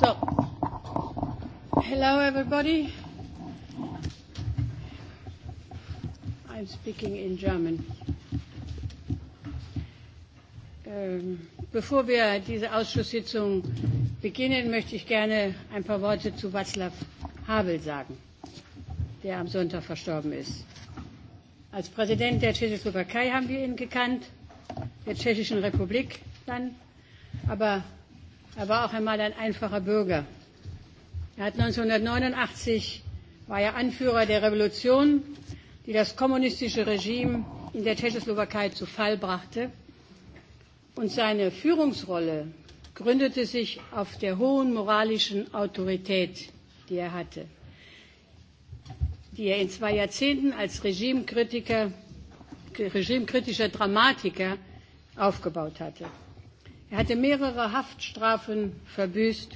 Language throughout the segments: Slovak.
So, hello everybody. I'm speaking in German. Ähm, bevor wir diese Ausschusssitzung beginnen, möchte ich gerne ein paar Worte zu Václav Havel sagen, der am Sonntag verstorben ist. Als Präsident der Tschechoslowakei haben wir ihn gekannt, der Tschechischen Republik dann, aber Er war auch einmal ein einfacher Bürger. Er hat 1989 war er Anführer der Revolution, die das kommunistische Regime in der Tschechoslowakei zu Fall brachte. Und seine Führungsrolle gründete sich auf der hohen moralischen Autorität, die er hatte, die er in zwei Jahrzehnten als Regimekritiker, regimekritischer Dramatiker aufgebaut hatte. Er hatte mehrere Haftstrafen verbüßt,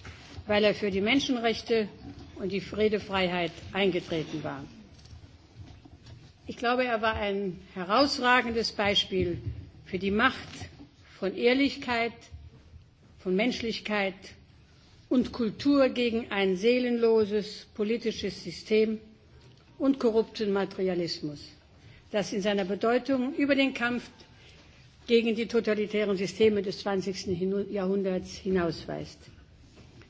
weil er für die Menschenrechte und die Redefreiheit eingetreten war. Ich glaube, er war ein herausragendes Beispiel für die Macht von Ehrlichkeit, von Menschlichkeit und Kultur gegen ein seelenloses politisches System und korrupten Materialismus, das in seiner Bedeutung über den Kampf gegen die totalitären Systeme des 20. Jahrhunderts hinausweist.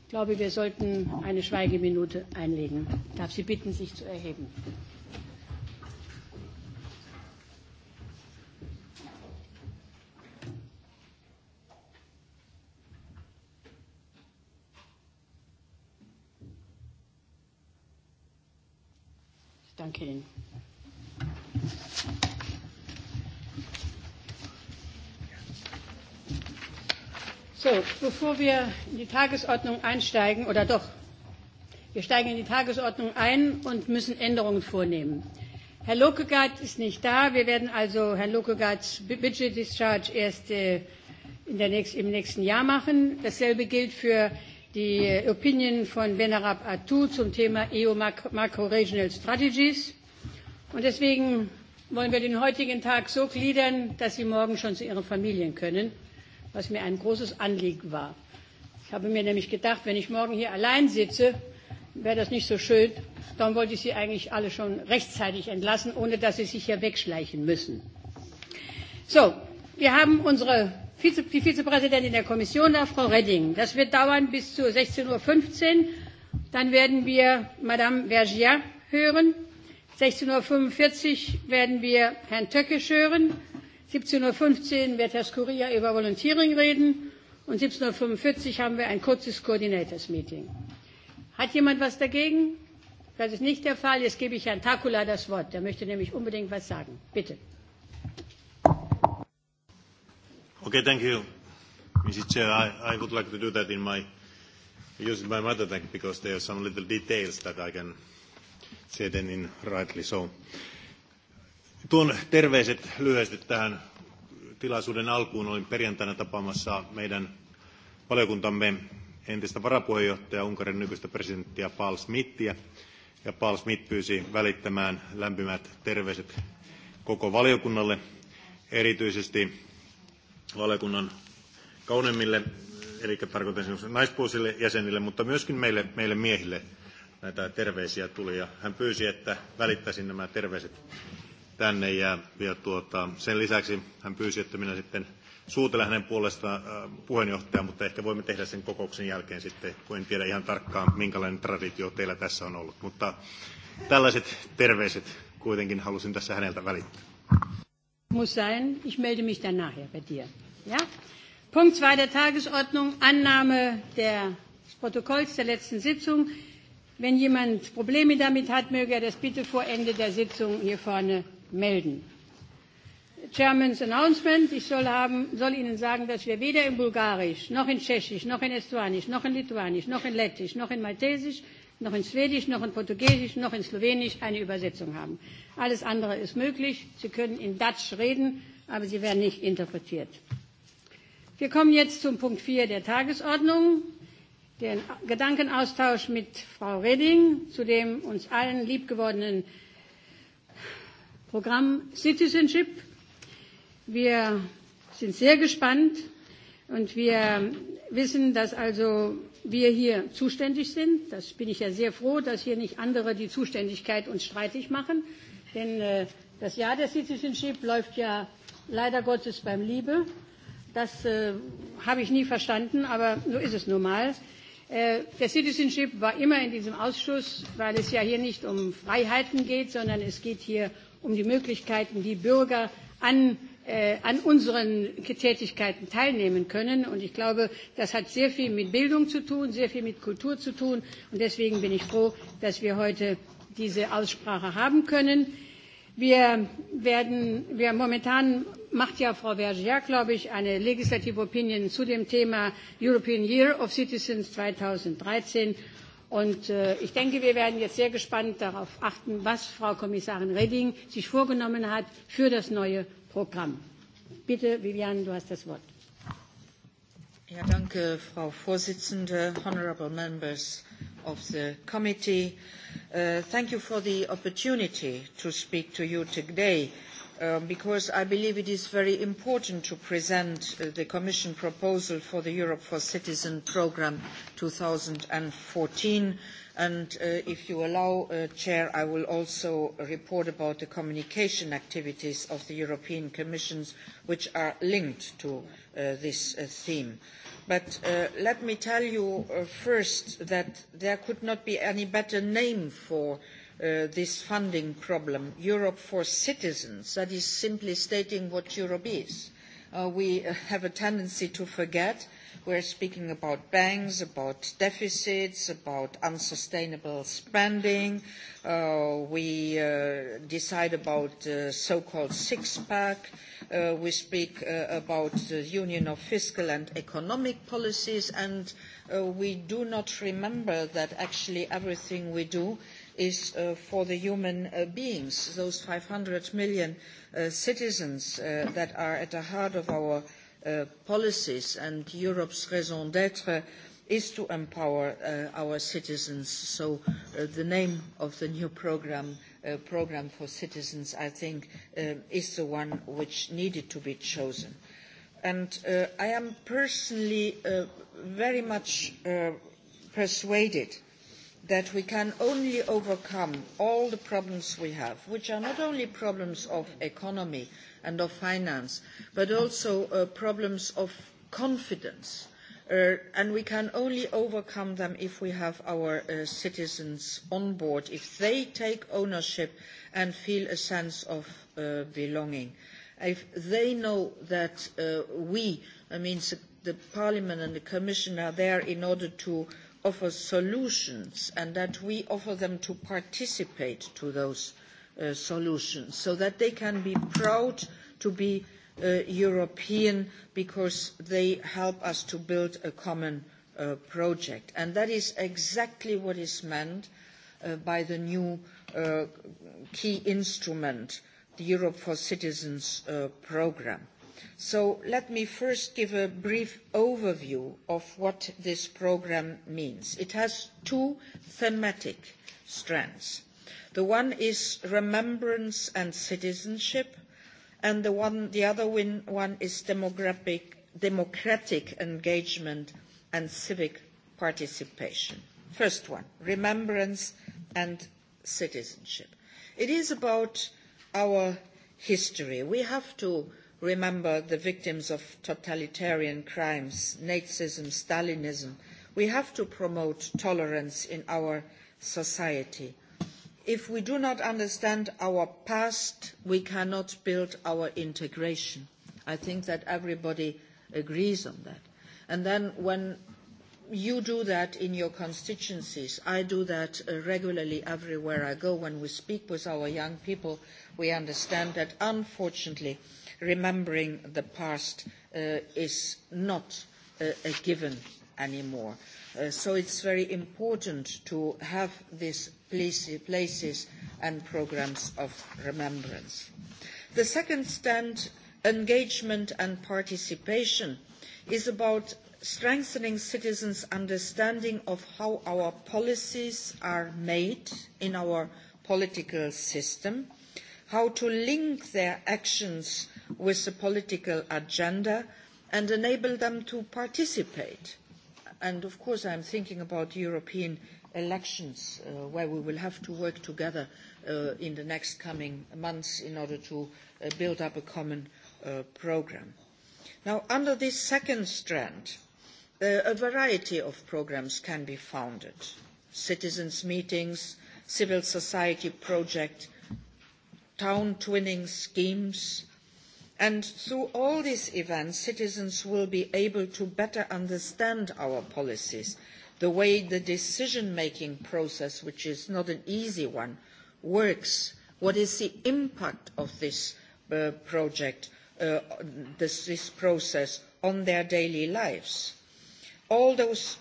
Ich glaube, wir sollten eine Schweigeminute einlegen. Ich darf Sie bitten, sich zu erheben. Danke Ihnen. So, bevor wir in die Tagesordnung einsteigen, oder doch, wir steigen in die Tagesordnung ein und müssen Änderungen vornehmen. Herr Lokegaard ist nicht da. Wir werden also Herrn Lokegaards Budget Discharge erst äh, in der nächst, im nächsten Jahr machen. Dasselbe gilt für die äh, Opinion von Benarab Atou zum Thema EU Macro-Regional Strategies. Und deswegen wollen wir den heutigen Tag so gliedern, dass Sie morgen schon zu Ihren Familien können was mir ein großes Anliegen war. Ich habe mir nämlich gedacht, wenn ich morgen hier allein sitze, wäre das nicht so schön. Dann wollte ich Sie eigentlich alle schon rechtzeitig entlassen, ohne dass Sie sich hier wegschleichen müssen. So, wir haben unsere Vize, die Vizepräsidentin der Kommission da, Frau Reding. Das wird dauern bis zu 16.15 Uhr. Dann werden wir Madame Vergiat hören. 16.45 Uhr werden wir Herrn Töckisch hören. 17.15 Uhr wird Herr Scuria über Volunteering reden und 17.45 Uhr haben wir ein kurzes Coordinators Meeting. Hat jemand was dagegen? Das ist nicht der Fall. Jetzt gebe ich Herrn Takula das Wort. Der möchte nämlich unbedingt was sagen. Bitte. Okay, thank you, Mrs. Chair. I, I would like to do that in my using my mother tongue because there are some little details that I can say then in rightly so. Uh, Tuon terveiset lyhyesti tähän tilaisuuden alkuun. Olin perjantaina tapaamassa meidän valiokuntamme entistä varapuheenjohtajaa, Unkarin nykyistä presidenttiä Paul Smithia. Ja Paul Smith pyysi välittämään lämpimät terveiset koko valiokunnalle, erityisesti valiokunnan kauneimmille, eli tarkoitan esimerkiksi naispuolisille jäsenille, mutta myöskin meille, meille miehille näitä terveisiä tuli. Ja hän pyysi, että välittäisin nämä terveiset tänne ja, ja tuota, sen lisäksi hän pyysi, että minä sitten suutelen hänen puolestaan äh, mutta ehkä voimme tehdä sen kokouksen jälkeen sitten, kun en tiedä ihan tarkkaan, minkälainen traditio teillä tässä on ollut. Mutta tällaiset terveiset kuitenkin halusin tässä häneltä välittää. Muss sein, ich melde mich dann nachher bei dir. Ja? Punkt 2 der Tagesordnung, Annahme der Protokolls der letzten Sitzung. Wenn jemand Probleme damit hat, möge er das bitte vor Ende der Sitzung hier vorne melden. Chairman's Announcement. Ich soll, haben, soll Ihnen sagen, dass wir weder in Bulgarisch, noch in Tschechisch, noch in Estonisch, noch in Lituanisch, noch in Lettisch, noch in Maltesisch, noch in Schwedisch, noch in Portugiesisch, noch in Slowenisch eine Übersetzung haben. Alles andere ist möglich. Sie können in Dutch reden, aber sie werden nicht interpretiert. Wir kommen jetzt zum Punkt 4 der Tagesordnung, den Gedankenaustausch mit Frau Reding zu dem uns allen liebgewordenen Programm Citizenship. Wir sind sehr gespannt und wir wissen, dass also wir hier zuständig sind. Das bin ich ja sehr froh, dass hier nicht andere die Zuständigkeit uns streitig machen. Denn äh, das Jahr der Citizenship läuft ja leider Gottes beim Liebe. Das äh, habe ich nie verstanden, aber so ist es nun mal. Äh, der Citizenship war immer in diesem Ausschuss, weil es ja hier nicht um Freiheiten geht, sondern es geht hier um die Möglichkeiten, wie Bürger an äh, an unseren Tätigkeiten teilnehmen können. Und ich glaube, das hat sehr viel mit Bildung zu tun, sehr viel mit Kultur zu tun. Und deswegen bin ich froh, dass wir heute diese Aussprache haben können. Wir werden, wir momentan macht ja Frau Vergier, glaube ich, eine Legislative Opinion zu dem Thema European Year of Citizens 2013. Und äh, ich denke, wir werden jetzt sehr gespannt darauf achten, was Frau Kommissarin Reding sich vorgenommen hat für das neue Programm. Bitte, Viviane, du hast das Wort. Ja, danke, Frau Vorsitzende, honorable members of the committee. Uh, thank you for the opportunity to speak to you today. Uh, Uh, because I believe it is very important to present uh, the Commission proposal for the Europe for Citizens programme fourteen and uh, if you allow, Chair, I will also report about the communication activities of the European Commission which are linked to this theme. But let me tell you first that there could not be any better name for the Uh, this funding problem europe for citizens that is simply stating what europe is. Uh, we have a tendency to forget we are speaking about banks about deficits about unsustainable spending uh, we decide about the so called six pack we speak about the union of fiscal and economic policies and we do not remember that actually everything we do is is uh, for the human uh, beings, those five hundred million uh, citizens that are at the heart of our policies. And Europe's raison d'tre is to empower our citizens. So the name of the new programme, programme for Citizens, I think, is the one which needed to be chosen. And I am personally very much persuaded that we can only overcome all the problems we have, which are not only problems of economy and of finance, but also uh, problems of confidence. Uh, and we can only overcome them if we have our uh, citizens on board, if they take ownership and feel a sense of belonging. If they know that we, I mean, the Parliament and the Commission are there in order to offer solutions and that we offer them to participate in those uh, solutions so that they can be proud to be uh, European because they help us to build a common uh, project. And that is exactly what is meant uh, by the new uh, key instrument, the Europe for Citizens uh, programme so let me first give a brief overview of what this programme means. It has two thematic strands. The one is remembrance and citizenship, and the, one, the other one is democratic engagement and civic participation. First one, remembrance and citizenship. It is about our history. We have to remember the victims of totalitarian crimes nazism stalinism we have to promote tolerance in our society. if we do not understand our past we cannot build our integration. i think that everybody agrees on that. and then when you do that in your constituencies i do that uh, regularly everywhere i go when we speak with our young people we understand that unfortunately remembering the past uh, is not uh, a given anymore. Uh, so it is very important to have these places and programmes of remembrance. The second stand, engagement and participation, is about strengthening citizens' understanding of how our policies are made in our political system, how to link their actions with the political agenda and enable them to participate. And of course, I am thinking about European elections, uh, where we will have to work together uh, in the next coming months in order to uh, build up a common uh, programme. Now, under this second strand, uh, a variety of programmes can be founded. Citizens' meetings, civil society projects, town twinning schemes, and through all these events citizens will be able to better understand our policies the way the decision making process which is not an easy one works what is the impact of this uh, project uh, this, this process on their daily lives all those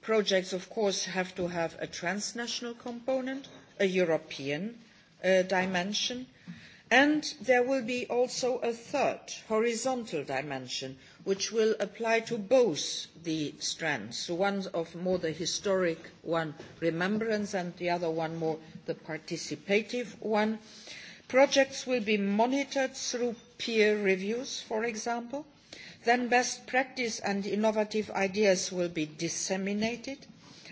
projects of course have to have a transnational component a european uh, dimension and there will also be a third horizontal dimension which will apply to both the strands one of more the historic one remembrance and the other one more the participative one. projects will be monitored through peer reviews for example then best practice and innovative ideas will be disseminated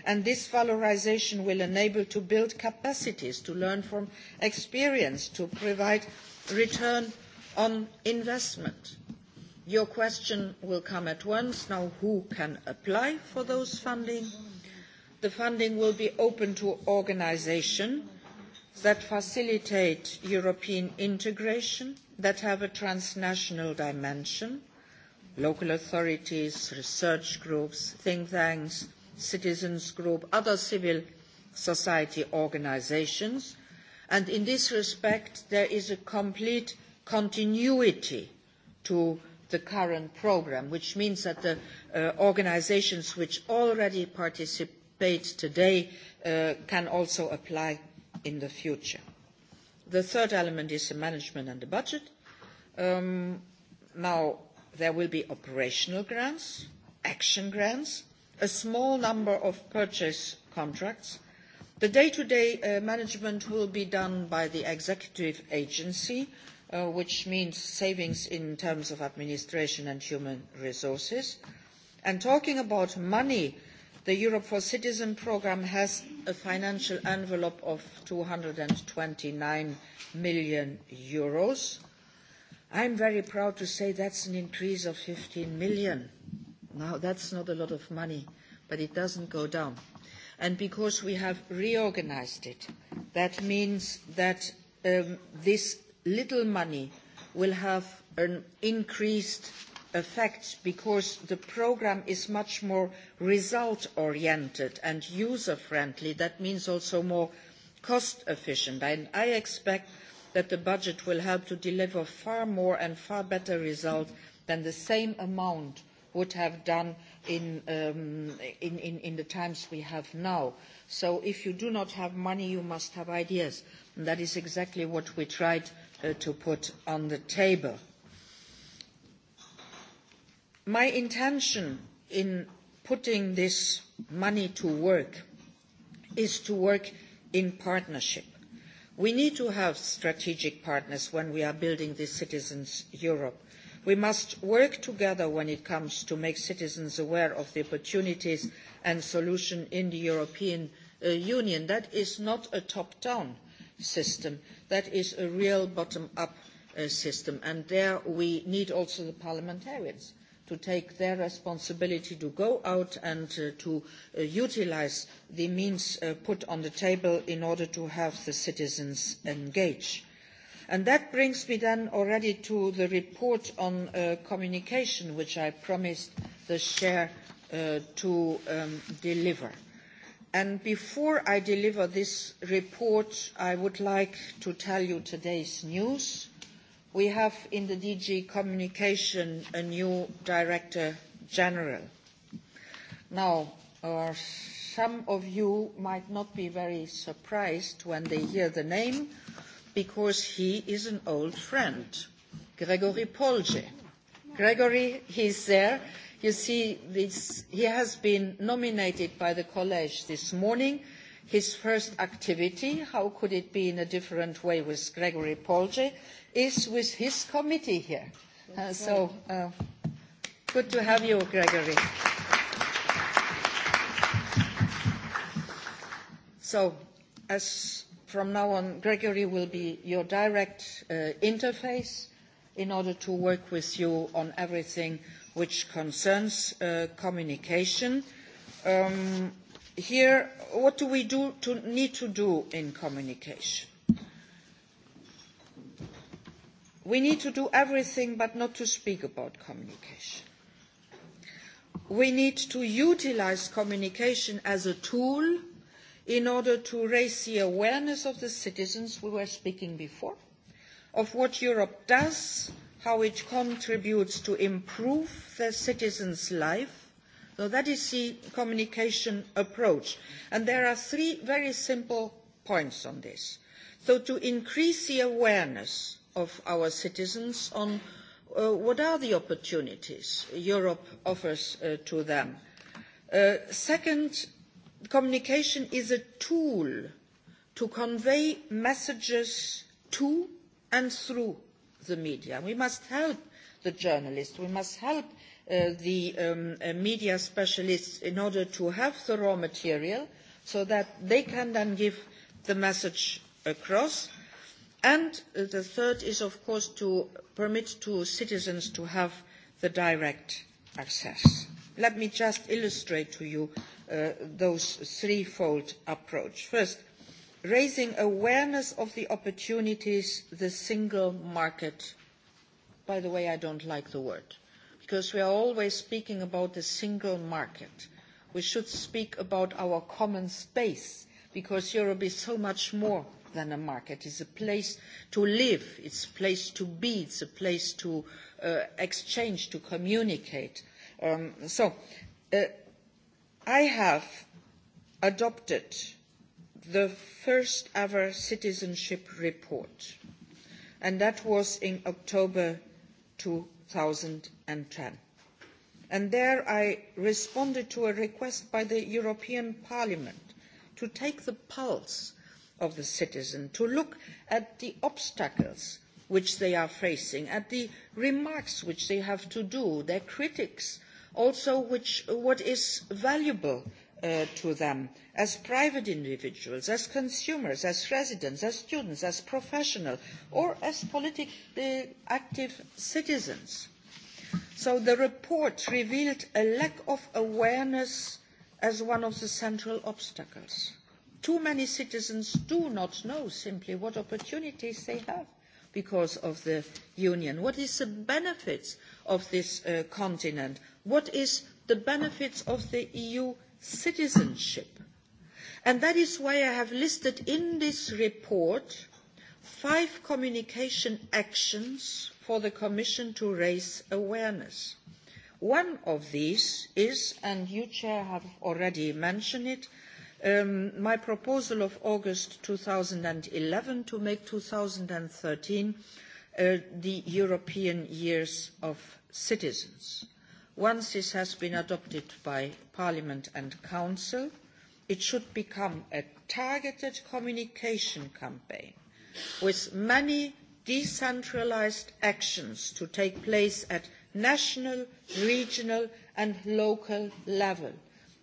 and this valorisation will enable to build capacities to learn from experience to provide return on investment. Your question will come at once now who can apply for those funding? The funding will be open to organisations that facilitate European integration, that have a transnational dimension, local authorities, research groups, think tanks, citizens groups, other civil society organisations, and in this respect there is a complete continuity to the current programme, which means that the uh, organisations which already participate today uh, can also apply in the future. The third element is the management and the budget. Um, now, there will be operational grants, action grants, a small number of purchase contracts. the day to day management will be done by the executive agency uh, which means savings in terms of administration and human resources. And talking about money the europe for citizens programme has a financial envelope of eur two hundred and twenty nine million. i am very proud to say that is an increase of eur fifteen million Now, that's not a lot of money, but it doesn't go down. And because we have reorganised it, that means that um, this little money will have an increased effect because the programme is much more result oriented and user friendly. That means also more cost efficient. And I expect that the budget will help to deliver far more and far better results than the same amount would have done in, um, in, in, the times we have now. So if you do not have money, you must have ideas. And that is exactly what we tried uh, to put on the table. My intention in putting this money to work is to work in partnership. We need to have strategic partners when we are building this citizens' Europe we must work together when it comes to making citizens aware of the opportunities and solutions in the european uh, union. that is not a top down system that is a real bottom up uh, system and there we need also the parliamentarians to take their responsibility to go out and uh, to uh, utilise the means put on the table in order to have the citizens engaged And that brings me then already to the report on uh, communication, which I promised the chair uh, to um, deliver. And before I deliver this report, I would like to tell you today's news. We have in the DG Communication a new Director General. Now, uh, some of you might not be very surprised when they hear the name, because he is an old friend, Gregory Polje. Gregory, he's there. You see, this, he has been nominated by the college this morning. His first activity, how could it be in a different way with Gregory Polje, is with his committee here. Uh, so uh, good to have you, Gregory. So, as from now on, Gregory will be your direct uh, interface in order to work with you on everything which concerns uh, communication. Um, here, what do we do to, need to do in communication? We need to do everything but not to speak about communication. We need to utilise communication as a tool in order to raise the awareness of the citizens we were speaking before of what Europe does, how it contributes to improve the citizens' life. So that is the communication approach. And there are three very simple points on this. So to increase the awareness of our citizens on uh, what are the opportunities Europe offers uh, to them. Uh, second, communication is a tool to convey messages to and through the media. We must help the journalists, we must help uh, the um, uh, media specialists in order to have the raw material so that they can then give the message across. And uh, the third is, of course, to permit to citizens to have the direct access. Let me just illustrate to you this uh, those threefold approach. First, raising awareness of the opportunities the single market by the way, I do not like the word, because we are always speaking about the single market. We should speak about our common space, because Europe is so much more than a market. it is a place to live, it is a place to be, it is a place to uh, exchange, to communicate, Um, so, uh, I have adopted the first ever citizenship report, and that was in October two thousand and ten. And there I responded to a request by the European Parliament to take the pulse of the citizen, to look at the obstacles which they are facing at the remarks which they have to do their critics also which, what is valuable uh, to them as private individuals as consumers as residents as students as professionals or as politically active citizens. so the report revealed a lack of awareness as one of the central obstacles. too many citizens do not know simply what opportunities they have because of the union? What is the benefits of this uh, continent? What is the benefits of the EU citizenship? And that is why I have listed in this report five communication actions for the Commission to raise awareness. One of these is, and you, Chair, have already mentioned it, Um, my proposal of august two thousand and eleven to make two thousand and thirteen uh, the european years of citizens once this has been adopted by parliament and council it should become a targeted communication campaign with many decentralised actions to take place at national regional and local level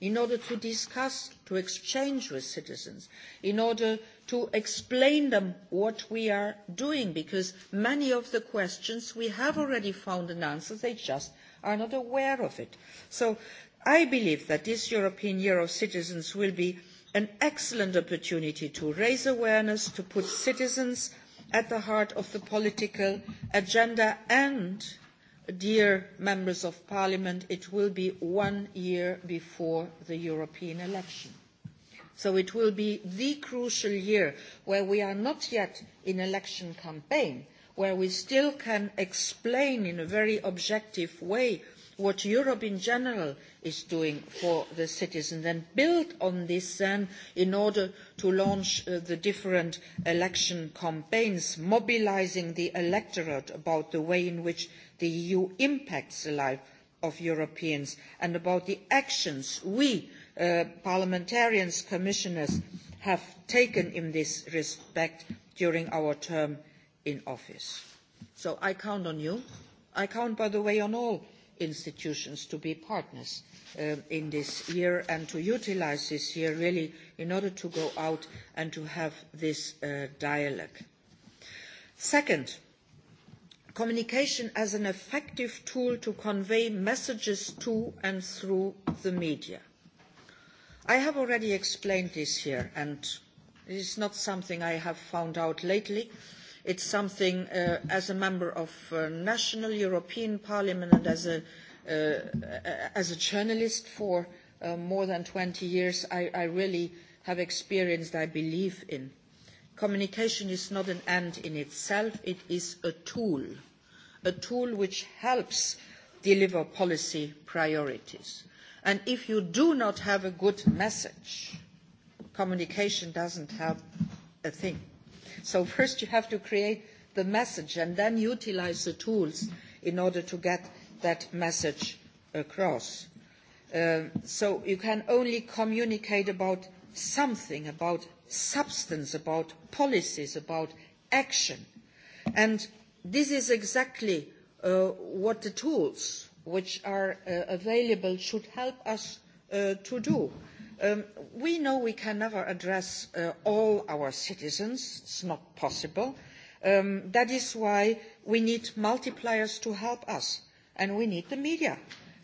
in order to discuss, to exchange with citizens, in order to explain to them what we are doing, because many of the questions we have already found an answer, they just are not aware of it. So I believe that this European Year of Citizens will be an excellent opportunity to raise awareness, to put citizens at the heart of the political agenda and dear members of parliament it will be one year before the european election so it will be the crucial year where we are not yet in election campaign where we still can explain in a very objective way what europe in general is doing for the citizens and build on this then in order to launch uh, the different election campaigns mobilising the electorate about the way in which the eu impacts the lives of europeans and about the actions we uh, parliamentarians and commissioners have taken in this respect during our term in office. so i count on you. i count by the way on all institutions to be partners uh, in this year and to utilise this year really in order to go out and to have this uh, dialogue. second communication as an effective tool to convey messages to and through the media. i have already explained this here and it is not something i have found out lately it is something uh, as a member of the national european parliament and as a, uh, as a journalist for uh, more than twenty years I, i really have experienced i believe in communication is not an end in itself it is a tool a tool which helps deliver policy priorities. And if you do not have a good message, communication does not help a thing. So first you have to create the message and then utilise the tools in order to get that message across. Uh, so you can only communicate about something, about substance, about policies, about action. And this is exactly uh, what the tools which are uh, available should help us uh, to do. Um, we know we can never address uh, all our citizens. It's not possible. Um, that is why we need multipliers to help us, and we need the media.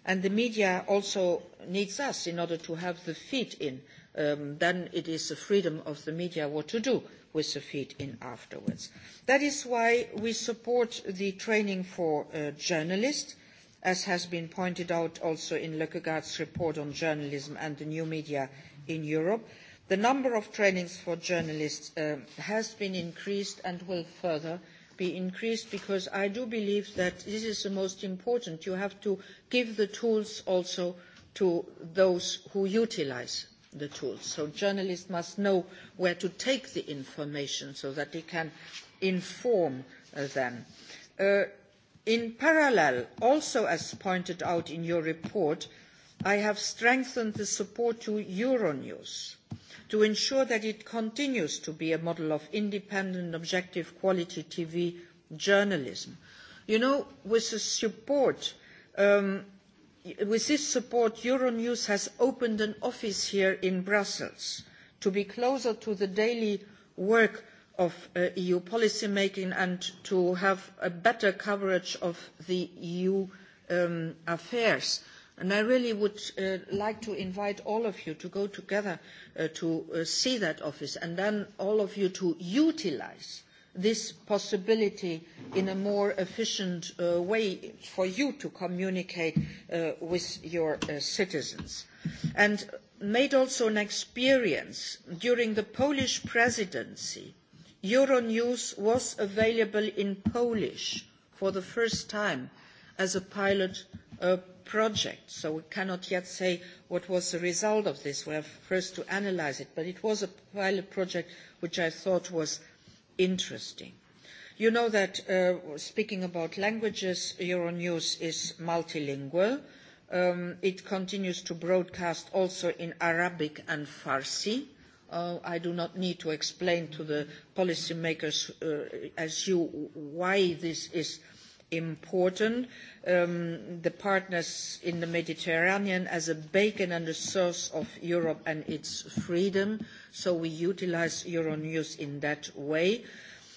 And the media also needs us in order to have the feed in um, then it is the freedom of the media what to do with the feed-in afterwards. That is why we support the training for uh, journalists, as has been pointed out also in Løkkegaard's report on journalism and the new media in Europe. The number of trainings for journalists uh, has been increased and will further be increased because I do believe that this is the most important. You have to give the tools also to those who utilise the tools. So journalists must know where to take the information so that they can inform uh, them. Uh, in parallel, also as pointed out in your report, I have strengthened the support to Euronews to ensure that it continues to be a model of independent, objective, quality TV journalism. You know, with the support um, with this support euronews has opened an office here in brussels to be closer to the daily work of uh, eu policy making and to have a better coverage of eu e um, affairs. And i really would uh, like to invite all of you to go together uh, to see that office and then all of you to utilise this possibility in a more efficient uh, way for you to communicate uh, with your uh, citizens and made also an experience during the polish presidency euronews was available in polish for the first time as a pilot uh, project so we cannot yet say what was the result of this we have first to analyse it but it was a pilot project which i thought was interesting. You know that, uh, speaking about languages, Euronews is multilingual. Um, it continues to broadcast also in Arabic and Farsi. Uh, I do not need to explain to the policymakers uh, as you why this is important. Um, the partners in the Mediterranean as a beacon and a source of Europe and its freedom, so we utilise Euronews in that way.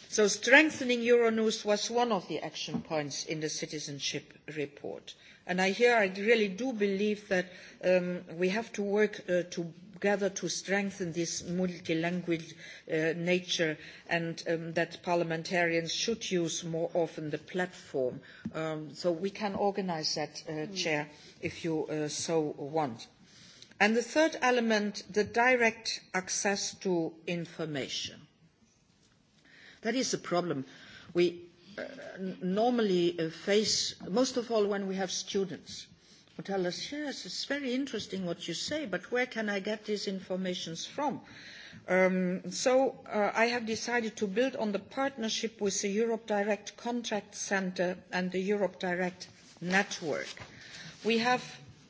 So strengthening Euronews was one of the action points in the citizenship report. And I, here I really do believe that um, we have to work uh, to gather to strengthen this multilingual uh, nature and um, that parliamentarians should use more often the platform. Um, so we can organise that, uh, mm. Chair, if you uh, so want. And the third element, the direct access to information. That is a problem we uh, normally uh, face, most of all when we have students. Uh, tell us, yes, it's very interesting what you say, but where can I get these information from? Um, so uh, I have decided to build on the partnership with the Europe Direct Contract Centre and the Europe Direct Network. We have,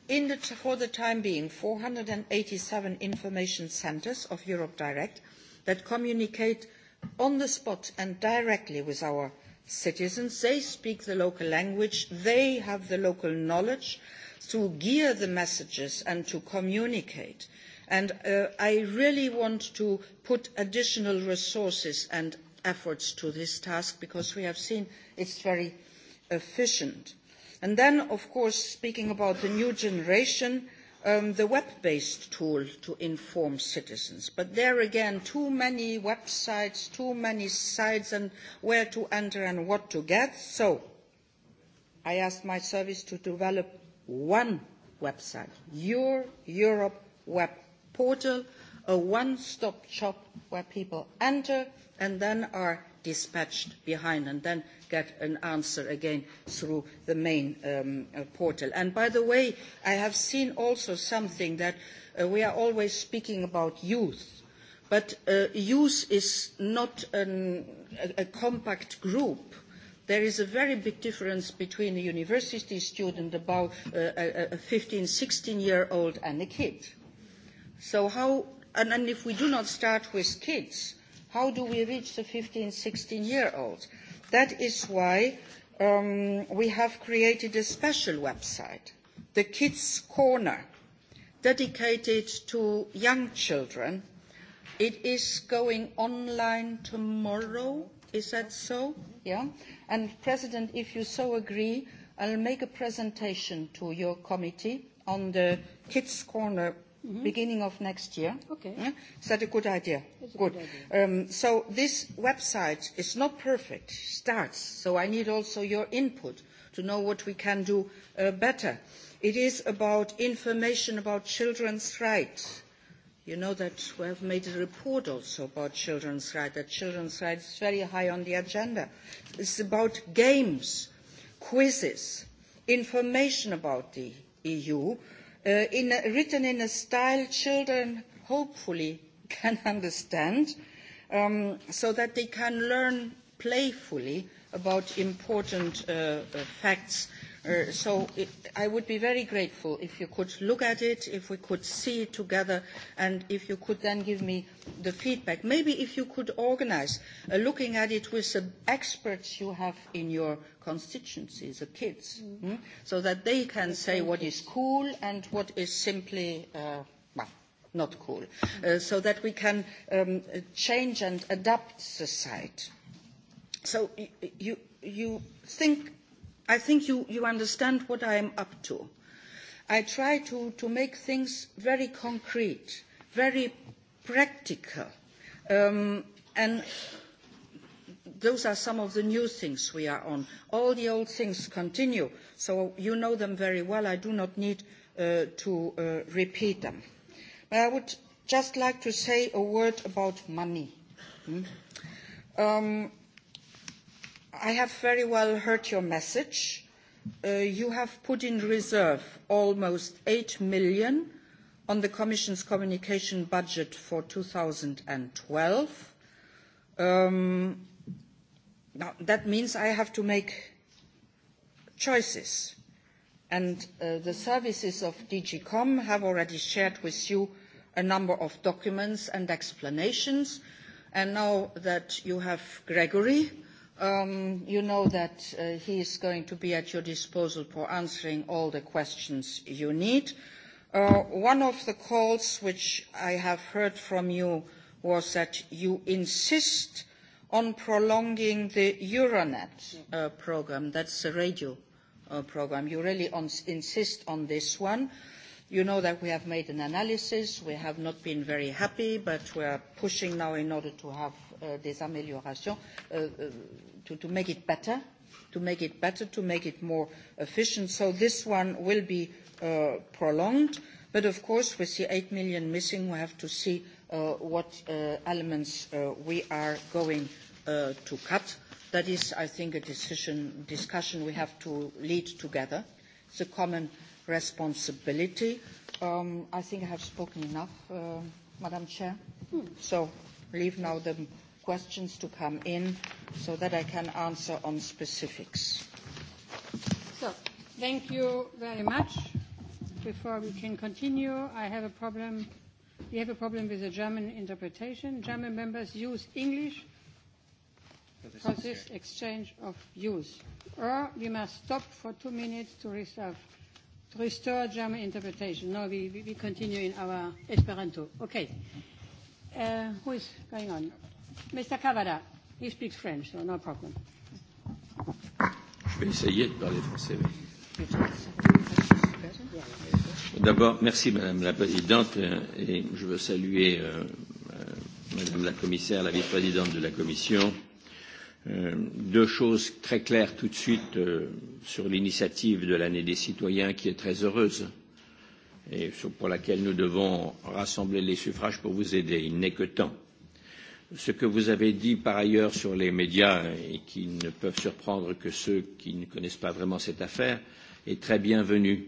in the, for the time being, four hundred and eighty seven information centres of Europe Direct that communicate on the spot and directly with our citizens. They speak the local language, they have the local knowledge, to gear the messages and to communicate. And uh, I really want to put additional resources and efforts to this task because we have seen it is very efficient. And then, of course, speaking about the new generation, um, the web-based tool to inform citizens. But there again, too many websites, too many sites, and where to enter and what to get. So I asked my service to develop one website, your Europe web portal, a one-stop shop where people enter and then are dispatched behind and then get an answer again through the main um, uh, portal. And by the way, I have seen also something that uh, we are always speaking about youth, but uh, youth is not an, a, a compact group there is a very big difference between a university student about uh, a, a 15, 16 year old and a kid. So how, and, and if we do not start with kids, how do we reach the 15, 16 year olds? That is why um, we have created a special website, the Kids Corner, dedicated to young children. It is going online tomorrow Is that so? Yeah. And President, if you so agree, I'll make a presentation to your committee on the Kids Corner Mm -hmm. beginning of next year. Okay. Yeah? Is that a good idea? It's good. good idea. Um, so this website is not perfect, starts, so I need also your input to know what we can do uh, better. It is about information about children's rights, You know that we have made a report also about children's rights, that children's rights is very high on the agenda. It's about games, quizzes, information about the EU, uh, in a, written in a style children hopefully can understand, um, so that they can learn playfully about important uh, uh facts Uh, so it, I would be very grateful if you could look at it, if we could see it together, and if you could then give me the feedback. Maybe if you could organise uh, looking at it with the experts you have in your constituency, the kids, mm. hmm? so that they can say what is cool and what is simply uh, well, not cool, uh, mm-hmm. so that we can um, change and adapt the site. So you, you think i think you, you understand what I am up to. I try to, to make things very concrete, very practical. Um, and those are some of the new things we are on. All the old things continue, so you know them very well. I do not need uh, to uh, repeat them. But I would just like to say a word about money. Hmm? Um, i have very well heard your message. Uh, you have put in reserve almost EUR eight million on the Commission's communication budget for twelve. Um, now, that means I have to make choices. And uh, the services of DG have already shared with you a number of documents and explanations. And now that you have Gregory, uh, Um, you know that uh, he is going to be at your disposal for answering all the questions you need. Uh, one of the calls which I have heard from you was that you insist on prolonging the Euronet uh, programme. That's the radio uh, programme. You really on, insist on this one. You know that we have made an analysis. We have not been very happy, but we are pushing now in order to have Euh, des améliorations euh, euh, to, to make it better to make it better to make it more efficient so this one will be uh, prolonged but of course with the eight million missing we have to see uh, what uh, elements we are going to cut that is i think a decision, discussion we have to lead together it's a common responsibility um, i think i have spoken enough uh, madam chair hmm. so leave now the questions to come in so that I can answer on specifics. So, thank you very much. Before we can continue, I have a problem. We have a problem with the German interpretation. German members use English for this exchange of views, or we must stop for two minutes to reserve to restore German interpretation. No, we, we continue in our Esperanto. Okay. Uh, who is going on? Mr. Cavada, French, so no problem. Je vais essayer de parler français. D'abord, merci Madame la Présidente euh, et je veux saluer euh, euh, Madame la Commissaire, la Vice-Présidente de la Commission. Euh, deux choses très claires tout de suite euh, sur l'initiative de l'année des citoyens qui est très heureuse et pour laquelle nous devons rassembler les suffrages pour vous aider. Il n'est que temps. Euh, ce que vous avez dit par ailleurs sur les médias et qui ne peuvent surprendre que ceux qui ne connaissent pas vraiment cette affaire est très bienvenu.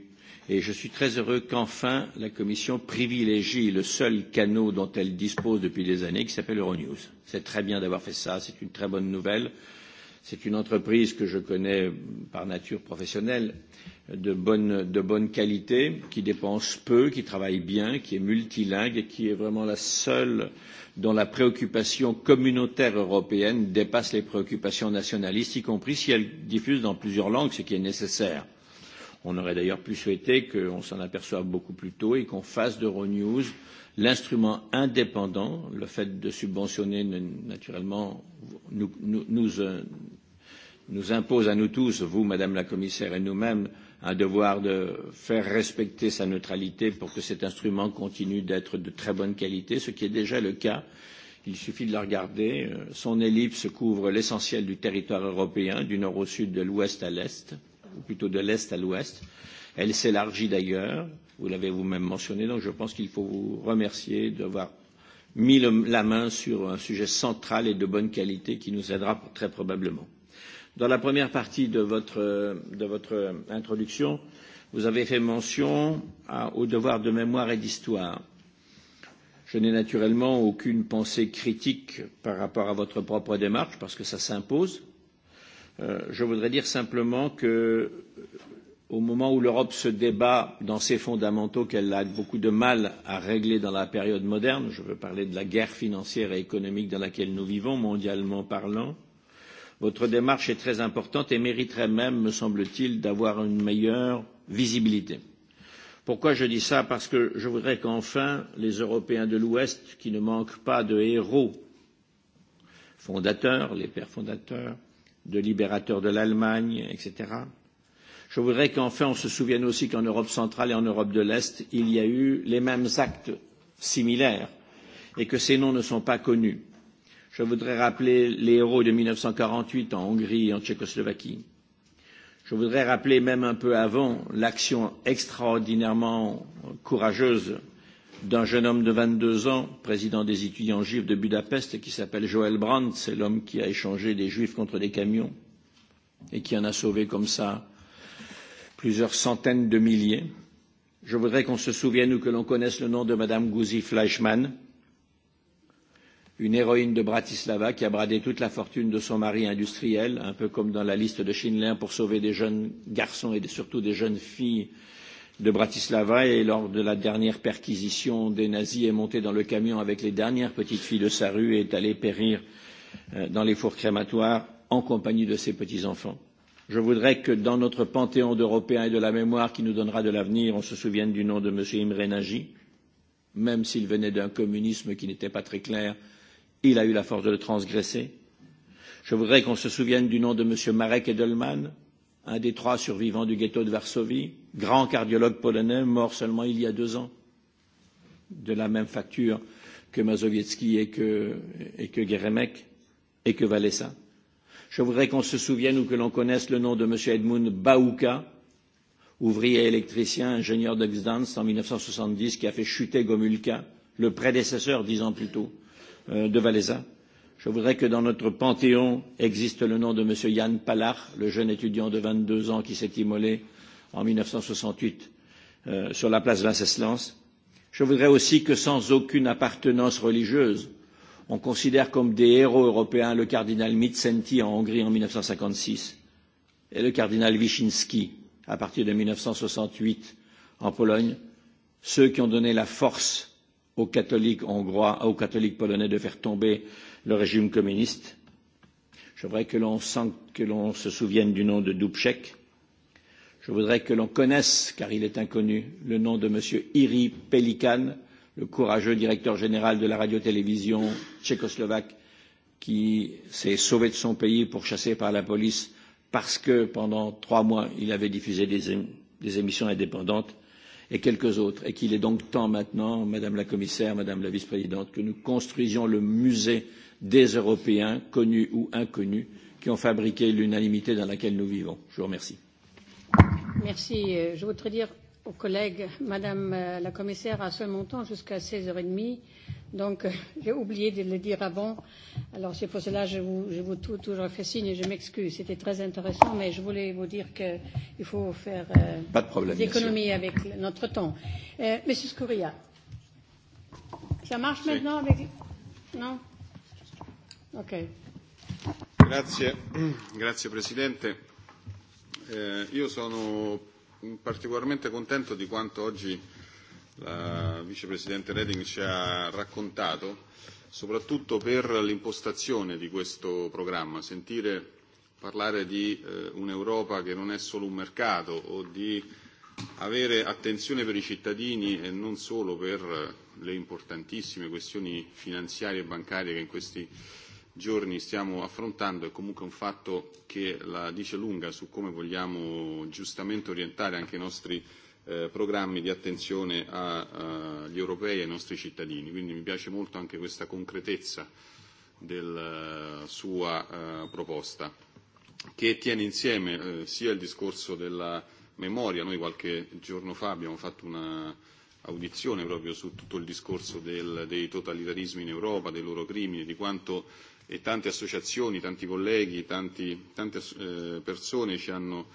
Et je suis très heureux qu'enfin la Commission privilégie le seul canot dont elle dispose depuis des années, qui s'appelle Euronews. C'est très bien d'avoir fait ça, c'est une très bonne nouvelle. C'est une entreprise que je connais par nature professionnelle, de bonne, de bonne qualité, qui dépense peu, qui travaille bien, qui est multilingue et qui est vraiment la seule dont la préoccupation communautaire européenne dépasse les préoccupations nationalistes, y compris si elle diffuse dans plusieurs langues, ce qui est nécessaire. On aurait d'ailleurs pu souhaiter qu'on s'en aperçoive beaucoup plus tôt et qu'on fasse d'Euronews l'instrument indépendant. Le fait de subventionner, naturellement, nous, nous, nous, euh, nous impose à nous tous, vous, Madame la Commissaire, et nous-mêmes, un devoir de faire respecter sa neutralité pour que cet instrument continue d'être de très bonne qualité, ce qui est déjà le cas. Il suffit de la regarder. Euh, son ellipse couvre l'essentiel du territoire européen, du nord au sud, de l'ouest à l'est ou plutôt de l'Est à l'Ouest. Elle s'élargit d'ailleurs, vous l'avez vous-même mentionné, donc je pense qu'il faut vous remercier d'avoir mis le, la main sur un sujet central et de bonne qualité qui nous aidera très probablement. Dans la première partie de votre, de votre introduction, vous avez fait mention à, au devoir de mémoire et d'histoire. Je n'ai naturellement aucune pensée critique par rapport à votre propre démarche, parce que ça s'impose. Euh, je voudrais dire simplement que euh, au moment où l'Europe se débat dans ses fondamentaux qu'elle a beaucoup de mal à régler dans la période moderne, je veux parler de la guerre financière et économique dans laquelle nous vivons, mondialement parlant, votre démarche est très importante et mériterait même, me semble-t-il, d'avoir une meilleure visibilité. Pourquoi je dis cela Parce que je voudrais qu'enfin les Européens de l'Ouest, qui ne manquent pas de héros fondateurs, les pères fondateurs, de libérateur de l'Allemagne, etc. Je voudrais qu'enfin on se souvienne aussi qu'en Europe centrale et en Europe de l'Est, il y a eu les mêmes actes similaires et que ces noms ne sont pas connus. Je voudrais rappeler les héros de 1948 en Hongrie et en Tchécoslovaquie. Je voudrais rappeler même un peu avant l'action extraordinairement courageuse d'un jeune homme de 22 ans, président des étudiants juifs de Budapest, qui s'appelle Joël Brandt. C'est l'homme qui a échangé des juifs contre des camions et qui en a sauvé comme ça plusieurs centaines de milliers. Je voudrais qu'on se souvienne ou que l'on connaisse le nom de Madame Guzi Fleischmann, une héroïne de Bratislava qui a bradé toute la fortune de son mari industriel, un peu comme dans la liste de Schindler, pour sauver des jeunes garçons et surtout des jeunes filles de Bratislava et lors de la dernière perquisition des nazis est monté dans le camion avec les dernières petites filles de sa rue et est allé périr euh, dans les fours crématoires en compagnie de ses petits-enfants. Je voudrais que dans notre panthéon d'Européens et de la mémoire qui nous donnera de l'avenir, on se souvienne du nom de M. Imre Nagy, même s'il venait d'un communisme qui n'était pas très clair, il a eu la force de le transgresser. Je voudrais qu'on se souvienne du nom de M. Marek Edelman, un des trois survivants du ghetto de Varsovie, grand cardiologue polonais, mort seulement il y a deux ans, de la même facture que Mazowiecki et que, et que Geremek et que Valessa. Je voudrais qu'on se souvienne ou que l'on connaisse le nom de M. Edmund Bauka, ouvrier électricien, ingénieur de Gdansk en 1970, qui a fait chuter Gomulka, le prédécesseur, dix ans plus tôt, euh, de Valesa je voudrais que dans notre panthéon existe le nom de M. Yann Palach, le jeune étudiant de vingt deux ans qui s'est immolé en mille neuf cent soixante huit euh, sur la place Lens. Je voudrais aussi que sans aucune appartenance religieuse, on considère comme des héros européens le cardinal Mitsenti en Hongrie en mille neuf cent cinquante six et le cardinal Wyszynski à partir de mille neuf cent soixante huit en Pologne, ceux qui ont donné la force aux catholiques hongrois, aux catholiques polonais de faire tomber le régime communiste. Je voudrais que l'on se souvienne du nom de Dubček. Je voudrais que l'on connaisse, car il est inconnu, le nom de M. Iri Pelikan, le courageux directeur général de la radio-télévision tchécoslovaque qui s'est sauvé de son pays pour chasser par la police parce que pendant trois mois il avait diffusé des, ém des émissions indépendantes et quelques autres, et qu'il est donc temps maintenant, Madame la Commissaire, Madame la Vice-présidente, que nous construisions le musée des Européens, connus ou inconnus, qui ont fabriqué l'unanimité dans laquelle nous vivons. Je vous remercie. Merci. Je voudrais dire aux collègues, Madame euh, la Commissaire a seulement temps jusqu'à seize heures 30 donc euh, j'ai oublié de le dire avant. Alors c'est pour cela que je vous, je vous tout, toujours fais signe et je m'excuse. C'était très intéressant, mais je voulais vous dire qu'il faut faire euh, Pas de problème, des économies avec notre temps. Euh, Monsieur Scouria, ça marche maintenant avec... Non Okay. Grazie, grazie Presidente. Eh, io sono particolarmente contento di quanto oggi la Vicepresidente Reding ci ha raccontato, soprattutto per l'impostazione di questo programma. Sentire parlare di eh, un'Europa che non è solo un mercato o di avere attenzione per i cittadini e non solo per le importantissime questioni finanziarie e bancarie che in questi giorni stiamo affrontando è comunque un fatto che la dice lunga su come vogliamo giustamente orientare anche i nostri eh, programmi di attenzione agli europei e ai nostri cittadini. Quindi mi piace molto anche questa concretezza della eh, sua eh, proposta, che tiene insieme eh, sia il discorso della memoria, noi qualche giorno fa abbiamo fatto una, audizione proprio su tutto il discorso del, dei totalitarismi in Europa, dei loro crimini, di quanto e tante associazioni, tanti colleghi, tanti, tante eh, persone ci hanno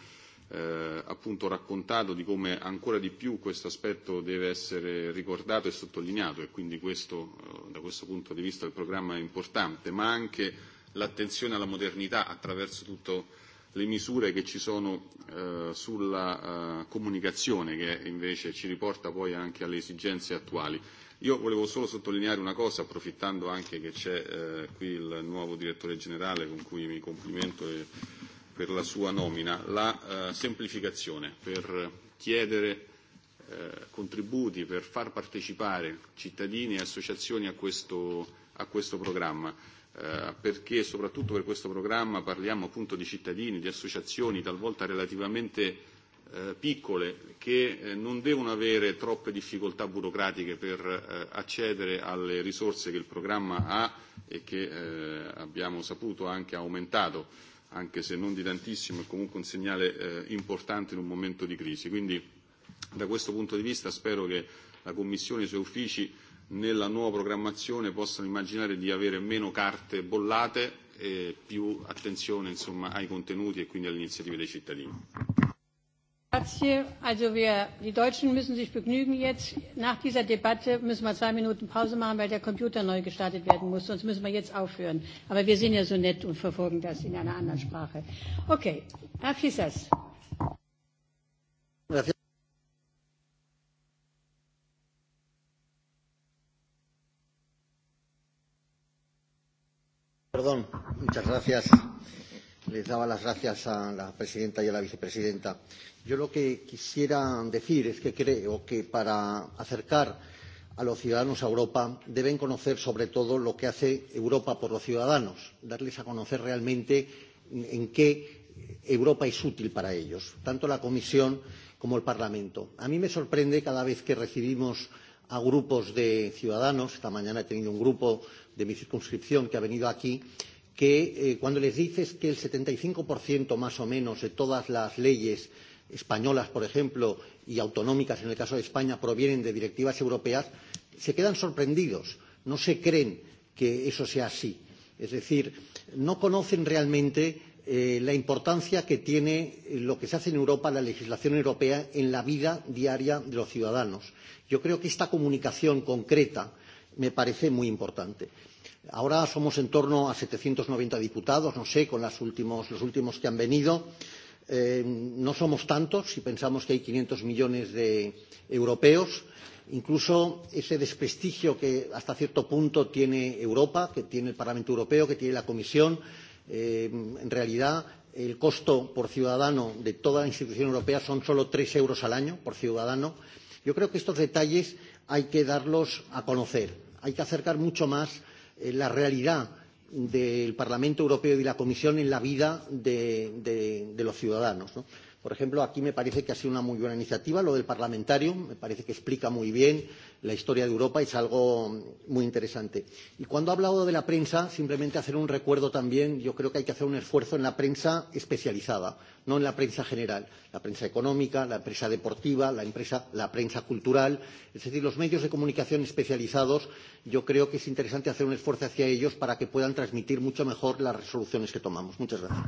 eh, appunto raccontato di come ancora di più questo aspetto deve essere ricordato e sottolineato e quindi questo, eh, da questo punto di vista il programma è importante, ma anche l'attenzione alla modernità attraverso tutte le misure che ci sono eh, sulla eh, comunicazione che invece ci riporta poi anche alle esigenze attuali. Io volevo solo sottolineare una cosa, approfittando anche che c'è eh, qui il nuovo direttore generale con cui mi complimento e per la sua nomina, la eh, semplificazione per chiedere eh, contributi, per far partecipare cittadini e associazioni a questo, a questo programma, eh, perché soprattutto per questo programma parliamo appunto di cittadini, di associazioni talvolta relativamente Eh, piccole che eh, non devono avere troppe difficoltà burocratiche per eh, accedere alle risorse che il programma ha e che abbiamo saputo anche aumentato, anche se non di tantissimo, è comunque un segnale importante in un momento di crisi. Quindi da questo punto di vista spero che la Commissione e i suoi uffici nella nuova programmazione possano immaginare di avere meno carte bollate e più attenzione insomma, ai contenuti e quindi alle iniziative dei cittadini die Deutschen müssen sich begnügen jetzt. Nach dieser Debatte müssen wir zwei Minuten Pause machen, weil der Computer neu gestartet werden muss. Sonst müssen wir jetzt aufhören. Aber wir sind ja so nett und verfolgen das in einer anderen Sprache. Herr Fissers. Perdón, muchas les daba las gracias a la presidenta y a la vicepresidenta. Yo lo que quisiera decir es que creo que para acercar a los ciudadanos a Europa deben conocer sobre todo lo que hace Europa por los ciudadanos, darles a conocer realmente en qué Europa es útil para ellos, tanto la Comisión como el Parlamento. A mí me sorprende cada vez que recibimos a grupos de ciudadanos, esta mañana he tenido un grupo de mi circunscripción que ha venido aquí, que eh, cuando les dices que el 75% más o menos de todas las leyes españolas, por ejemplo, y autonómicas en el caso de España provienen de directivas europeas, se quedan sorprendidos, no se creen que eso sea así. Es decir, no conocen realmente eh, la importancia que tiene lo que se hace en Europa, la legislación europea, en la vida diaria de los ciudadanos. Yo creo que esta comunicación concreta me parece muy importante. Ahora somos en torno a 790 diputados, no sé, con las últimos, los últimos que han venido. Eh, no somos tantos si pensamos que hay 500 millones de europeos. Incluso ese desprestigio que hasta cierto punto tiene Europa, que tiene el Parlamento Europeo, que tiene la Comisión, eh, en realidad el costo por ciudadano de toda la institución europea son solo tres euros al año por ciudadano. Yo creo que estos detalles hay que darlos a conocer. Hay que acercar mucho más Eh, la realidad del Parlamento Europeo y de la Comisión en la vida de, de, de los ciudadanos. ¿no? Por ejemplo, aquí me parece que ha sido una muy buena iniciativa lo del parlamentario, me parece que explica muy bien la historia de Europa y es algo muy interesante. Y cuando ha hablado de la prensa, simplemente hacer un recuerdo también, yo creo que hay que hacer un esfuerzo en la prensa especializada, no en la prensa general, la prensa económica, la prensa deportiva, la, empresa, la prensa cultural, es decir, los medios de comunicación especializados, yo creo que es interesante hacer un esfuerzo hacia ellos para que puedan transmitir mucho mejor las resoluciones que tomamos. Muchas gracias.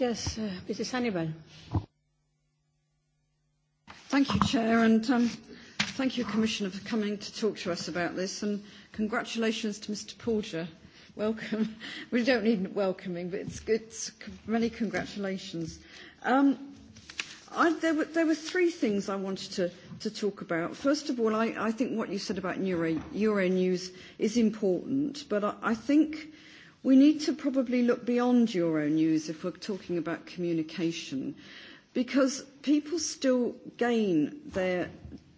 Yes, uh, eh, Mrs. Hannibal. Thank you, Chair, and um, thank you, Commissioner, for coming to talk to us about this, and congratulations to Mr. Porger. Welcome. We don't need welcoming, but it's, good. many congratulations. Um, I, there, were, there were three things I wanted to, to talk about. First of all, I, I think what you said about Euro, Euro News is important, but I, I think We need to probably look beyond Euro News if we're talking about communication, because people still gain their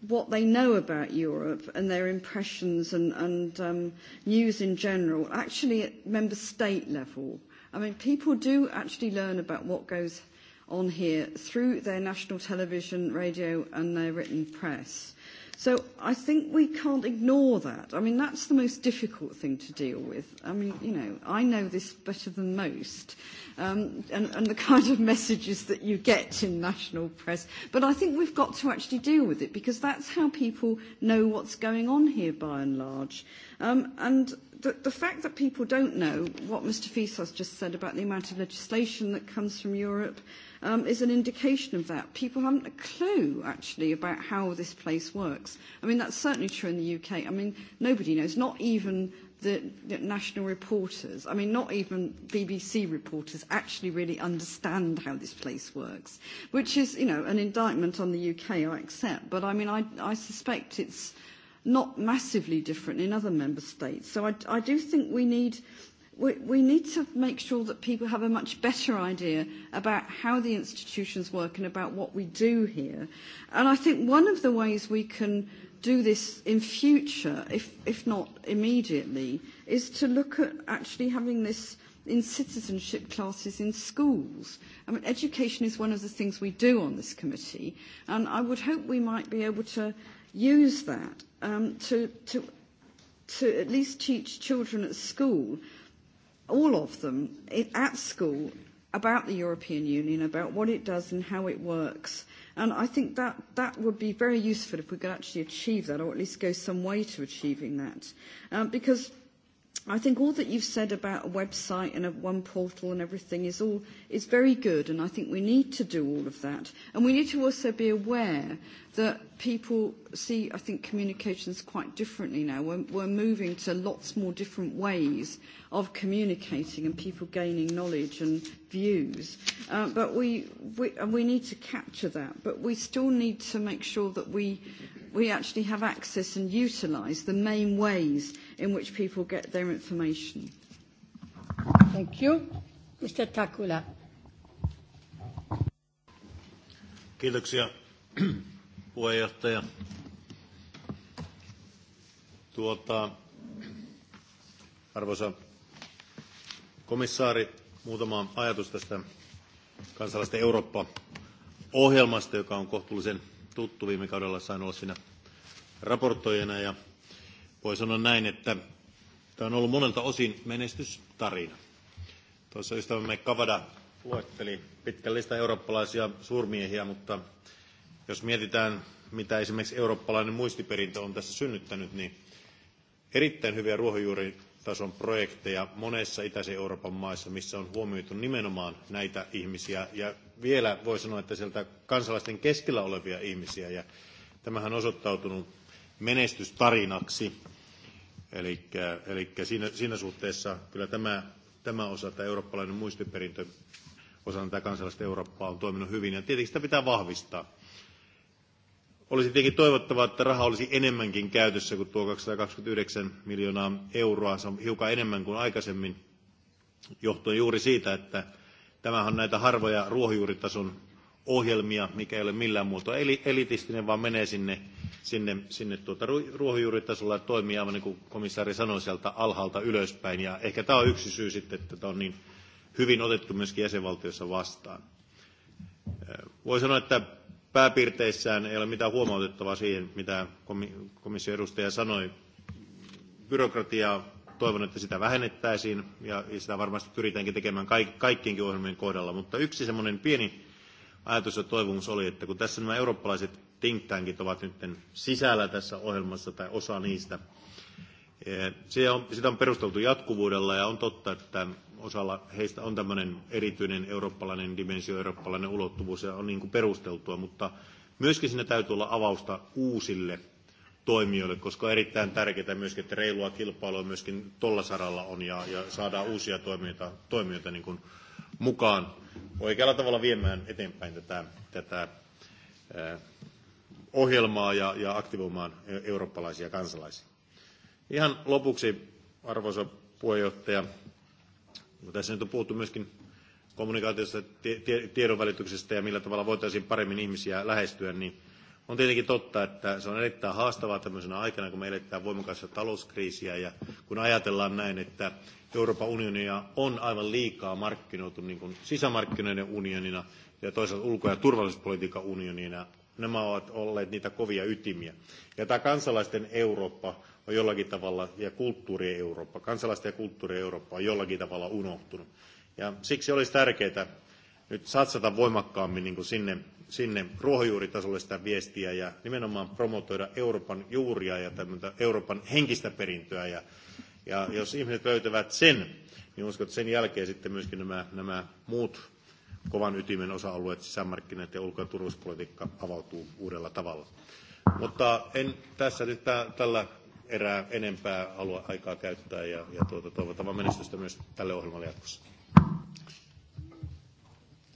what they know about Europe and their impressions and, and um, news in general, actually at member state level. I mean, people do actually learn about what goes on here through their national television, radio, and their written press. So I think we can't ignore that. I mean, that's the most difficult thing to deal with. I mean, you know, I know this better than most, um, and, and the kind of messages that you get in national press. But I think we've got to actually deal with it because that's how people know what's going on here by and large. Um, and the, the fact that people don't know what Mr. Fisas just said about the amount of legislation that comes from Europe, um, is an indication of that. People haven't a clue, actually, about how this place works. I mean, that's certainly true in the UK. I mean, nobody knows, not even the, the national reporters. I mean, not even BBC reporters actually really understand how this place works, which is, you know, an indictment on the UK, I accept. But I mean, I, I suspect it's not massively different in other member states. So I, I do think we need we, we need to make sure that people have a much better idea about how the institutions work and about what we do here. And I think one of the ways we can do this in future, if, if not immediately, is to look at actually having this in citizenship classes in schools. I mean, education is one of the things we do on this committee, and I would hope we might be able to use that um, to, to, to at least teach children at school all of them, it, at school about the European Union, about what it does and how it works. And I think that, that would be very useful if we could actually achieve that, or at least go some way to achieving that. Um, because i think all that you've said about a website and a one portal and everything is all is very good, and I think we need to do all of that. And we need to also be aware that people see, I think, communications quite differently now. We're, we're moving to lots more different ways of communicating and people gaining knowledge and views. Uh, but we, we, and we need to capture that, but we still need to make sure that we we actually have access and utilise the main ways in which people get their information. Thank you. Mr. Takula. Kiitoksia puheenjohtaja. Tuota, arvoisa komissaari, muutama ajatus tästä kansalaisten Eurooppa-ohjelmasta, joka on kohtuullisen tuttu. Viime kaudella sain olla siinä raportoijana ja voi sanoa näin, että tämä on ollut monelta osin menestystarina. Tuossa ystävämme Kavada luetteli pitkän listan eurooppalaisia suurmiehiä, mutta jos mietitään, mitä esimerkiksi eurooppalainen muistiperintö on tässä synnyttänyt, niin erittäin hyviä ruohonjuuritason projekteja monessa itäisen Euroopan maissa, missä on huomioitu nimenomaan näitä ihmisiä ja vielä voi sanoa, että sieltä kansalaisten keskellä olevia ihmisiä ja tämähän on osoittautunut menestystarinaksi. Eli, siinä, siinä suhteessa kyllä tämä, tämä osa, tämä eurooppalainen muistiperintö osana tätä kansallista Eurooppaa on toiminut hyvin ja tietenkin sitä pitää vahvistaa. Olisi tietenkin toivottavaa, että raha olisi enemmänkin käytössä kuin tuo 229 miljoonaa euroa. Se on hiukan enemmän kuin aikaisemmin, johtuen juuri siitä, että Tämähän on näitä harvoja ruohonjuuritason ohjelmia, mikä ei ole millään muotoa Eli, elitistinen, vaan menee sinne, sinne, sinne tuota ruohonjuuritasolla ja toimii aivan niin kuin komissaari sanoi sieltä alhaalta ylöspäin. Ja ehkä tämä on yksi syy sitten, että tämä on niin hyvin otettu myöskin jäsenvaltiossa vastaan. Voi sanoa, että pääpiirteissään ei ole mitään huomautettavaa siihen, mitä komission edustaja sanoi. Byrokratiaa toivon, että sitä vähennettäisiin ja sitä varmasti pyritäänkin tekemään kaikkienkin ohjelmien kohdalla. Mutta yksi semmoinen pieni ajatus ja toivomus oli, että kun tässä nämä eurooppalaiset think tankit ovat nyt sisällä tässä ohjelmassa tai osa niistä, eh, sitä on, sitä on perusteltu jatkuvuudella ja on totta, että osalla heistä on tämmöinen erityinen eurooppalainen dimensio, eurooppalainen ulottuvuus ja on niin kuin perusteltua, mutta myöskin siinä täytyy olla avausta uusille toimijoille, koska on erittäin tärkeää myöskin, että reilua kilpailua myöskin tuolla saralla on ja, ja saadaan uusia toimijoita, toimijoita niin kuin mukaan oikealla tavalla viemään eteenpäin tätä, tätä eh, ohjelmaa ja, ja aktivoimaan e-, eurooppalaisia kansalaisia. Ihan lopuksi, arvoisa puheenjohtaja, tässä nyt on puhuttu myöskin kommunikaatiosta, tiedonvälityksestä ja millä tavalla voitaisiin paremmin ihmisiä lähestyä, niin on tietenkin totta, että se on erittäin haastavaa tämmöisenä aikana, kun me eletään voimakasta talouskriisiä ja kun ajatellaan näin, että Euroopan unionia on aivan liikaa markkinoitu niin kuin sisämarkkinoiden unionina ja toisaalta ulko- ja turvallisuuspolitiikan unionina. Nämä ovat olleet niitä kovia ytimiä. Ja tämä kansalaisten Eurooppa on jollakin tavalla, ja kulttuuri Eurooppa, kansalaisten ja kulttuuri Eurooppa on jollakin tavalla unohtunut. Ja siksi olisi tärkeää nyt satsata voimakkaammin niin kuin sinne sinne ruohonjuuritasolle sitä viestiä ja nimenomaan promotoida Euroopan juuria ja Euroopan henkistä perintöä. Ja, ja jos ihmiset löytävät sen, niin uskon, että sen jälkeen sitten myöskin nämä, nämä muut kovan ytimen osa-alueet, sisämarkkinat ja ulko- ja turvallisuuspolitiikka avautuu uudella tavalla. Mutta en tässä nyt tällä erää enempää halua aikaa käyttää ja, ja tuota, toivotan vaan menestystä myös tälle ohjelmalle jatkossa.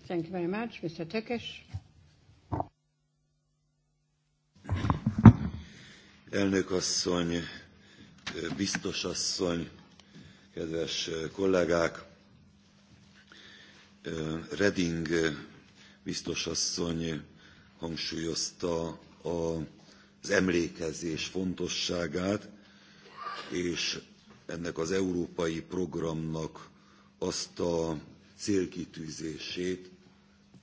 Thank you very much, Mr. Tekes. elnök asszony, biztos asszony, kedves kollégák! Reding biztos asszony hangsúlyozta az emlékezés fontosságát, és ennek az európai programnak azt a célkitűzését,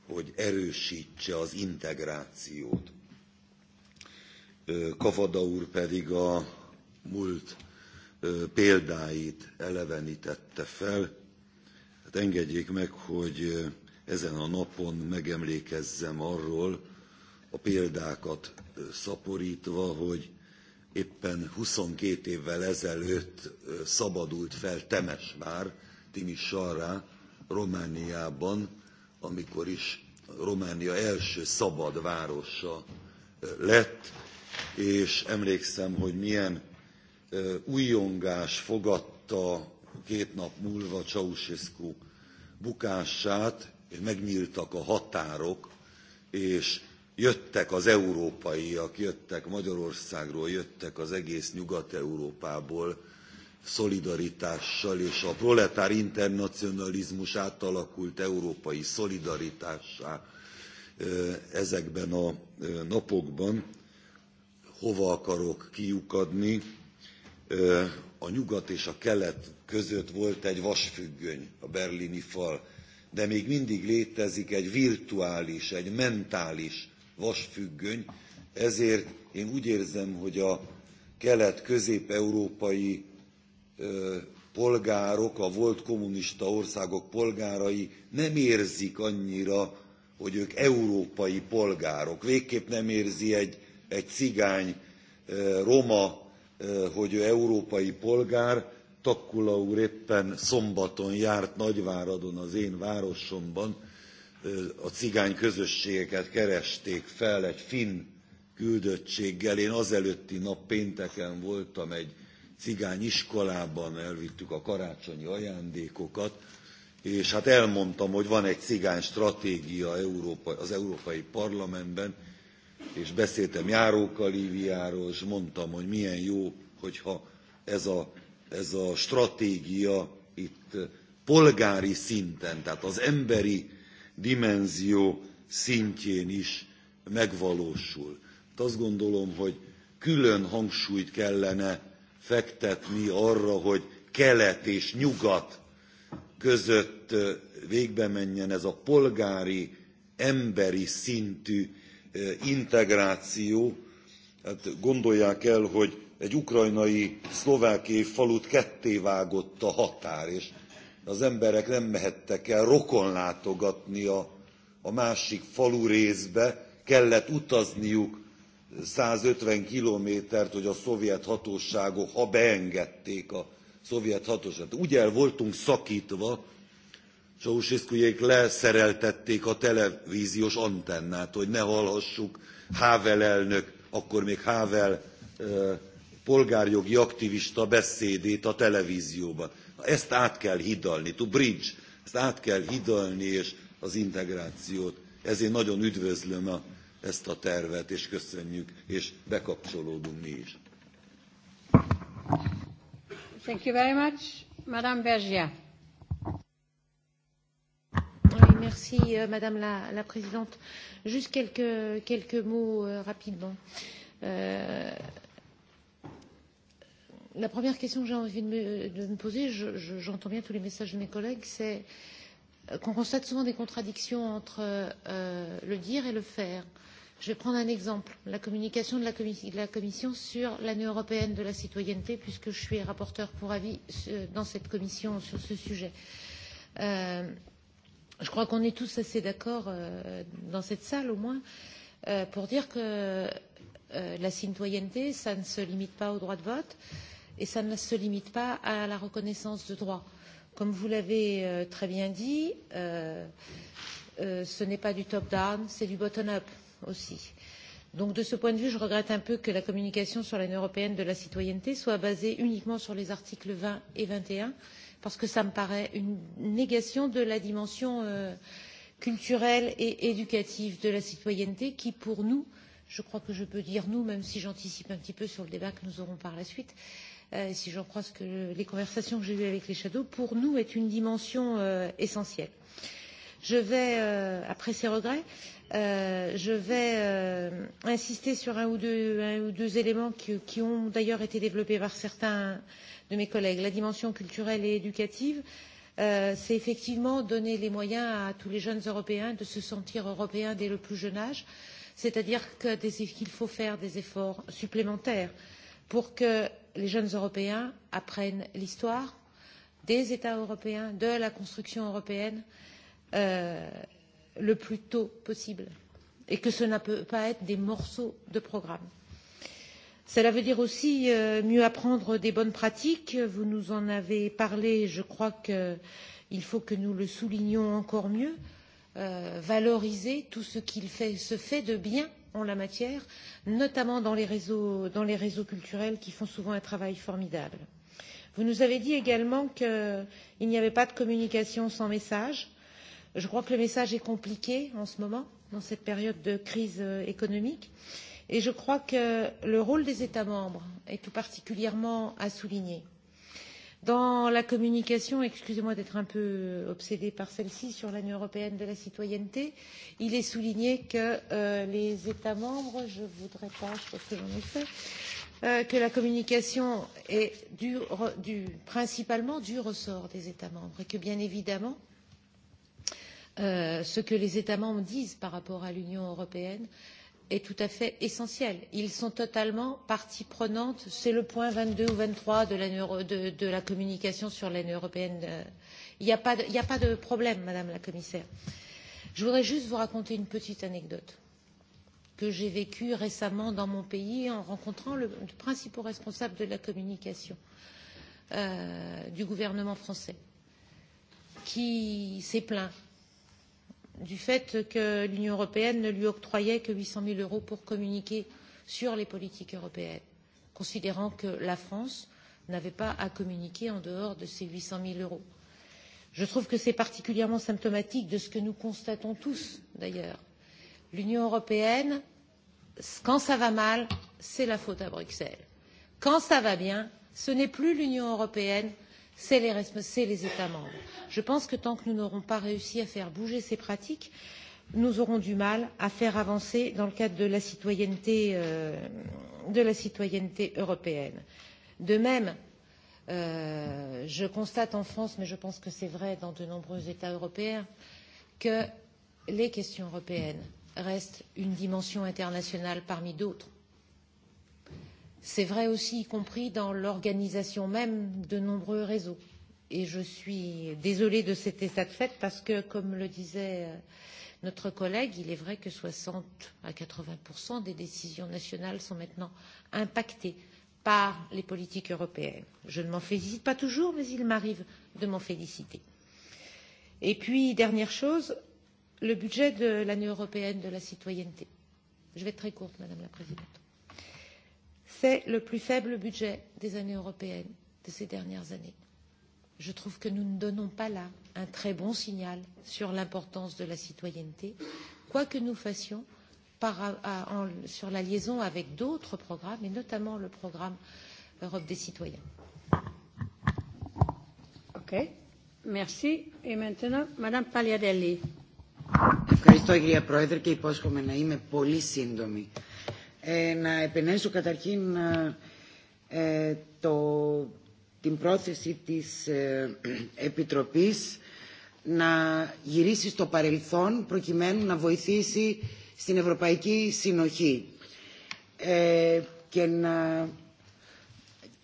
hogy erősítse az integrációt Kavada úr pedig a múlt példáit elevenítette fel. Hát engedjék meg, hogy ezen a napon megemlékezzem arról, a példákat szaporítva, hogy éppen 22 évvel ezelőtt szabadult fel Temesvár, Timisarrá, Romániában, amikor is Románia első szabad városa lett, és emlékszem, hogy milyen újongás fogadta két nap múlva Ceausescu bukását, és megnyíltak a határok, és jöttek az európaiak, jöttek Magyarországról, jöttek az egész Nyugat-Európából szolidaritással, és a proletár internacionalizmus átalakult európai szolidaritássá ezekben a napokban hova akarok kiukadni. A nyugat és a kelet között volt egy vasfüggöny, a berlini fal, de még mindig létezik egy virtuális, egy mentális vasfüggöny, ezért én úgy érzem, hogy a kelet-közép-európai polgárok, a volt kommunista országok polgárai nem érzik annyira, hogy ők európai polgárok. Végképp nem érzi egy egy cigány, e, roma, e, hogy ő európai polgár, Takkula úr éppen szombaton járt Nagyváradon, az én városomban, e, a cigány közösségeket keresték fel egy finn küldöttséggel. Én azelőtti nap pénteken voltam egy cigány iskolában, elvittük a karácsonyi ajándékokat, és hát elmondtam, hogy van egy cigány stratégia az Európai Parlamentben, és beszéltem Járóka Líviáról, és mondtam, hogy milyen jó, hogyha ez a, ez a stratégia itt polgári szinten, tehát az emberi dimenzió szintjén is megvalósul. Hát azt gondolom, hogy külön hangsúlyt kellene fektetni arra, hogy kelet és nyugat között végbe menjen ez a polgári, emberi szintű integráció, hát gondolják el, hogy egy ukrajnai szlovákiai falut ketté vágott a határ, és az emberek nem mehettek el rokonlátogatni a, a másik falu részbe, kellett utazniuk 150 kilométert, hogy a szovjet hatóságok, ha beengedték a szovjet hatóságot. Úgy el voltunk szakítva Ceausescuék leszereltették a televíziós antennát, hogy ne hallhassuk Havel elnök, akkor még Havel polgárjogi aktivista beszédét a televízióban. Ezt át kell hidalni, to bridge, ezt át kell hidalni, és az integrációt. Ezért nagyon üdvözlöm a, ezt a tervet, és köszönjük, és bekapcsolódunk mi is. Thank you very much. Madame merci euh, madame la, présidente juste quelques, mots euh, rapidement. Euh, la première question que j'ai envie de me, poser j'entends bien tous les messages de mes collègues c'est qu'on constate souvent des contradictions entre le dire et le faire. Je vais prendre un exemple, la communication de la, de la Commission sur l'année européenne de la citoyenneté, puisque je suis rapporteur pour avis dans cette commission sur ce sujet. Euh, je crois qu'on est tous assez d'accord euh, dans cette salle au moins euh, pour dire que euh, la citoyenneté, ça ne se limite pas au droit de vote et ça ne se limite pas à la reconnaissance de droit. Comme vous l'avez euh, très bien dit, euh, euh, ce n'est pas du top-down, c'est du bottom-up aussi. Donc de ce point de vue, je regrette un peu que la communication sur l'année européenne de la citoyenneté soit basée uniquement sur les articles 20 et 21 et parce que cela me paraît une négation de la dimension euh, culturelle et éducative de la citoyenneté qui, pour nous, je crois que je peux dire nous, même si j'anticipe un petit peu sur le débat que nous aurons par la suite, euh, si j'en crois ce que les conversations que j'ai eues avec les shadows, pour nous est une dimension euh, essentielle. Je vais, euh, après ces regrets, euh, je vais euh, insister sur un ou deux, un ou deux éléments qui, qui ont d'ailleurs été développés par certains de mes collègues. La dimension culturelle et éducative, euh, c'est effectivement donner les moyens à tous les jeunes Européens de se sentir Européens dès le plus jeune âge, c'est-à-dire qu'il faut faire des efforts supplémentaires pour que les jeunes Européens apprennent l'histoire des États européens, de la construction européenne, euh, Euh, le plus tôt possible et que ce ne peut pas être des morceaux de programme. Cela veut dire aussi euh, mieux apprendre des bonnes pratiques. Vous nous en avez parlé. Je crois qu'il faut que nous le soulignions encore mieux. Euh, valoriser tout ce qu'il fait, se fait de bien en la matière, notamment dans les, réseaux, dans les réseaux culturels qui font souvent un travail formidable. Vous nous avez dit également qu'il n'y avait pas de communication sans message je crois que le message est compliqué en ce moment, dans cette période de crise euh, économique, et je crois que le rôle des États membres est tout particulièrement à souligner. Dans la communication, excusez-moi d'être un peu obsédée par celle-ci, sur l'année européenne de la citoyenneté, il est souligné que euh, les États membres, je ne voudrais pas, je pense que j'en ai fait, euh, que la communication est due, due, principalement du ressort des États membres et que bien évidemment, euh, Euh, ce que les États membres disent par rapport à l'Union européenne est tout à fait essentiel. Ils sont totalement partie prenante. C'est le point vingt deux ou vingt trois de, la communication sur l'année européenne. Euh, il n'y a, pas de, a pas de problème, Madame la Commissaire. Je voudrais juste vous raconter une petite anecdote que j'ai vécue récemment dans mon pays en rencontrant le, le principal responsable de la communication euh, du gouvernement français qui s'est plaint du fait que l'Union européenne ne lui octroyait que 800 000 euros pour communiquer sur les politiques européennes, considérant que la France n'avait pas à communiquer en dehors de ces 800 000 euros. Je trouve que c'est particulièrement symptomatique de ce que nous constatons tous, d'ailleurs. L'Union européenne, quand ça va mal, c'est la faute à Bruxelles. Quand ça va bien, ce n'est plus l'Union européenne, c'est les, États membres. Je pense que tant que nous n'aurons pas réussi à faire bouger ces pratiques, nous aurons du mal à faire avancer dans le cadre de la citoyenneté, euh, européenne. De même, euh, je constate en France, mais je pense que c'est vrai dans de nombreux États européens, que les questions européennes restent une dimension internationale parmi d'autres C'est vrai aussi, y compris dans l'organisation même de nombreux réseaux. Et je suis désolée de cet état de fait parce que, comme le disait euh, notre collègue, il est vrai que 60 à 80 des décisions nationales sont maintenant impactées par les politiques européennes. Je ne m'en félicite pas toujours, mais il m'arrive de m'en féliciter. Et puis, dernière chose, le budget de l'année européenne de la citoyenneté. Je vais être très courte, Madame la Présidente c'est le plus faible budget des années européennes de ces dernières années. Je trouve que nous ne donnons pas là un très bon signal sur l'importance de la citoyenneté, quoi que nous fassions par, à, en, sur la liaison avec d'autres programmes, et notamment le programme Europe des citoyens. Merci. Et maintenant, Madame Ευχαριστώ κυρία Πρόεδρε και υπόσχομαι να είμαι πολύ σύντομη ε, να επενέσω καταρχήν ε, το, την πρόθεση της ε, Επιτροπής να γυρίσει στο παρελθόν προκειμένου να βοηθήσει στην Ευρωπαϊκή Συνοχή ε, και, να,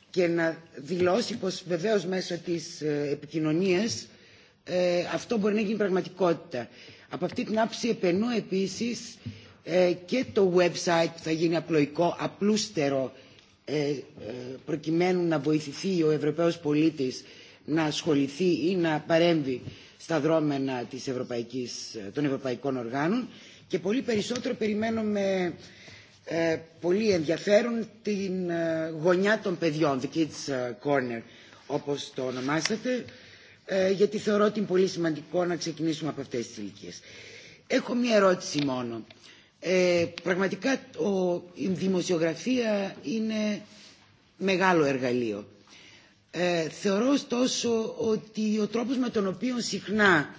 και να δηλώσει πως βεβαίως μέσω της επικοινωνίας ε, αυτό μπορεί να γίνει πραγματικότητα. Από αυτή την άψη επενώ επίσης και το website που θα γίνει απλοϊκό, απλούστερο, προκειμένου να βοηθηθεί ο Ευρωπαίος πολίτης να ασχοληθεί ή να παρέμβει στα δρόμενα της Ευρωπαϊκής, των ευρωπαϊκών οργάνων και πολύ περισσότερο περιμένουμε ε, πολύ ενδιαφέρον την ε, γωνιά των παιδιών, the kids corner όπως το ονομάσατε ε, γιατί θεωρώ ότι είναι πολύ σημαντικό να ξεκινήσουμε από αυτές τις ηλικίες. Έχω μία ερώτηση μόνο. Ε, πραγματικά ο, η δημοσιογραφία είναι μεγάλο εργαλείο. Ε, θεωρώ ωστόσο ότι ο τρόπος με τον οποίο συχνά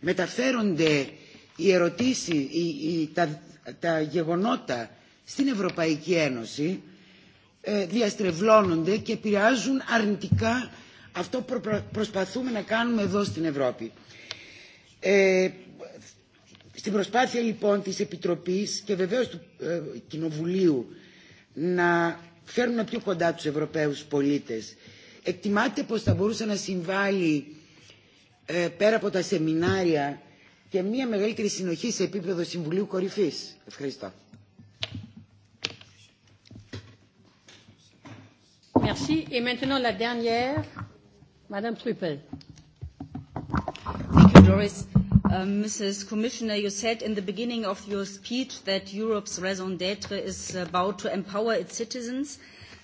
μεταφέρονται οι ερωτήσεις, οι, οι, τα, τα γεγονότα στην Ευρωπαϊκή Ένωση ε, διαστρεβλώνονται και επηρεάζουν αρνητικά αυτό που προσπαθούμε να κάνουμε εδώ στην Ευρώπη. Ε, Στην προσπάθεια λοιπόν της Επιτροπής και βεβαίως του ε, Κοινοβουλίου να φέρουν πιο κοντά τους Ευρωπαίους πολίτες, εκτιμάται πως θα μπορούσε να συμβάλλει ε, πέρα από τα σεμινάρια και μια μεγαλύτερη συνοχή σε επίπεδο Συμβουλίου Κορυφής. Ευχαριστώ. Merci. Et maintenant, la dernière, Madame Truppel. Thank you, Doris. Um, uh, Mrs. Commissioner, you said in the beginning of your speech that Europe's raison d'etre is about to empower its citizens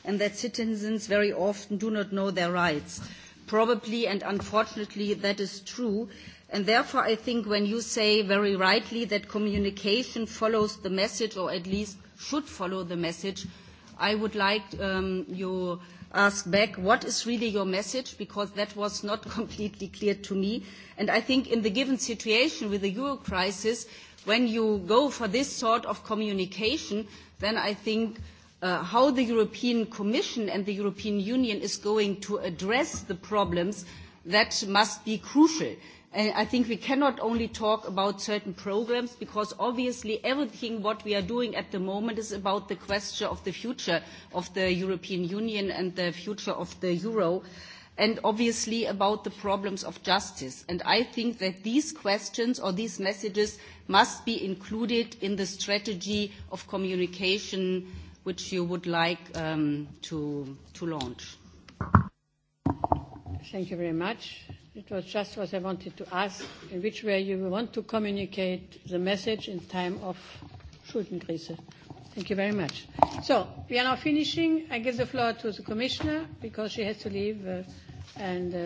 and that citizens very often do not know their rights. Probably and unfortunately that is true. And therefore I think when you say very rightly that communication follows the message or at least should follow the message, I would like um, ask back what is really your message because that was not completely clear to me. And I think in the given situation with the euro crisis, when you go for this sort of communication, then I think uh, how the European Commission and the European Union is going to address the problems, that must be crucial. I think we cannot only talk about certain programmes because obviously everything what we are doing at the moment is about the question of the future of the European Union and the future of the euro and obviously about the problems of justice. And I think that these questions or these messages must be included in the strategy of communication which you would like um, to, to launch. Thank you very much. It was just what I wanted to ask, in which way you want to communicate the message in time of Schuldenkrise. Thank you very much. So we are now finishing. I give the floor to the commissioner because she has to leave. Uh, and uh,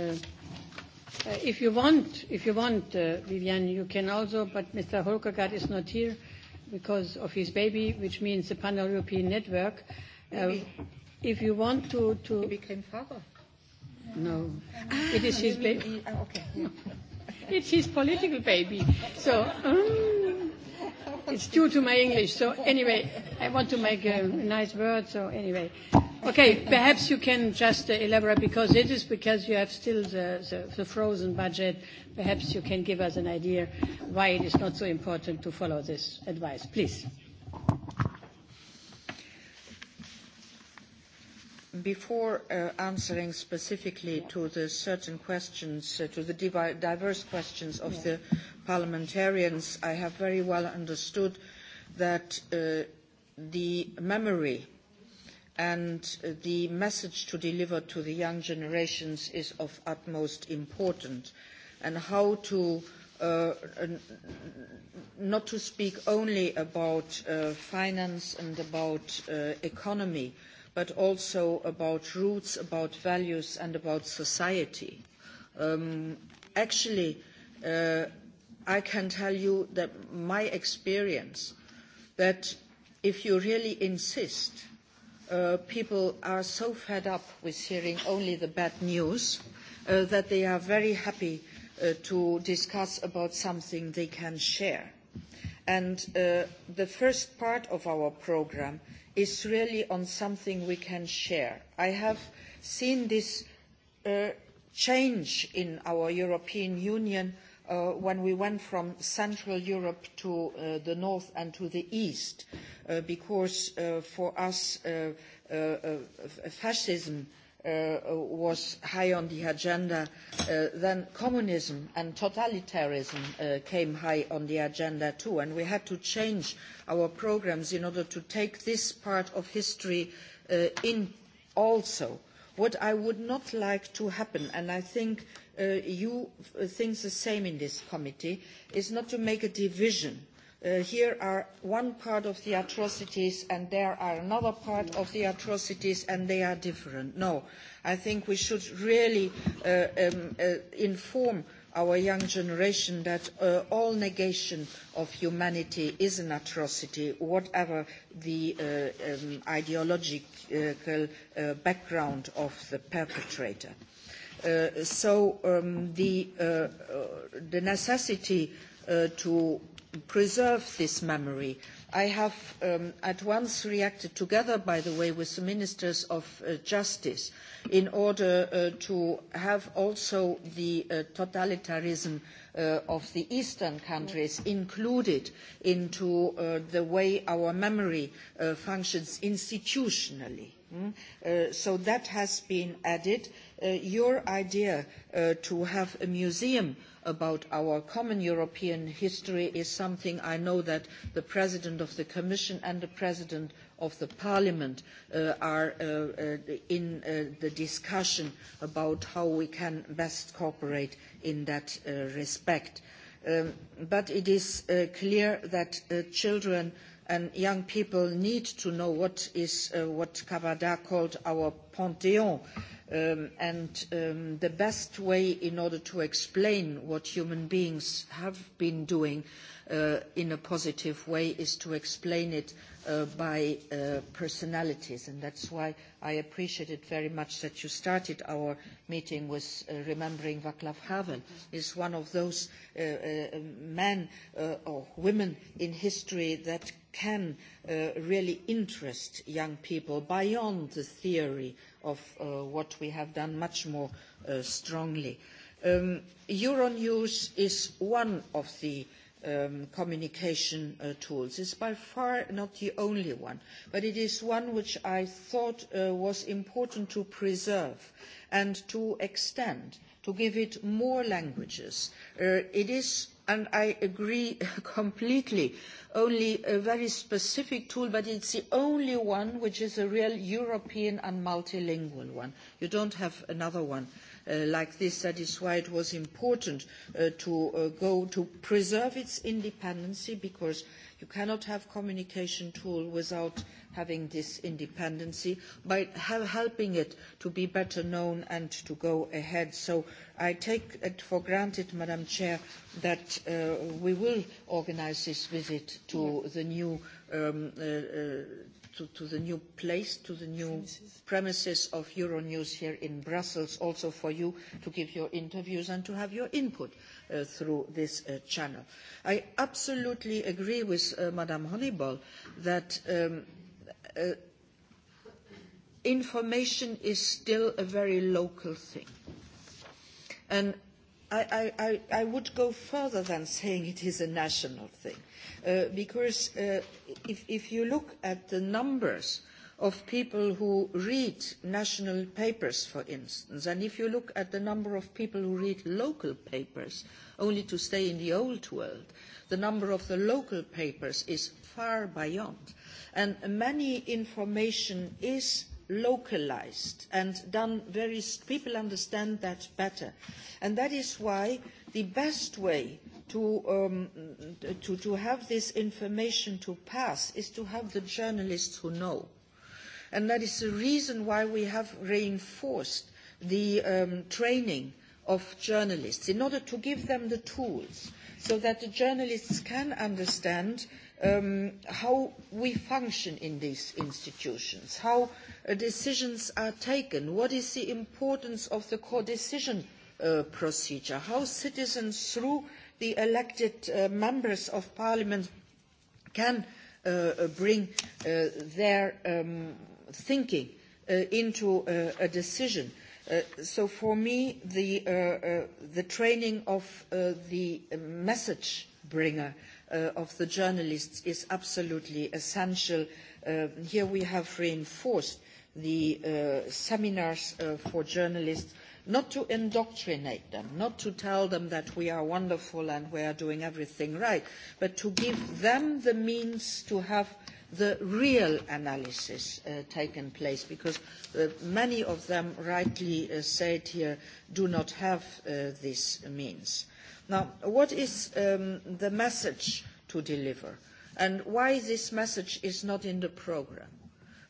uh, if you want, if you want, uh, Vivian, you can also. But Mr. Holkergaard is not here because of his baby, which means the Pan-European Network. Uh, if you want to, to he became father. No. Ah, it is his baby. Oh, okay. it's his political baby. So um, it's due to my English. So anyway, I want to make a nice word. So anyway, okay. Perhaps you can just uh, elaborate because it is because you have still the, the, the frozen budget. Perhaps you can give us an idea why it is not so important to follow this advice, please. Before uh, answering specifically to the certain questions, uh, to the diverse questions of the parliamentarians, I have very well understood that uh, the memory and the message to deliver to the young generations is of utmost importance and how to not to speak only about finance and about economy, but also about roots, about values, and about society. Um, actually, uh, I can tell you that my experience that if you really insist, uh, people are so fed up with hearing only the bad news uh, that they are very happy uh, to discuss about something they can share. And uh, the first part of our programme is really on something we can share. I have seen this uh, change in our European Union uh, when we went from Central Europe to uh, the North and to the East, because for us fascism Uh, was high on the agenda uh, then communism and totalitarianism uh, came high on the agenda too and we had to change our programmes in order to take this part of history in also. what i would not like to happen and i think you think the same in this committee is not to make a division Uh, here are one part of the atrocities and there are another part of the atrocities and they are different. No, I think we should really uh, um, uh, inform our young generation that all negation of humanity is an atrocity, whatever the um, ideological background of the perpetrator. so um, the, the necessity Uh, to preserve this memory. I have um, at once reacted together, by the way, with the ministers of uh, justice in order uh, to have also the uh, totalitarianism of the eastern countries included into the way our memory functions institutionally. Hmm? so that has been added. your idea to have a museum about our common European history is something I know that the President of the Commission and the President of the Parliament uh, are uh, uh, in uh, the discussion about how we can best cooperate in that uh, respect. Um, but it is uh, clear that children and young people need to know what is what called our Pantheon. Uh, Um, and um, the best way in order to explain what human beings have been doing uh, in a positive way is to explain it uh, by uh, personalities. And that's why I appreciate it very much that you started our meeting with uh, remembering Václav Havel. is one of those uh, uh, men or women in history that can really interest young people beyond the theory uh, of uh, what we have done much more uh, strongly. Um, Euronews is one of the um, communication uh, tools. It is by far not the only one, but it is one which I thought uh, was important to preserve and to extend to give it more languages. Uh, it is and i agree completely only a very specific tool but it is the only one which is a real european and multilingual one. you do not have another one Uh, like this. That is why it was important uh, to uh, go to preserve its independence because you cannot have communication tool without having this independence by helping it to be better known and to go ahead. So I take it for granted, Madam Chair, that uh, we will organise this visit to the new um, uh, uh to, to the new place, to the new premises of Euronews here in Brussels, also for you to give your interviews and to have your input uh, through this uh, channel. I absolutely agree with uh, Madame Honeyball that um, uh, information is still a very local thing. And i, I, I would go further than saying it is a national thing, uh, because uh, if, if you look at the numbers of people who read national papers, for instance, and if you look at the number of people who read local papers, only to stay in the old world, the number of the local papers is far beyond. And many information is localised and done very people understand that better and that is why the best way to, um, to, to have this information to pass is to have the journalists who know and that is the reason why we have reinforced the um, training of journalists in order to give them the tools so that the journalists can understand um, how we function in these institutions, how uh, decisions are taken, what is the importance of the co-decision uh, procedure, how citizens through the elected uh, members of parliament can uh, uh, bring uh, their um, thinking into a decision. Uh, so for me the, uh, uh, the training of the message bringer Uh, of the journalists is absolutely essential. Uh, here we have reinforced the uh, seminars for journalists, not to indoctrinate them, not to tell them that we are wonderful and we are doing everything right, but to give them the means to have the real analysis uh, taken place because uh, many of them rightly uh, said here do not have this means Now, what is um, the message to deliver? And why this message is not in the programme?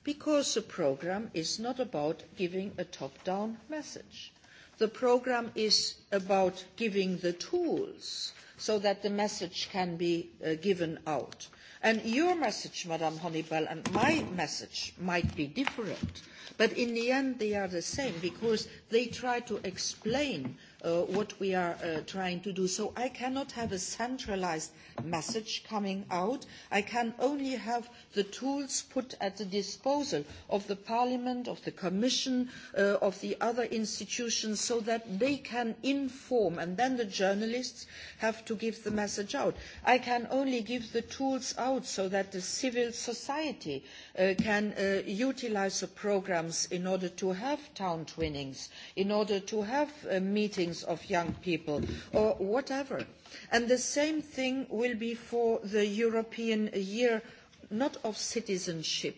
Because the programme is not about giving a top-down message. The programme is about giving the tools so that the message can be uh, given out. And your message, Madam Honeyball, and my message might be different, but in the end they are the same because they try to explain Uh, what we are uh, trying to do. So I cannot have a centralised message coming out. I can only have the tools put at the disposal of Parliament, of the Commission, and uh, of the other institutions so that they can inform and then the journalists have to give the message out. I can only give the tools out so that civil society can utilise the programmes in order to have town twinnings, in order to have meetings meetings of young people or whatever. And the same thing will be for the European year, not of citizenship,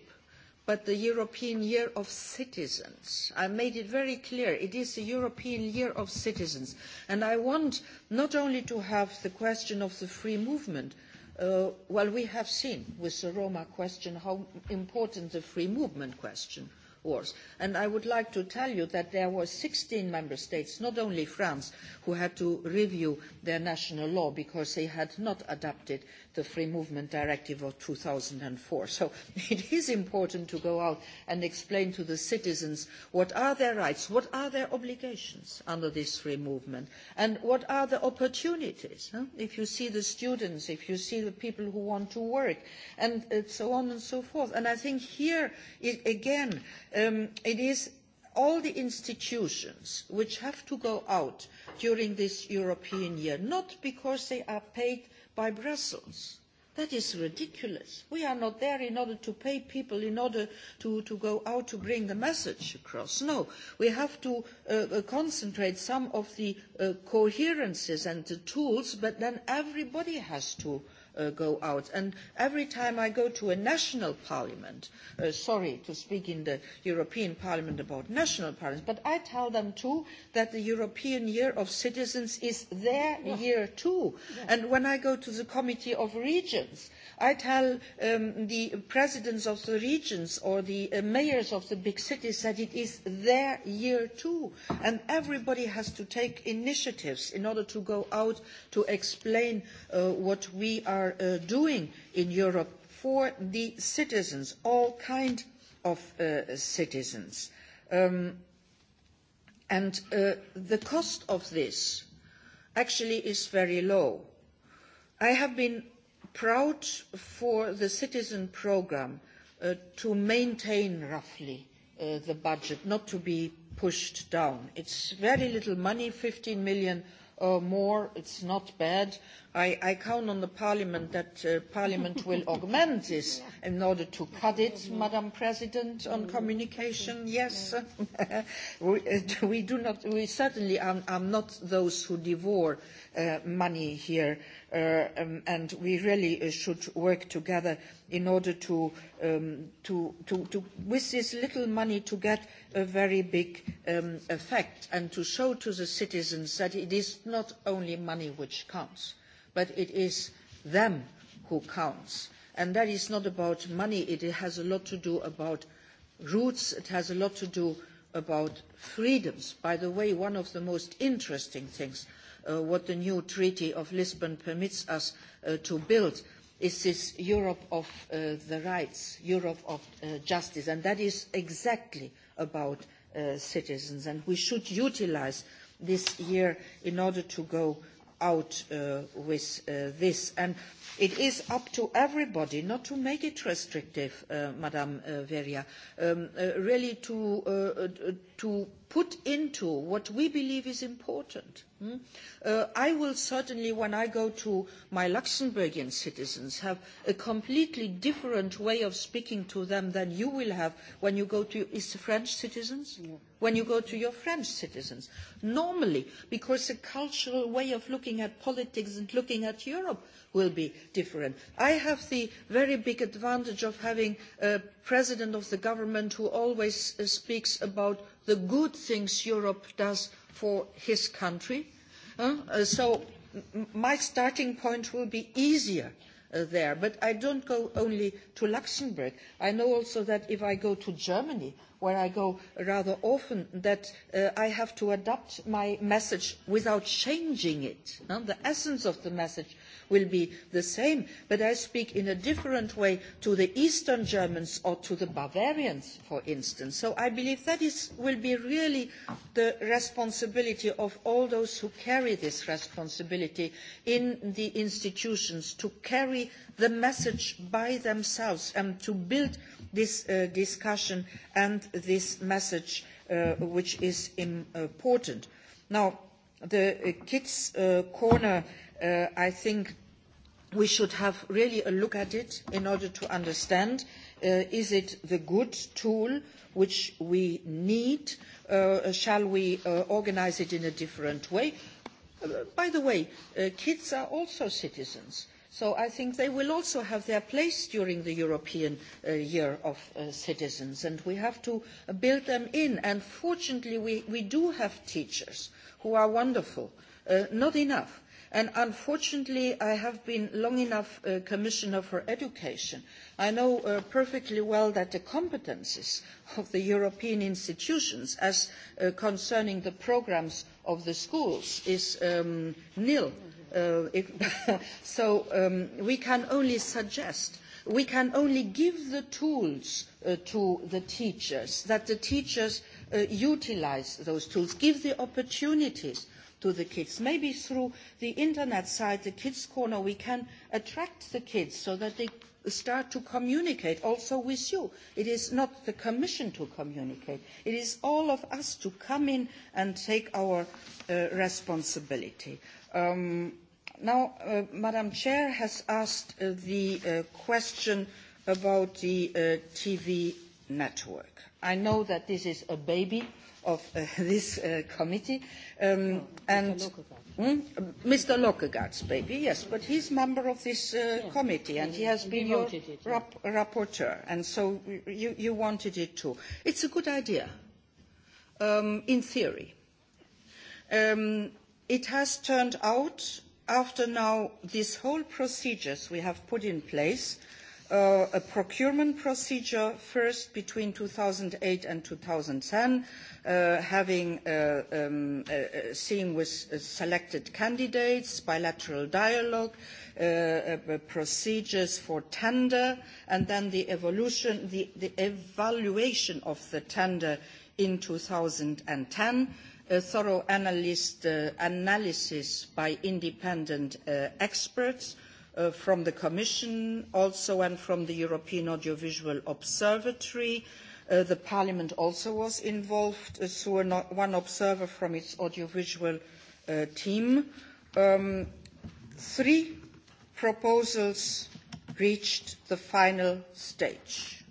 but the European Year of Citizens. I made it very clear, it is the European Year of Citizens. And I want not only to have the question of the free movement, uh, well, we have seen with the Roma question how important the free movement question wars. And I would like to tell you that there were sixteen member states, not only France, who had to review their national law because they had not adopted the Free Movement Directive of two thousand four. So it is important to go out and explain to the citizens what are their rights, what are their obligations under this free movement, and what are the opportunities. Huh? If you see the students, if you see the people who want to work, and uh, so on and so forth. And I think here, again, Um, it is all the institutions which have to go out during this European year, not because they are paid by Brussels. That is ridiculous. We are not there in order to pay people, in order to, to go out to bring the message across. No, we have to uh, uh concentrate some of the uh, coherences and the tools, but then everybody has to uh, Uh, go out. And every time I go to a national parliament, uh, sorry to speak in the European Parliament about national parliaments, but I tell them too that the European Year of Citizens is their yeah. year too. Yeah. And when I go to the Committee of Regions, i tell um, the presidents of the regions or the uh, mayors of the big cities that it is their year too. And everybody has to take initiatives in order to go out to explain uh, what we are uh, doing in Europe for the citizens, all kinds of citizens. Um, and the cost of this actually is very low. I have been proud for the citizen programme uh, to maintain roughly uh, the budget, not to be pushed down. It's very little money, 15 million or more. It's not bad. I, I count on the parliament that uh, parliament will augment this in order to cut it, Madam President, on communication. Yes, we, uh, we, do not, we certainly are, are not those who devour Uh, money here uh, um, and we really uh, should work together in order um, to, with this little money to get a very big um, effect and to show to the citizens that it is not only money which counts but it is them who counts and that is not about money it has a lot to do about roots it has a lot to do about freedoms by the way one of the most interesting things Uh, what the new Treaty of Lisbon permits us uh, to build is this Europe of uh, the rights, Europe of justice, and that is exactly about citizens. And we should utilise this year in order to go out with this. And it is up to everybody not to make it restrictive, Madam Veria, um, really to to put into what we believe is important. Hmm? Uh, I will certainly, when I go to my Luxembourgian citizens, have a completely different way of speaking to them than you will have when you go to is French citizens, yeah. when you go to your French citizens. Normally, because the cultural way of looking at politics and looking at Europe will be different. I have the very big advantage of having a president of the government who always uh, speaks about the good things Europe does for his country. Uh, uh so my starting point will be easier uh, there. But I don't go only to Luxembourg. I know also that if I go to Germany, where I go rather often, that uh, I have to adapt my message without changing it. The essence of the message will be the same but i speak in a different way to the eastern germans or to the bavarians for instance. so i believe that this will be really the responsibility of all those who carry this responsibility in the institutions to carry the message by themselves and to build this uh, discussion and this message uh, which is important. now the uh, kids' uh, corner uh, i think we should have really a look at it in order to understand uh, is it the good tool which we need uh, shall we uh, organise it in a different way uh, by the way uh, kids are also citizens so i think they will also have their place during the european uh, year of citizens and we have to build them in and fortunately we, we do have teachers who are wonderful not enough And unfortunately, I have been long enough Commissioner for Education. I know uh, perfectly well that the competences of the European institutions as uh, concerning the programmes of the schools is um, nil. Uh, so um, we can only suggest we can only give the tools to the teachers, that the teachers utilise those tools, give the opportunities to the kids. Maybe through the internet site, the Kids Corner, we can attract the kids so that they start to communicate also with you. It is not the Commission to communicate. It is all of us to come in and take our uh, responsibility. Um, now, uh, Madam Chair has asked uh, the uh, question about the uh, TV network. I know that this is a baby of uh, this uh, committee, Um, and Mr. Hmm? Lockegaard's baby, yes, but he's a member of this uh, yeah. committee and he has been your it, yeah. rap rapporteur, and so you, you wanted it too. It's a good idea, um, in theory. Um, it has turned out, after now these whole procedures we have put in place, uh, a procurement procedure first between two thousand eight and 2010, Uh, having uh, um, uh, uh with uh, selected candidates, bilateral dialogue, procedures for tender, and then the, evolution, the, the evaluation of the tender in ten, a thorough analyst, analysis by independent experts, Uh, from the Commission also and from the European Audiovisual Observatory, Uh, the Parliament also was involved uh, through no, one observer from its audiovisual uh, team. Um, three proposals reached the final stage.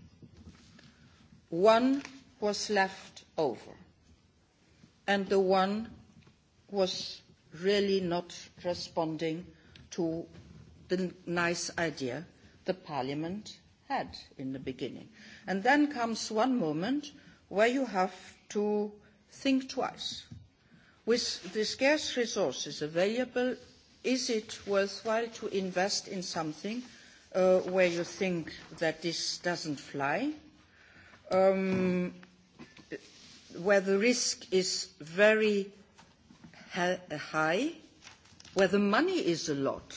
One was left over, and the one was really not responding to the nice idea the Parliament had in the beginning. And then comes one moment where you have to think twice. With the scarce resources available, is it worthwhile to invest in something uh, where you think that this doesn't fly, um, where the risk is very high, where the money is a lot?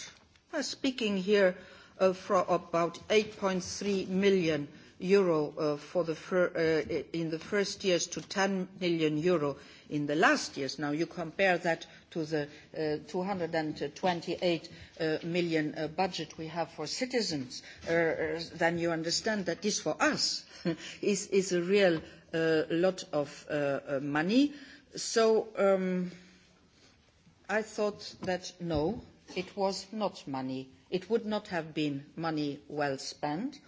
We're speaking here uh, for about 8.3 million euro uh, for the uh, in the first years to 10 million euro in the last years. Now, you compare that to the EUR uh, two hundred and twenty eight million budget we have for citizens, then you understand that this for us is, a real lot of money. So um, I thought that no, it was not money It would not have been money well spent.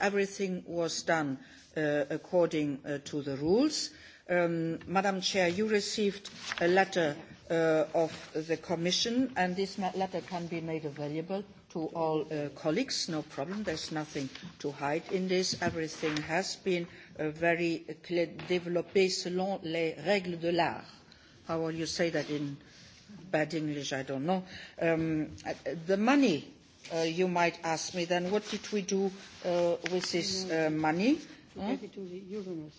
Everything was done uh, according uh, to the rules. Um, Madam Chair, you received a letter uh, from the Commission, and this letter can be made available to all colleagues. No problem. There is nothing to hide in this. Everything has been very clearly developed selon les règles de l'art. How will you say that in bad English? I don't know. Um, the money Uh, you might ask me then, what did we do uh, with this mm-hmm. uh, money? You hmm? gave it to the Euronews.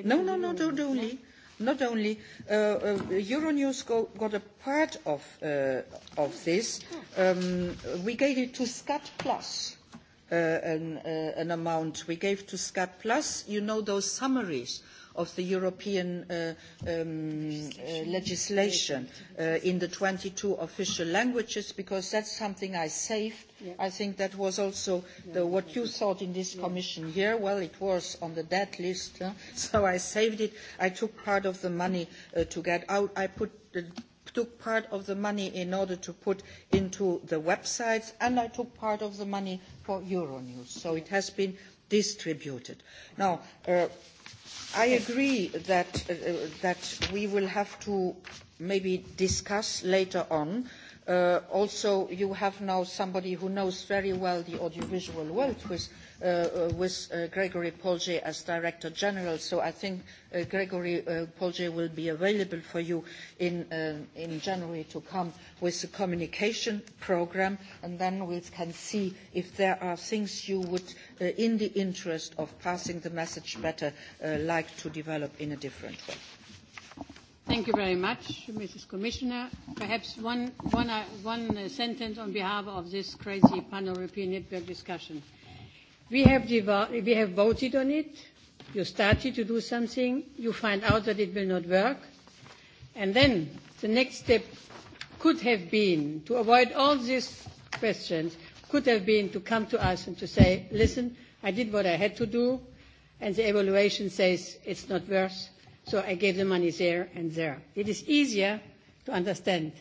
Hmm? no, no, no, not only. Not only uh, uh, Euronews go, got a part of, uh, of this. Um, we gave it to SCAT Plus, uh, an, uh, an amount we gave to SCAT Plus. You know those summaries of the European uh, um, uh, legislation uh, in the twenty two official languages because that is something I saved. Yeah. I think that was also the, what you thought in this commission here. Well, it was on the dead list, huh? so I saved it. I took part of the money uh, to get out. I put the took part of the money in order to put into the websites and I took part of the money for Euronews. So it has been distributed. Now, uh, i agree that, uh, uh, that we will have to maybe discuss later on. Uh, also, you have now somebody who knows very well the audiovisual world with Uh, uh, with uh, Gregory Polje as Director General. So I think uh, Gregory uh, Polje will be available for you in, uh, in January to come with the communication programme, and then we can see if there are things you would, uh, in the interest of passing the message better, uh, like to develop in a different way. Thank you very much, Mrs. Commissioner. Perhaps one, one, uh, one uh, sentence on behalf of this crazy pan-European network discussion. We have, we have voted on it. You started to do something. You find out that it will not work. And then the next step could have been to avoid all these questions, could have been to come to us and to say, listen, I did what I had to do, and the evaluation says it's not worse, so I gave the money there and there. It is easier to understand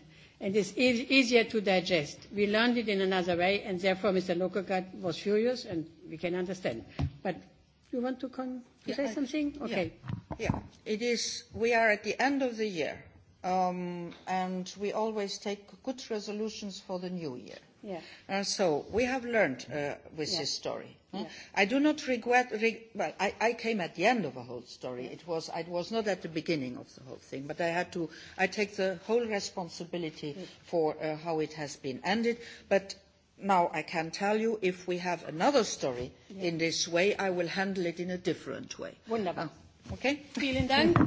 and it's e easier to digest. We learned it in another way, and therefore Mr. Lokogat was furious, and we can understand. But you want to, con- to yeah, say I, something? Okay. Yeah, yeah. It is, we are at the end of the year, um, and we always take good resolutions for the new year. Yeah. And so we have learned uh, with yeah. this story. Hmm? Yeah. I do not regret. Re- well, I, I came at the end of a whole story. Yeah. It was I was not at the beginning of the whole thing, but I had to. I take the whole responsibility yeah. for uh, how it has been ended. But Now, I can tell you if we have another story yeah. in this way, I will handle it in a different way. Wunderbar. Uh, okay? Vielen Dank.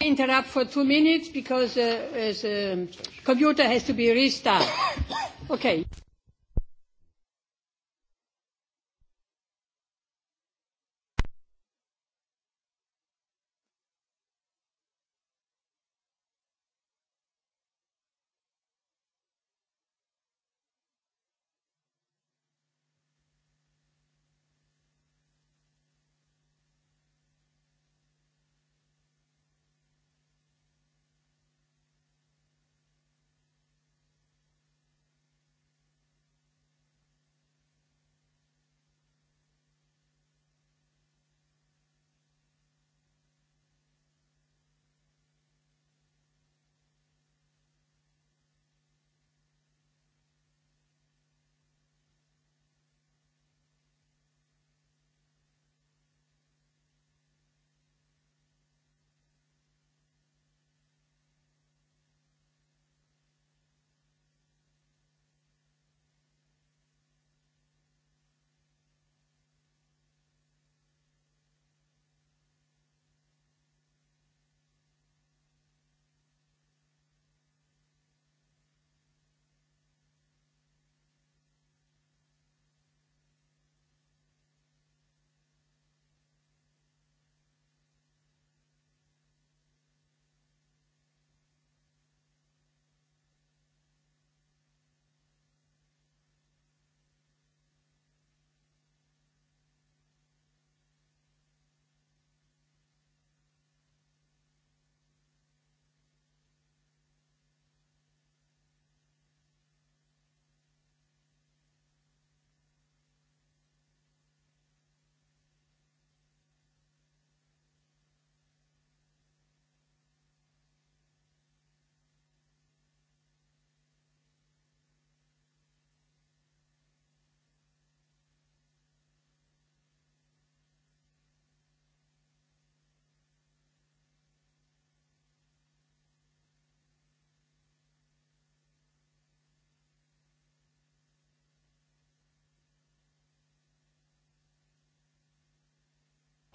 interrupt for two minutes because uh, the um, computer has to be restarted. Okay.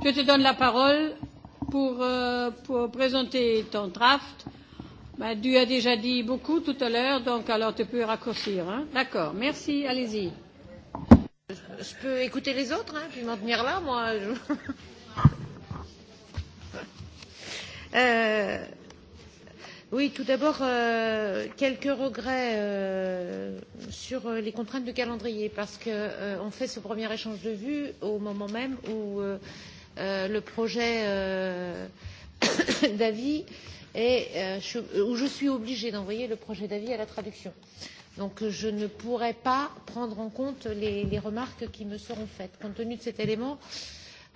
je te donne la parole pour, euh, pour présenter ton draft. Ben, tu as déjà dit beaucoup tout à l'heure, donc alors tu peux raccourcir. Hein? D'accord, merci, allez-y. Je, peux écouter les autres, hein, puis m'en tenir là, moi. Je... euh... Oui, tout d'abord, euh, quelques regrets euh, sur euh, les contraintes de calendrier, parce qu'on euh, fait ce premier échange de vues au moment même où euh, Euh, le projet euh, d'avis et euh, je, où je suis obligée d'envoyer le projet d'avis à la traduction. Donc je ne pourrai pas prendre en compte les, les remarques qui me seront faites. Compte tenu de cet élément,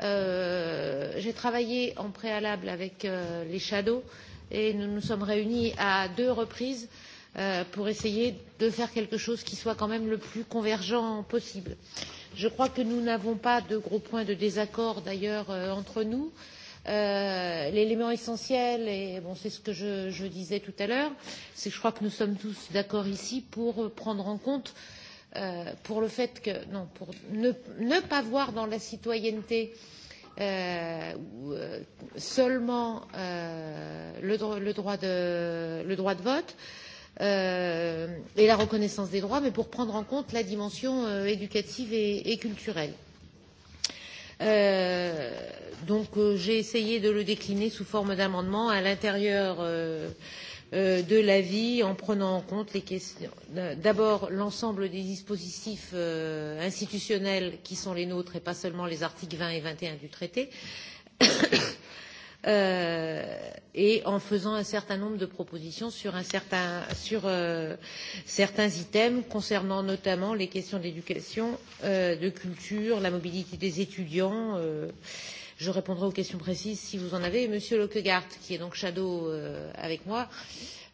euh, j'ai travaillé en préalable avec euh, les shadows et nous nous sommes réunis à deux reprises euh, pour essayer de faire quelque chose qui soit quand même le plus convergent possible. Euh, je crois que nous n'avons pas de gros points de désaccord d'ailleurs euh, entre nous. Euh, l'élément essentiel et bon, c'est ce que je, je disais tout à l'heure c'est que je crois que nous sommes tous d'accord ici pour prendre en compte euh, pour le fait que non pour ne, ne pas voir dans la citoyenneté euh, euh seulement euh, le, le, droit de, le droit de vote euh, et la reconnaissance des droits, mais pour prendre en compte la dimension euh, éducative et, et culturelle. Euh, donc euh, j'ai essayé de le décliner sous forme d'amendement à l'intérieur euh, euh, de l'avis en prenant en compte les questions d'abord l'ensemble des dispositifs euh, institutionnels qui sont les nôtres et pas seulement les articles vingt et vingt et un du traité euh, et en faisant un certain nombre de propositions sur, un certain, sur euh, certains items concernant notamment les questions d'éducation, euh, de culture, la mobilité des étudiants. Euh, je répondrai aux questions précises si vous en avez. Et Monsieur Lockegart, qui est donc shadow euh, avec moi,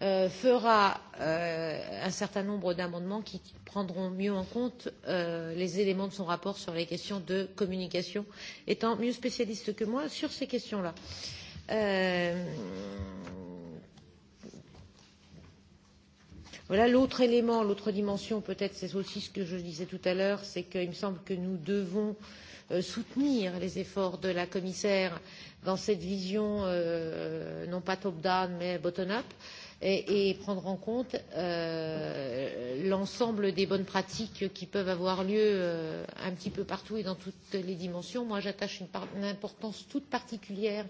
euh, fera euh, un certain nombre d'amendements qui prendront mieux en compte euh, les éléments de son rapport sur les questions de communication, étant mieux spécialiste que moi sur ces questions-là. Euh, Euh, voilà l'autre élément, l'autre dimension peut-être, c'est aussi ce que je disais tout à l'heure, c'est qu'il me semble que nous devons euh, soutenir les efforts de la commissaire dans cette vision euh, non pas top-down mais bottom-up et, et prendre en compte euh, l'ensemble des bonnes pratiques qui peuvent avoir lieu euh, un petit peu partout et dans toutes les dimensions. Moi, j'attache une, une importance toute particulière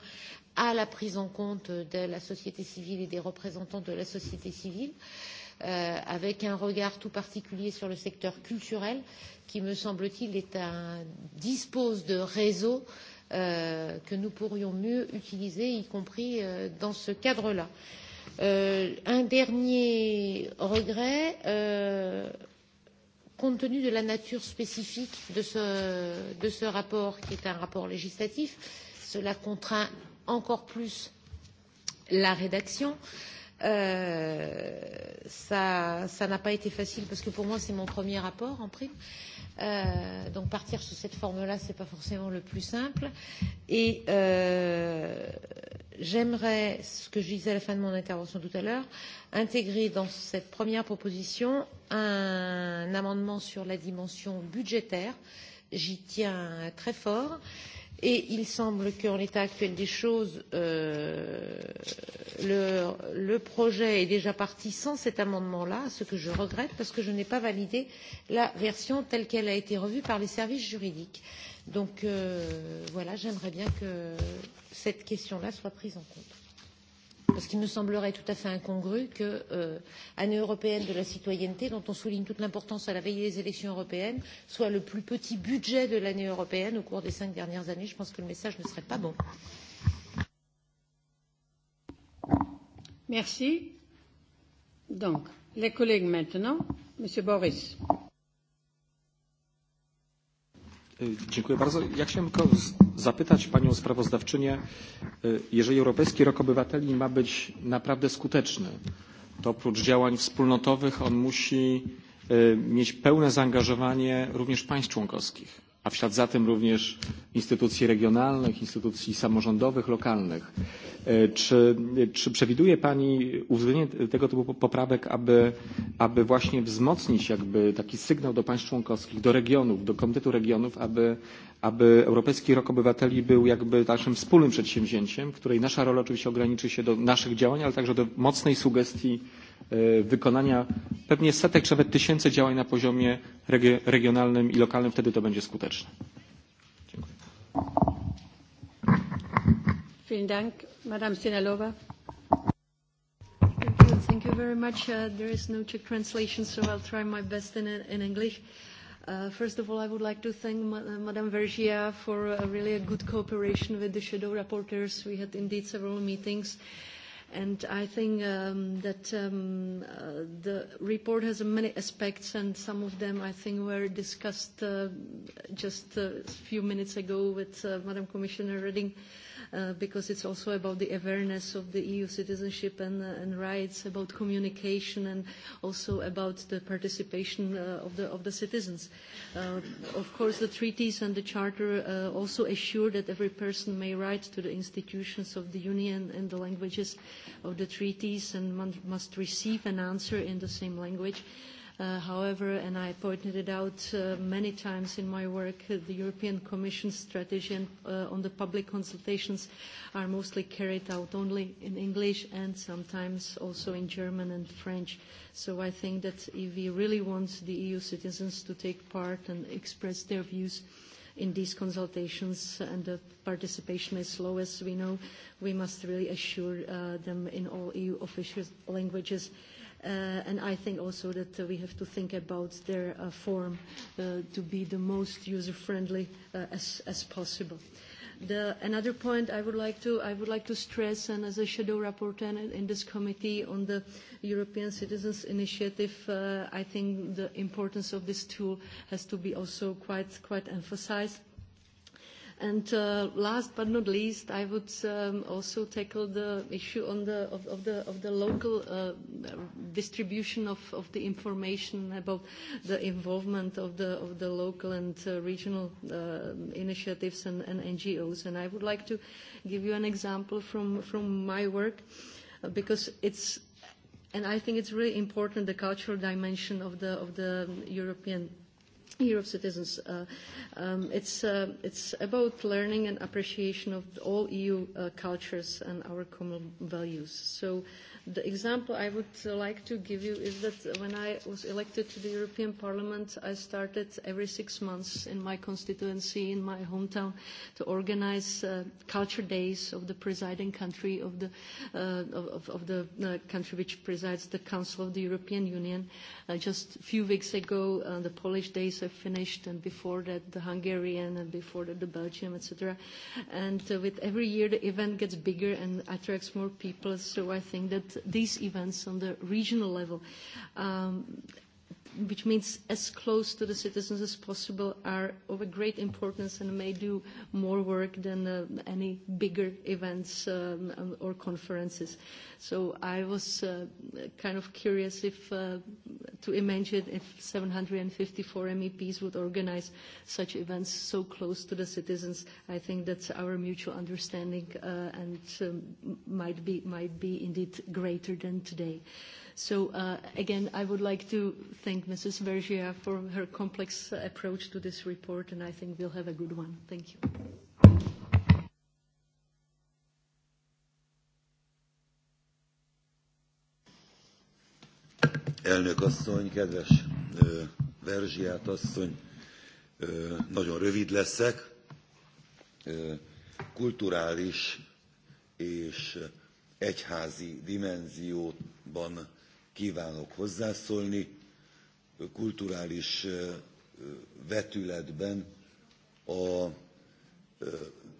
à la prise en compte de la société civile et des représentants de la société civile, euh, avec un regard tout particulier sur le secteur culturel, qui, me semble-t-il, dispose de réseaux euh, que nous pourrions mieux utiliser, y compris euh, dans ce cadre-là. Euh, un dernier regret, euh, compte tenu de la nature spécifique de ce, de ce rapport, qui est un rapport législatif, cela contraint encore plus la rédaction. Euh, ça n'a pas été facile parce que pour moi c'est mon premier rapport en prime. Euh, donc partir sous cette forme-là, ce n'est pas forcément le plus simple. Et euh, j'aimerais, ce que je disais à la fin de mon intervention tout à l'heure, intégrer dans cette première proposition un amendement sur la dimension budgétaire. J'y tiens très fort. Euh, Et il semble qu'en l'état actuel des choses, euh, le, le projet est déjà parti sans cet amendement-là, ce que je regrette parce que je n'ai pas validé la version telle qu'elle a été revue par les services juridiques. Donc euh, voilà, j'aimerais bien que cette question-là soit prise en compte parce qu'il me semblerait tout à fait incongru que euh, année européenne de la citoyenneté dont on souligne toute l'importance à la veille des élections européennes soit le plus petit budget de l'année européenne au cours des cinq dernières années je pense que le message ne serait pas bon Merci. Donc, les collègues maintenant, Monsieur Boris. E, dziękuję bardzo. Ja chciałem tylko zapytać panią sprawozdawczynię, e, jeżeli Europejski Rok Obywateli ma być naprawdę skuteczny, to oprócz działań wspólnotowych on musi e, mieć pełne zaangażowanie również państw członkowskich a w ślad za tym również instytucji regionalnych, instytucji samorządowych, lokalnych. E, czy, czy przewiduje Pani uwzględnienie tego typu poprawek, aby, aby właśnie wzmocnić jakby taki sygnał do państw członkowskich, do regionów, do Komitetu Regionów, aby, aby Europejski Rok Obywateli był jakby naszym wspólnym przedsięwzięciem, której nasza rola oczywiście ograniczy się do naszych działań, ale także do mocnej sugestii e, wykonania pewnie setek czy nawet tysięcy działań na poziomie regionalnym i lokalnym. Wtedy to będzie skuteczne. Dziękuję. Vielen Dank. Madame Sinalova. Thank you very much. Uh, there is no Czech translation, so I'll try my best in, in English. Uh, Uh, first of all, I would like to thank Ma Madame Vergia for a really a good cooperation with the shadow rapporteurs. We had indeed several meetings. And I think um, that um, uh, the report has many aspects, and some of them I think were discussed uh, just a few minutes ago with uh, Madam Commissioner Reding. Uh, Uh, because it's also about the awareness of the EU citizenship and, uh, and rights, about communication, and also about the participation uh, of, the, of the citizens. Uh, of course, the treaties and the Charter uh, also assure that every person may write to the institutions of the Union and the languages of the treaties and must receive an answer in the same language. Uh, Uh, however, and I pointed it out uh, many times in my work, uh, the European Commission strategy and, uh, on the public consultations are mostly carried out only in English and sometimes also in German and French. So I think that if we really want the EU citizens to take part and express their views, in these consultations and the participation is low as we know, we must really assure uh, them in all EU official languages Uh, and I think also that uh, we have to think about their uh, form uh, to be the most user-friendly uh, as, as possible. The, another point I would, like to, I would like to stress, and as a shadow rapporteur in this committee on the European Citizens Initiative, uh, I think the importance of this tool has to be also quite, quite emphasized And uh, last but not least, I would um, also tackle the issue on the, of, of, the, of the local uh, distribution of, of the information about the involvement of the, of the local and uh, regional uh, initiatives and, and NGOs. And I would like to give you an example from, from my work uh, because it's, and I think it's really important, the cultural dimension of the, of the European Year of Citizens. Uh, um, it's, uh, it's about learning and appreciation of all EU uh, cultures and our common values. So The example I would like to give you is that when I was elected to the European Parliament, I started every six months in my constituency, in my hometown, to organize uh, culture days of the presiding country of the, uh, of, of the uh, country which presides the Council of the European Union. Uh, just a few weeks ago, uh, the Polish days have finished, and before that, the Hungarian, and before that, the Belgium, etc. And uh, with every year, the event gets bigger and attracts more people. So I think that these events on the regional level. Um, which means as close to the citizens as possible, are of a great importance and may do more work than uh, any bigger events um, or conferences. So I was uh, kind of curious if uh, to imagine if 754 MEPs would organize such events so close to the citizens. I think that's our mutual understanding uh, and um, might, be, might be indeed greater than today. Uh, so uh, again, I would like to thank Mrs. Vergia for her complex approach to this report, and I think we'll have a good one. Thank you. Elnök asszony, kedves Verziát asszony, nagyon rövid leszek. Kulturális és egyházi dimenzióban kívánok hozzászólni. Kulturális vetületben a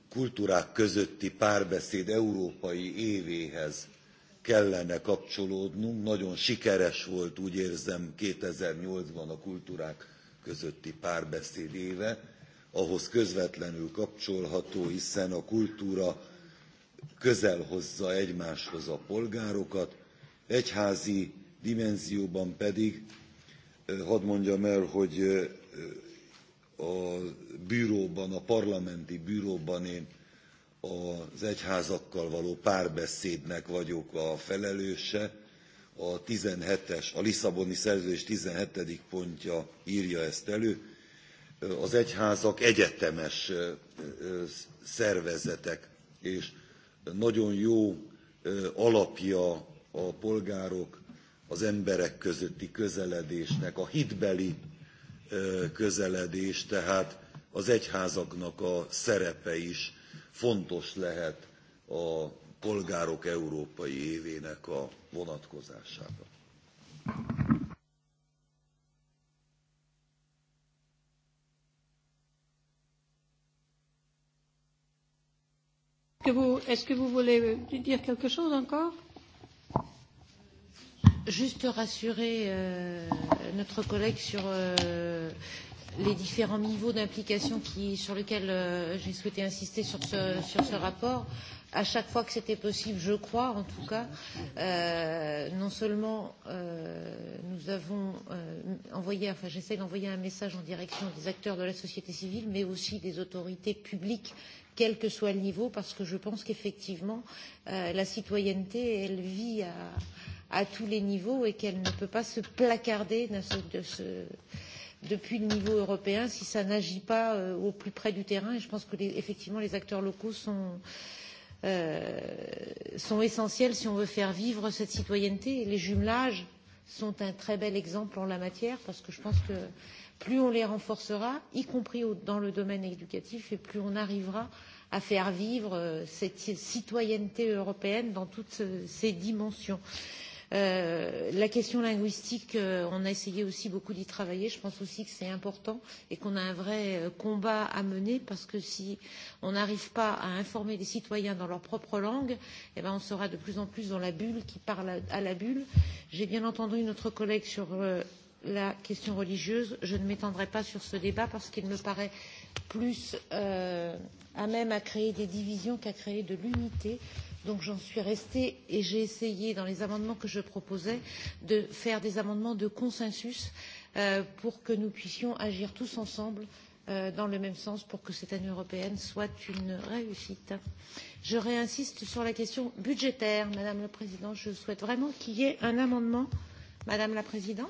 kultúrák közötti párbeszéd európai évéhez kellene kapcsolódnunk. Nagyon sikeres volt, úgy érzem, 2008-ban a kultúrák közötti párbeszéd éve, ahhoz közvetlenül kapcsolható, hiszen a kultúra közel hozza egymáshoz a polgárokat. Egyházi dimenzióban pedig hadd mondjam el, hogy a bíróban, a parlamenti bíróban én az egyházakkal való párbeszédnek vagyok a felelőse. A, 17 a Lisszaboni szerződés 17. pontja írja ezt elő. Az egyházak egyetemes szervezetek, és nagyon jó alapja a polgárok az emberek közötti közeledésnek, a hitbeli közeledés, tehát az egyházaknak a szerepe is fontos lehet a polgárok európai évének a vonatkozásában. Est-ce que vous voulez dire quelque chose encore juste rassurer euh, notre collègue sur euh, les différents niveaux d'implication sur lesquels euh, j'ai souhaité insister sur ce, sur ce rapport. À chaque fois que c'était possible, je crois en tout cas, euh, non seulement euh, nous avons euh, envoyé, enfin j'essaie d'envoyer un message en direction des acteurs de la société civile, mais aussi des autorités publiques quel que soit le niveau, parce que je pense qu'effectivement, euh, la citoyenneté, elle vit à, à tous les niveaux et qu'elle ne peut pas se placarder de ce, de ce, depuis le niveau européen si ça n'agit pas euh, au plus près du terrain. Et je pense que les, effectivement les acteurs locaux sont, euh, sont essentiels si on veut faire vivre cette citoyenneté. Et les jumelages sont un très bel exemple en la matière parce que je pense que plus on les renforcera, y compris au, dans le domaine éducatif, et plus on arrivera à faire vivre euh, cette citoyenneté européenne dans toutes ses dimensions. Euh, Euh, la question linguistique, euh, on a essayé aussi beaucoup d'y travailler. Je pense aussi que c'est important et qu'on a un vrai euh, combat à mener parce que si on n'arrive pas à informer les citoyens dans leur propre langue, eh ben on sera de plus en plus dans la bulle qui parle à, à la bulle. J'ai bien entendu notre collègue sur euh, la question religieuse. Je ne m'étendrai pas sur ce débat parce qu'il me paraît plus. Euh, même à créer des divisions qu'à créer de l'unité. Donc j'en suis restée et j'ai essayé, dans les amendements que je proposais, de faire des amendements de consensus euh, pour que nous puissions agir tous ensemble euh, dans le même sens pour que cette année européenne soit une réussite. Je réinsiste sur la question budgétaire, Madame la Présidente. Je souhaite vraiment qu'il y ait un amendement, Madame la Présidente,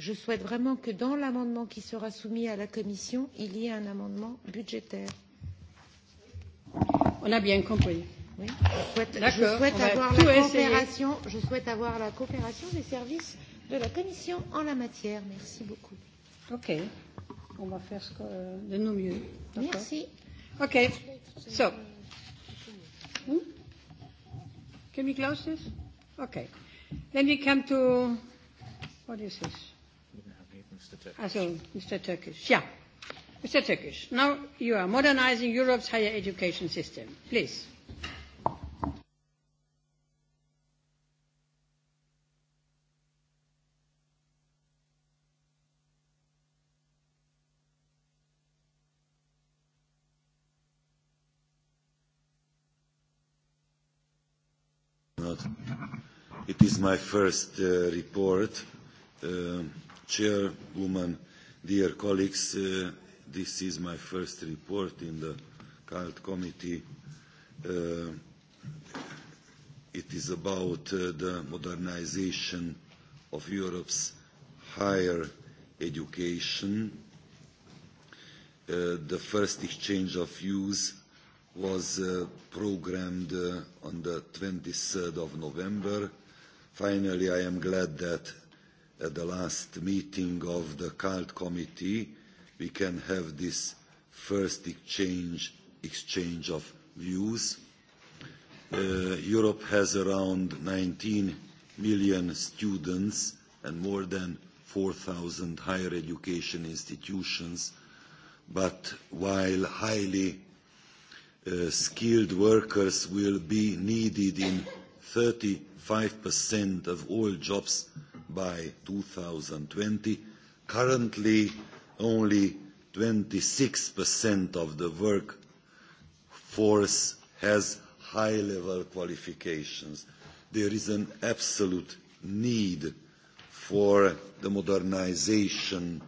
je souhaite vraiment que dans l'amendement qui sera soumis à la commission il y ait un amendement budgétaire. on a bien compris. Oui. Je souhaite, je souhaite avoir la coopération, essayer. je souhaite avoir la coopération des services de la Commission en la matière. Merci beaucoup. OK. On va faire ce que, euh, de nos mieux. Merci. OK. So. Hmm? Can we close this? Okay. Then we come to what is this? Mr. Turkish. Also, ah, Mr. Turkish, yeah. Mr. Turkish, now you are modernizing Europe's higher education system. Please. It is my first uh, report. Uh, Chairwoman, dear colleagues, uh, this is my first report in the CALT Committee. Uh, it is about uh, the modernization of Europe's higher education. Uh, the first exchange of views was uh, programmed uh, on the 23rd of November. Finally, I am glad that at the last meeting of the CALT committee, we can have this first exchange, exchange of views. Uh, Europe has around 19 million students and more than 4,000 higher education institutions, but while highly uh, skilled workers will be needed in 35% of all jobs by 2020. Currently, only 26% of the workforce has high-level qualifications. There is an absolute need for the modernization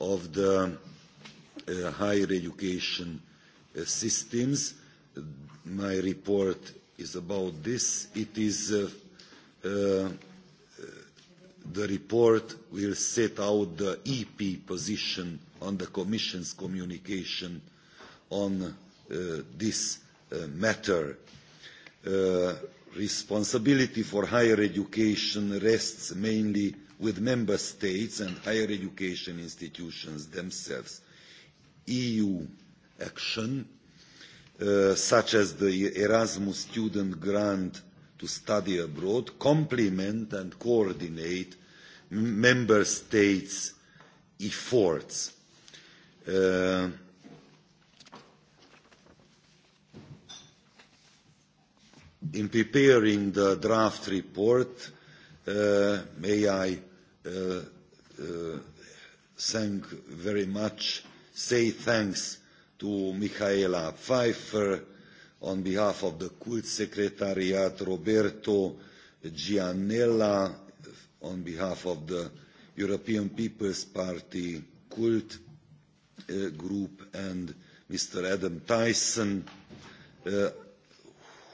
of the uh, higher education uh, systems. My report is about this. It is uh, uh, the report will set out the EP position on the Commission's communication on uh, this uh, matter. Uh, responsibility for higher education rests mainly with member states and higher education institutions themselves. EU action, uh, such as the Erasmus student grant to study abroad complement and coordinate member states' efforts. Uh, in preparing the draft report, uh, may I uh, uh, thank very much, say thanks to Michaela Pfeiffer, on behalf of the Cult Secretariat, Roberto Gianella, on behalf of the European People's Party Cult uh, Group, and Mr. Adam Tyson, uh,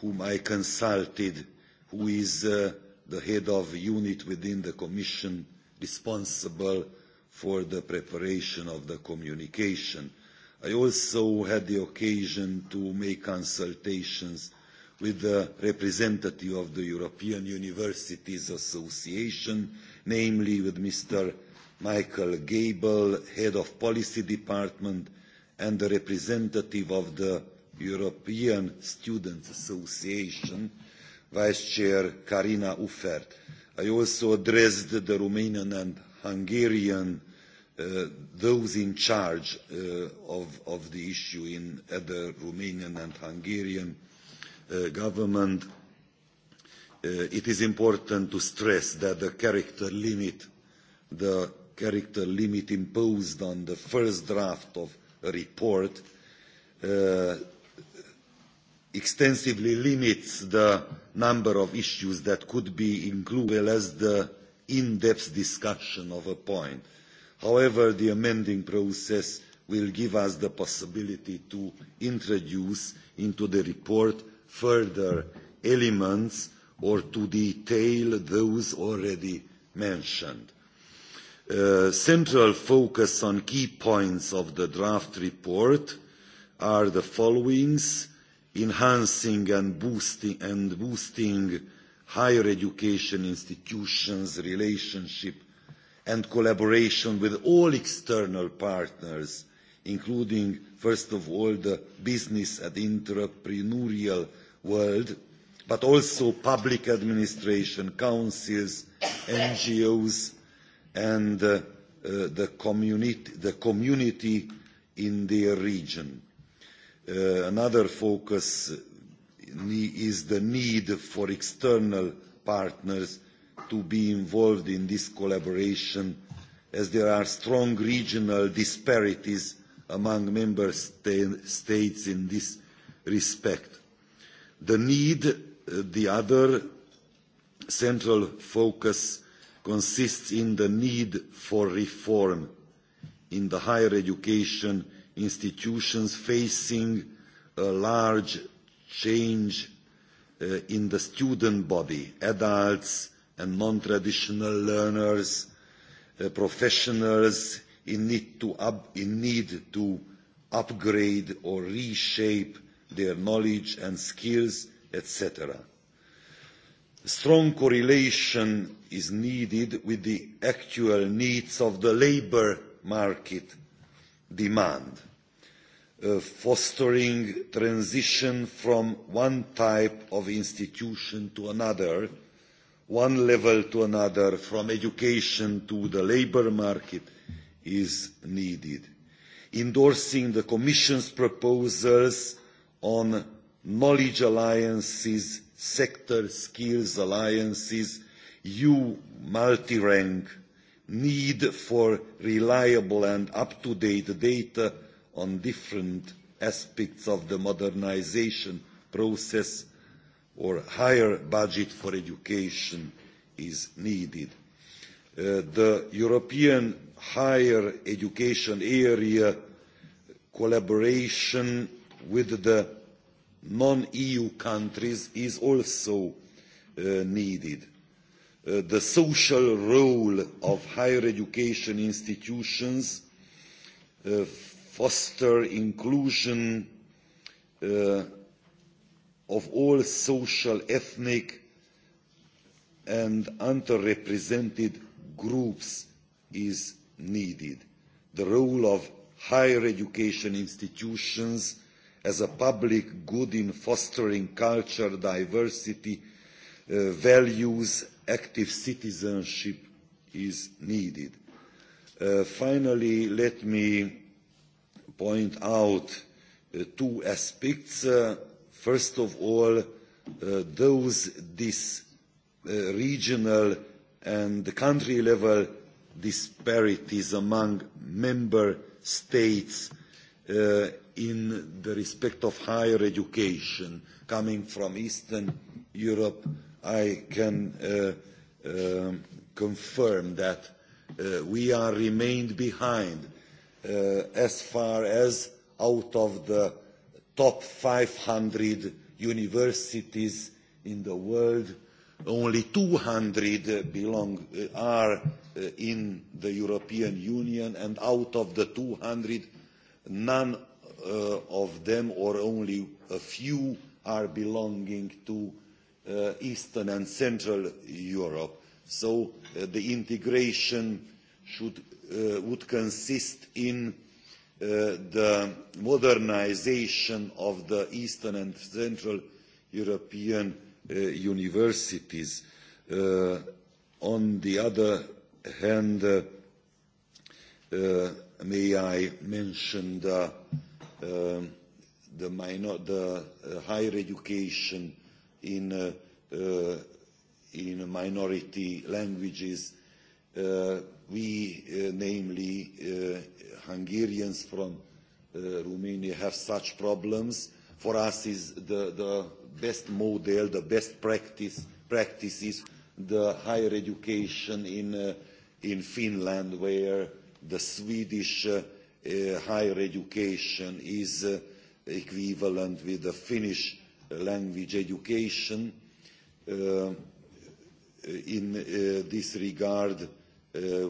whom I consulted, who is uh, the head of unit within the Commission responsible for the preparation of the communication i also had the occasion to make consultations with the representative of the European Universities Association, namely with Mr. Michael Gable, head of policy department, and the representative of the European Students Association, Vice Chair Karina Uffert. I also addressed the Romanian and Hungarian Uh, those in charge uh, of, of the issue in uh, the Romanian and Hungarian uh, government. Uh, it is important to stress that the character limit, the character limit imposed on the first draft of a report uh, extensively limits the number of issues that could be included as the in-depth discussion of a point However, the amending process will give us the possibility to introduce into the report further elements or to detail those already mentioned. Uh, central focus on key points of the draft report are the following enhancing and boosting, and boosting higher education institutions' relationship and collaboration with all external partners, including, first of all, the business and entrepreneurial world, but also public administration, councils, NGOs, and uh, uh, the, community, the community in their region. Uh, another focus uh, is the need for external partners to be involved in this collaboration as there are strong regional disparities among member states in this respect. The need, uh, the other central focus consists in the need for reform in the higher education institutions facing a large change uh, in the student body. Adults and non-traditional learners, uh, professionals in need, to up, in need to upgrade or reshape their knowledge and skills, etc. A strong correlation is needed with the actual needs of the labour market demand, uh, fostering transition from one type of institution to another one level to another, from education to the labour market, is needed. Endorsing the Commission's proposals on knowledge alliances, sector skills alliances, EU multi-rank, need for reliable and up-to-date data on different aspects of the modernisation process or higher budget for education is needed. Uh, the European higher education area collaboration with the non-EU countries is also uh, needed. Uh, the social role of higher education institutions uh, foster inclusion uh, of all social, ethnic and underrepresented groups is needed. The role of higher education institutions as a public good in fostering culture, diversity, uh, values, active citizenship is needed. Uh, finally, let me point out uh, two aspects. Uh, first of all, uh, those dis, uh, regional and country level disparities among member states uh, in the respect of higher education coming from Eastern Europe, I can uh, um, confirm that uh, we are remained behind as far as out of the top 500 universities in the world, only 200 belong, uh, are uh, in the European Union, and out of the 200, none uh, of them or only a few are belonging to uh, Eastern and Central Europe. So uh, the integration should, uh, would consist in Uh, the modernisation of the Eastern and Central European uh, universities. Uh, on the other hand, may I mention the, um, the, minor, the higher education in in minority languages, uh, we, uh, namely uh, Hungarians from uh, Romania, have such problems. For us is the, the best model, the best practice, practices, the higher education in, uh, in Finland, where the Swedish uh, uh, higher education is uh, equivalent with the Finnish language education. Uh, in uh, this regard, Uh,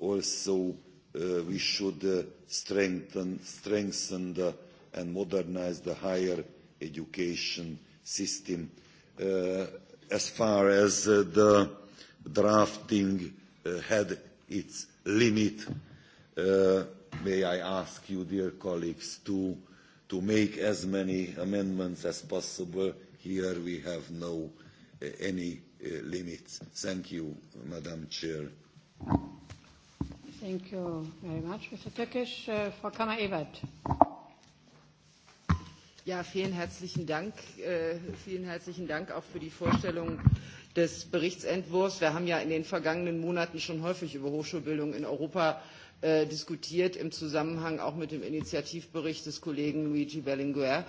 also uh, we should uh, strengthen, strengthen the, and modernise the higher education system. as far as the drafting had its limit, may I ask you, dear colleagues, to, to make as many amendments as possible. Here we have no uh, any uh, limits. Thank you, Madam Chair. Thank you very much, Mr. Tökisch. Äh, Frau Kammer-Ebert. Ja, vielen herzlichen Dank. Äh, vielen herzlichen Dank auch für die Vorstellung des Berichtsentwurfs. Wir haben ja in den vergangenen Monaten schon häufig über Hochschulbildung in Europa äh, diskutiert, im Zusammenhang auch mit dem Initiativbericht des Kollegen Luigi Berlinguer.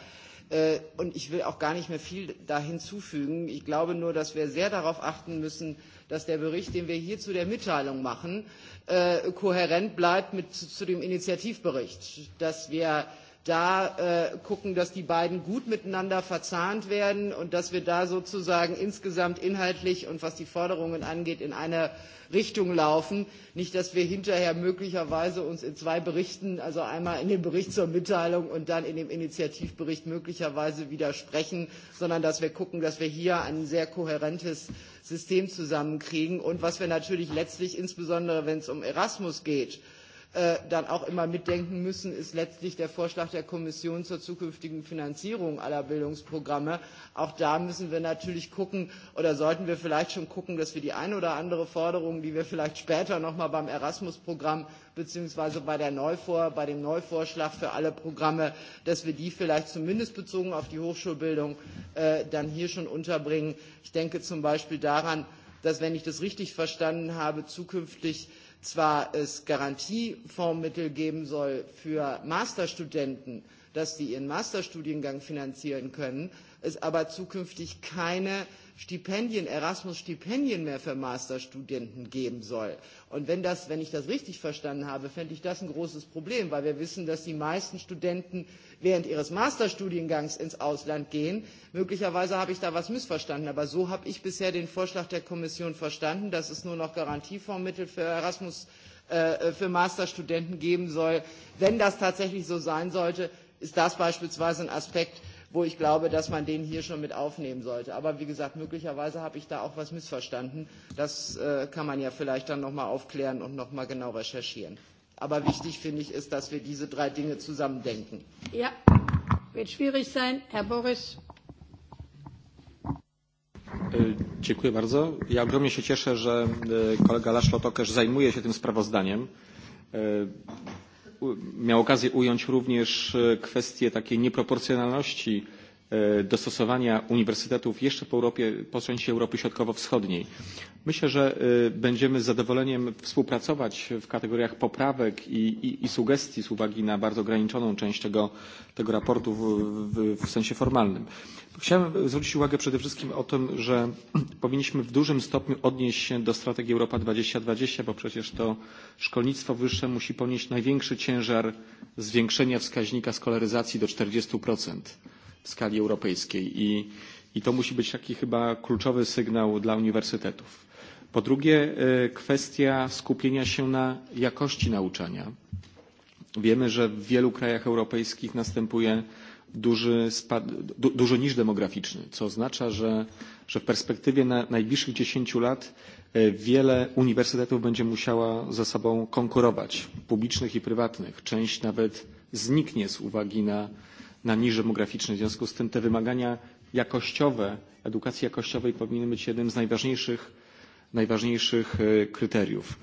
Äh, und ich will auch gar nicht mehr viel da hinzufügen. Ich glaube nur, dass wir sehr darauf achten müssen, dass der Bericht, den wir hier zu der Mitteilung machen, äh, kohärent bleibt mit, zu dem Initiativbericht, dass wir da äh, gucken, dass die beiden gut miteinander verzahnt werden und dass wir da sozusagen insgesamt inhaltlich und was die Forderungen angeht in eine Richtung laufen. Nicht, dass wir hinterher möglicherweise uns in zwei Berichten, also einmal in dem Bericht zur Mitteilung und dann in dem Initiativbericht möglicherweise widersprechen, sondern dass wir gucken, dass wir hier ein sehr kohärentes System zusammenkriegen und was wir natürlich letztlich, insbesondere wenn es um Erasmus geht, Äh, dann auch immer mitdenken müssen, ist letztlich der Vorschlag der Kommission zur zukünftigen Finanzierung aller Bildungsprogramme. Auch da müssen wir natürlich gucken oder sollten wir vielleicht schon gucken, dass wir die eine oder andere Forderung, die wir vielleicht später noch mal beim Erasmus-Programm beziehungsweise bei, der Neuvor, bei dem Neuvorschlag für alle Programme, dass wir die vielleicht zumindest bezogen auf die Hochschulbildung äh, dann hier schon unterbringen. Ich denke zum Beispiel daran, dass, wenn ich das richtig verstanden habe, zukünftig zwar es Garantiefondsmittel geben soll für Masterstudenten, dass sie ihren Masterstudiengang finanzieren können, es aber zukünftig keine Stipendien, Erasmus-Stipendien mehr für Masterstudenten geben soll. Und wenn, das, wenn ich das richtig verstanden habe, fände ich das ein großes Problem, weil wir wissen, dass die meisten Studenten während ihres Masterstudiengangs ins Ausland gehen. Möglicherweise habe ich da was missverstanden, aber so habe ich bisher den Vorschlag der Kommission verstanden, dass es nur noch Garantiefondsmittel für Erasmus äh, für Masterstudenten geben soll. Wenn das tatsächlich so sein sollte, ist das beispielsweise ein Aspekt, wo ich glaube, dass man den hier schon mit aufnehmen sollte. Aber wie gesagt, möglicherweise habe ich da auch etwas missverstanden. Das äh, kann man ja vielleicht dann nochmal aufklären und nochmal genau recherchieren. Aber wichtig finde ich ist, dass wir diese drei Dinge zusammen denken. Ja, wird schwierig sein, Herr Boris. Äh, dziękuję bardzo. Ja ogromnie się cieszę, że e, kolega Laszlo Tokesz zajmuje się tym sprawozdaniem e, miał okazję ująć również e, kwestię takiej nieproporcjonalności E, dostosowania uniwersytetów jeszcze po, Europie, po części Europy Środkowo-Wschodniej. Myślę, że e, będziemy z zadowoleniem współpracować w kategoriach poprawek i, i, i sugestii z uwagi na bardzo ograniczoną część tego, tego raportu w, w, w sensie formalnym. Chciałem zwrócić uwagę przede wszystkim o tym, że powinniśmy w dużym stopniu odnieść się do strategii Europa 2020, bo przecież to szkolnictwo wyższe musi ponieść największy ciężar zwiększenia wskaźnika skolaryzacji do 40 w skali europejskiej i, i to musi być taki chyba kluczowy sygnał dla uniwersytetów. Po drugie, e, kwestia skupienia się na jakości nauczania. Wiemy, że w wielu krajach europejskich następuje duży, spad, du, duży niż demograficzny, co oznacza, że, że w perspektywie na najbliższych 10 lat e, wiele uniwersytetów będzie musiała ze sobą konkurować, publicznych i prywatnych. Część nawet zniknie z uwagi na na niż demograficzny. W związku z tym te wymagania jakościowe, edukacji jakościowej powinny być jednym z najważniejszych, najważniejszych e, kryteriów.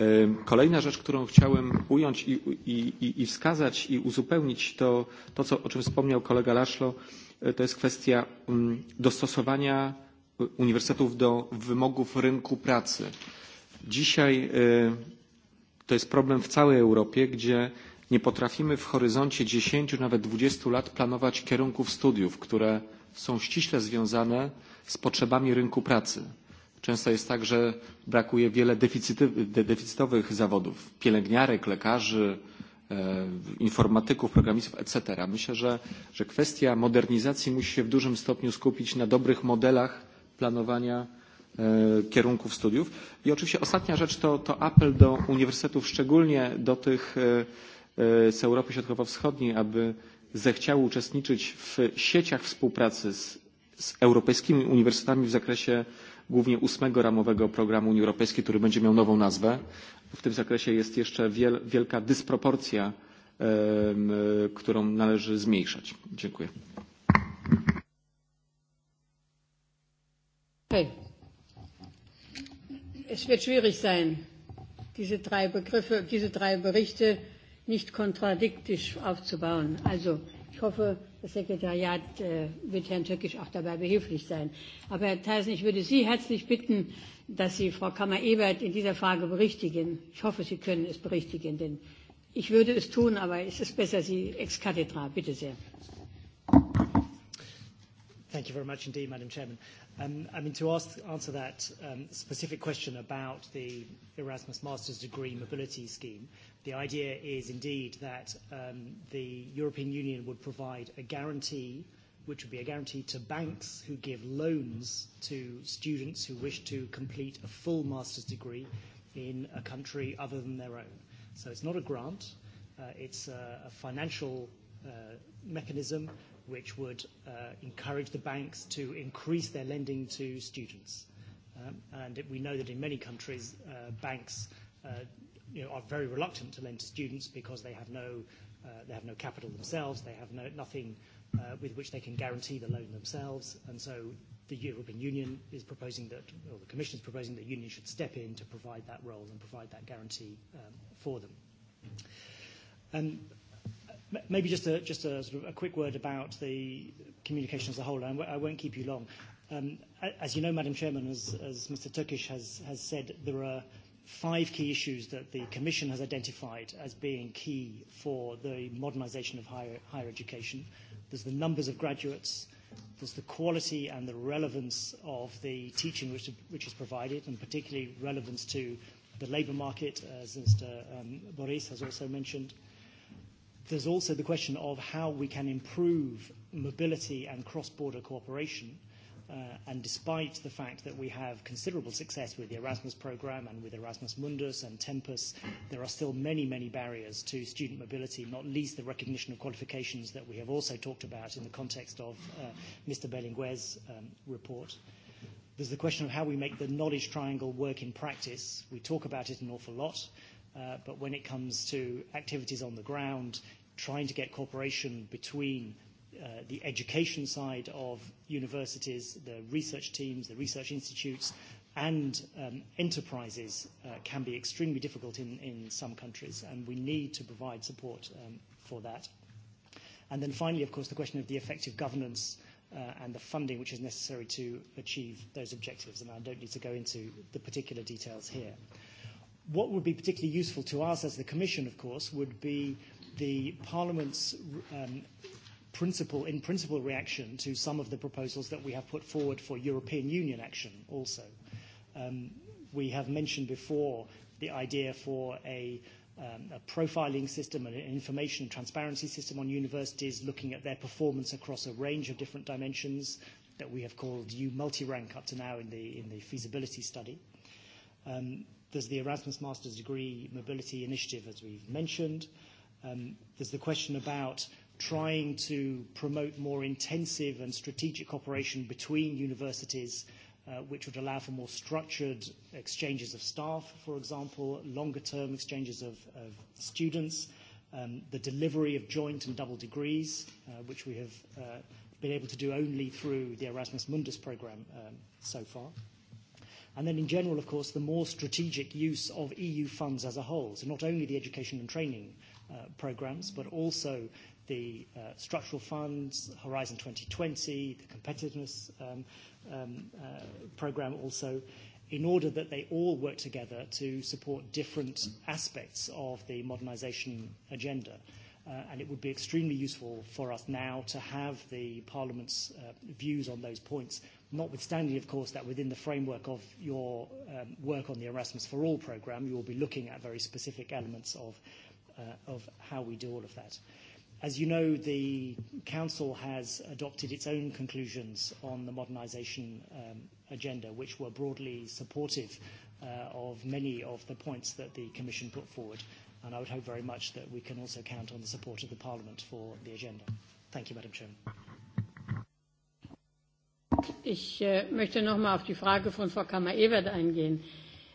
E, kolejna rzecz, którą chciałem ująć i, i, i wskazać i uzupełnić to, to co, o czym wspomniał kolega Laszlo, e, to jest kwestia mm, dostosowania uniwersytetów do wymogów rynku pracy. Dzisiaj to jest problem w całej Europie, gdzie nie potrafimy w horyzoncie 10, nawet 20 lat planować kierunków studiów, które są ściśle związane z potrzebami rynku pracy. Często jest tak, że brakuje wiele deficytowych zawodów pielęgniarek, lekarzy, e, informatyków, programistów, etc. Myślę, że, że kwestia modernizacji musi się w dużym stopniu skupić na dobrych modelach planowania e, kierunków studiów. I oczywiście ostatnia rzecz to, to apel do uniwersytetów, szczególnie do tych e, E, z Europy Środkowo-Wschodniej, aby zechciały uczestniczyć w sieciach współpracy z, z europejskimi uniwersytetami w zakresie głównie ósmego ramowego programu Unii Europejskiej, który będzie miał nową nazwę. W tym zakresie jest jeszcze wiel, wielka dysproporcja, yy, e, którą należy zmniejszać. Dziękuję. Okay. Es wird schwierig sein, diese drei Begriffe, diese drei Berichte nicht kontradiktisch aufzubauen. Also ich hoffe, das Sekretariat äh, wird Herrn Türkisch auch dabei behilflich sein. Aber Herr Theisen, ich würde Sie herzlich bitten, dass Sie Frau Kammer-Ebert in dieser Frage berichtigen. Ich hoffe, Sie können es berichtigen, denn ich würde es tun, aber es ist besser, Sie ex cathedra. Bitte sehr. Thank you very much indeed, Madam Chairman. Um, I mean, to ask, answer that um, specific question about the Erasmus Master's Degree Mobility Scheme, The idea is indeed that um, the European Union would provide a guarantee, which would be a guarantee to banks who give loans to students who wish to complete a full master's degree in a country other than their own. So it's not a grant, uh, it's a, a financial uh, mechanism which would uh, encourage the banks to increase their lending to students. Um, and it, we know that in many countries, uh, banks uh, you know, are very reluctant to lend to students because they have no, uh, they have no capital themselves, they have no, nothing uh, with which they can guarantee the loan themselves, and so the European Union is proposing that, or the Commission is proposing that the Union should step in to provide that role and provide that guarantee um, for them. And uh, maybe just a, just a sort of a quick word about the communication as a whole, and I won't keep you long. Um, as you know, Madam Chairman, as, as Mr. Turkish has, has said, there are five key issues that the Commission has identified as being key for the modernisation of higher, higher education. There's the numbers of graduates, there's the quality and the relevance of the teaching which, which is provided, and particularly relevance to the labour market, as Mr. Um, Boris has also mentioned. There's also the question of how we can improve mobility and cross-border cooperation – Uh, and despite the fact that we have considerable success with the Erasmus programme and with Erasmus Mundus and Tempus, there are still many, many barriers to student mobility, not least the recognition of qualifications that we have also talked about in the context of uh, Mr. Berlinguer's um, report. There's the question of how we make the knowledge triangle work in practice. We talk about it an awful lot, uh, but when it comes to activities on the ground, trying to get cooperation between uh, the education side of universities, the research teams, the research institutes, and um, enterprises uh, can be extremely difficult in, in some countries, and we need to provide support um, for that. And then finally, of course, the question of the effective governance uh, and the funding which is necessary to achieve those objectives, and I don't need to go into the particular details here. What would be particularly useful to us as the Commission, of course, would be the Parliament's um, principle, in principle reaction to some of the proposals that we have put forward for European Union action also. Um, we have mentioned before the idea for a, um, a profiling system and an information transparency system on universities, looking at their performance across a range of different dimensions that we have called U multi-rank up to now in the, in the feasibility study. Um, there's the Erasmus Master's Degree Mobility Initiative, as we've mentioned. Um, there's the question about trying to promote more intensive and strategic cooperation between universities, uh, which would allow for more structured exchanges of staff, for example, longer term exchanges of, of students, um, the delivery of joint and double degrees, uh, which we have uh, been able to do only through the Erasmus Mundus programme um, so far. And then in general, of course, the more strategic use of EU funds as a whole. So not only the education and training uh, programs, but also the uh, structural funds, Horizon 2020, the competitiveness um, um, uh, program also, in order that they all work together to support different aspects of the modernization agenda. Uh, and it would be extremely useful for us now to have the Parliament's uh, views on those points, notwithstanding, of course, that within the framework of your um, work on the Erasmus for All programme, you will be looking at very specific elements of, uh, how we do all of that. As you know, the Council has adopted its own conclusions on the modernisation um, agenda, which were broadly supportive uh, of many of the points that the Commission put forward. And I would hope very much that we can also count on the support of the Parliament for the agenda. Thank you, Madam Chairman. Ich äh, möchte noch mal auf die Frage von Frau Kammer-Ewert eingehen.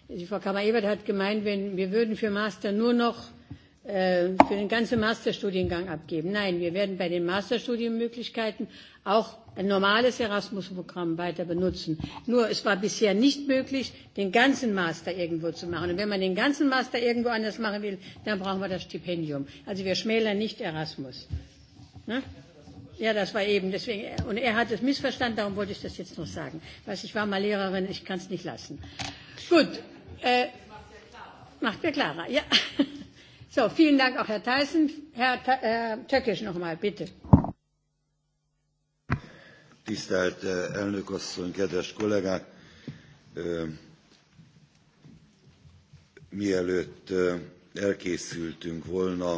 Die Frau Kammer-Ewert hat gemeint, wenn wir würden für Master nur noch Äh, für den ganzen Masterstudiengang abgeben. Nein, wir werden bei den Masterstudienmöglichkeiten auch ein normales Erasmus-Programm weiter benutzen. Nur es war bisher nicht möglich, den ganzen Master irgendwo zu machen. Und wenn man den ganzen Master irgendwo anders machen will, dann brauchen wir das Stipendium. Also wir schmälern nicht Erasmus. Ne? Ja, das war eben. Deswegen, äh, und er hat es missverstanden, darum wollte ich das jetzt noch sagen. Weiß, ich war mal Lehrerin, ich kann es nicht lassen. Gut. Äh, macht mir klarer, ja. So, vielen Dank auch Herr Herr, Herr äh, bitte. Tisztelt äh, elnök asszony, kedves kollégák! Mielőtt elkészültünk volna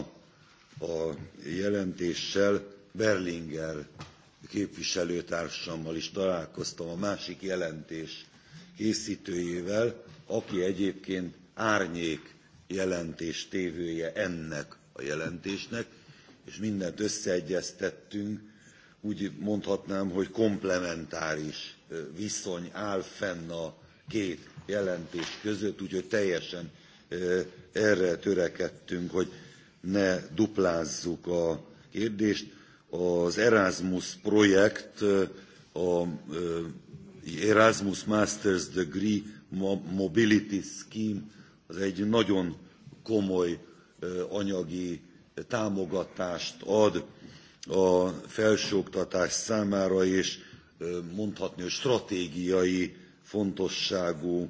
a jelentéssel, Berlinger képviselőtársammal is találkoztam, a másik jelentés készítőjével, aki egyébként árnyék jelentéstévője tévője ennek a jelentésnek, és mindent összeegyeztettünk, úgy mondhatnám, hogy komplementáris viszony áll fenn a két jelentés között, úgyhogy teljesen erre törekedtünk, hogy ne duplázzuk a kérdést. Az Erasmus projekt, a Erasmus Masters Degree Mobility Scheme az egy nagyon komoly anyagi támogatást ad a felsőoktatás számára, és mondhatni, hogy stratégiai fontosságú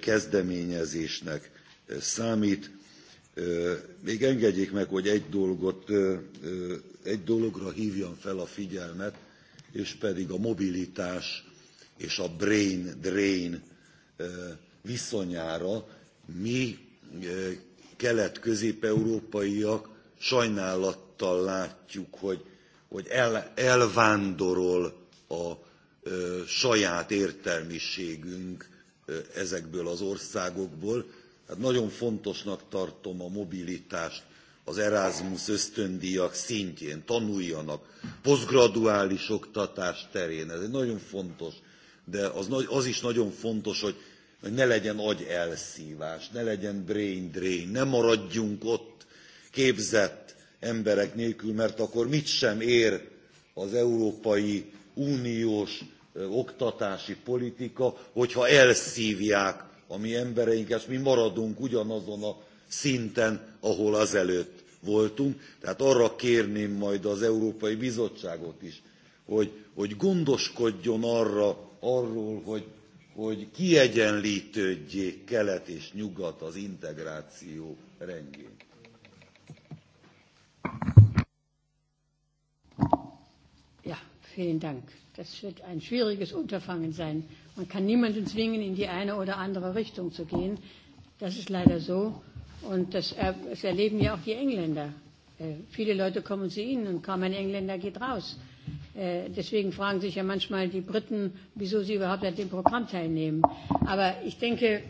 kezdeményezésnek számt. Még engedjék meg, hogy egy, dolgot, egy dologra hívjam fel a figyelmet, és pedig a mobilitás és a brain drain viszonyára, mi e, kelet-közép-európaiak sajnálattal látjuk, hogy, hogy el, elvándorol a ö, e, saját értelmiségünk ö, e, ezekből az országokból. Hát nagyon fontosnak tartom a mobilitást az Erasmus ösztöndíjak szintjén, tanuljanak, posztgraduális oktatás terén, ez egy nagyon fontos, de az, az is nagyon fontos, hogy hogy ne legyen agyelszívás, ne legyen brain drain, ne maradjunk ott képzett emberek nélkül, mert akkor mit sem ér az Európai Uniós oktatási politika, hogyha elszívják a mi embereinket, és mi maradunk ugyanazon a szinten, ahol azelőtt voltunk. Tehát arra kérném majd az Európai Bizottságot is, hogy, hogy gondoskodjon arra, arról, hogy hogy kiegyenlítődjék kelet és nyugat az integráció rendjén. Ja, vielen Dank. Das wird ein schwieriges Unterfangen sein. Man kann niemanden zwingen, in die eine oder andere Richtung zu gehen. Das ist leider so. Und das, er das erleben ja auch die Engländer. Äh, viele Leute kommen zu ihnen und kaum ein Engländer geht raus. Äh, deswegen fragen sich ja manchmal die Briten, wieso sie überhaupt an dem Programm teilnehmen. Aber ich denke,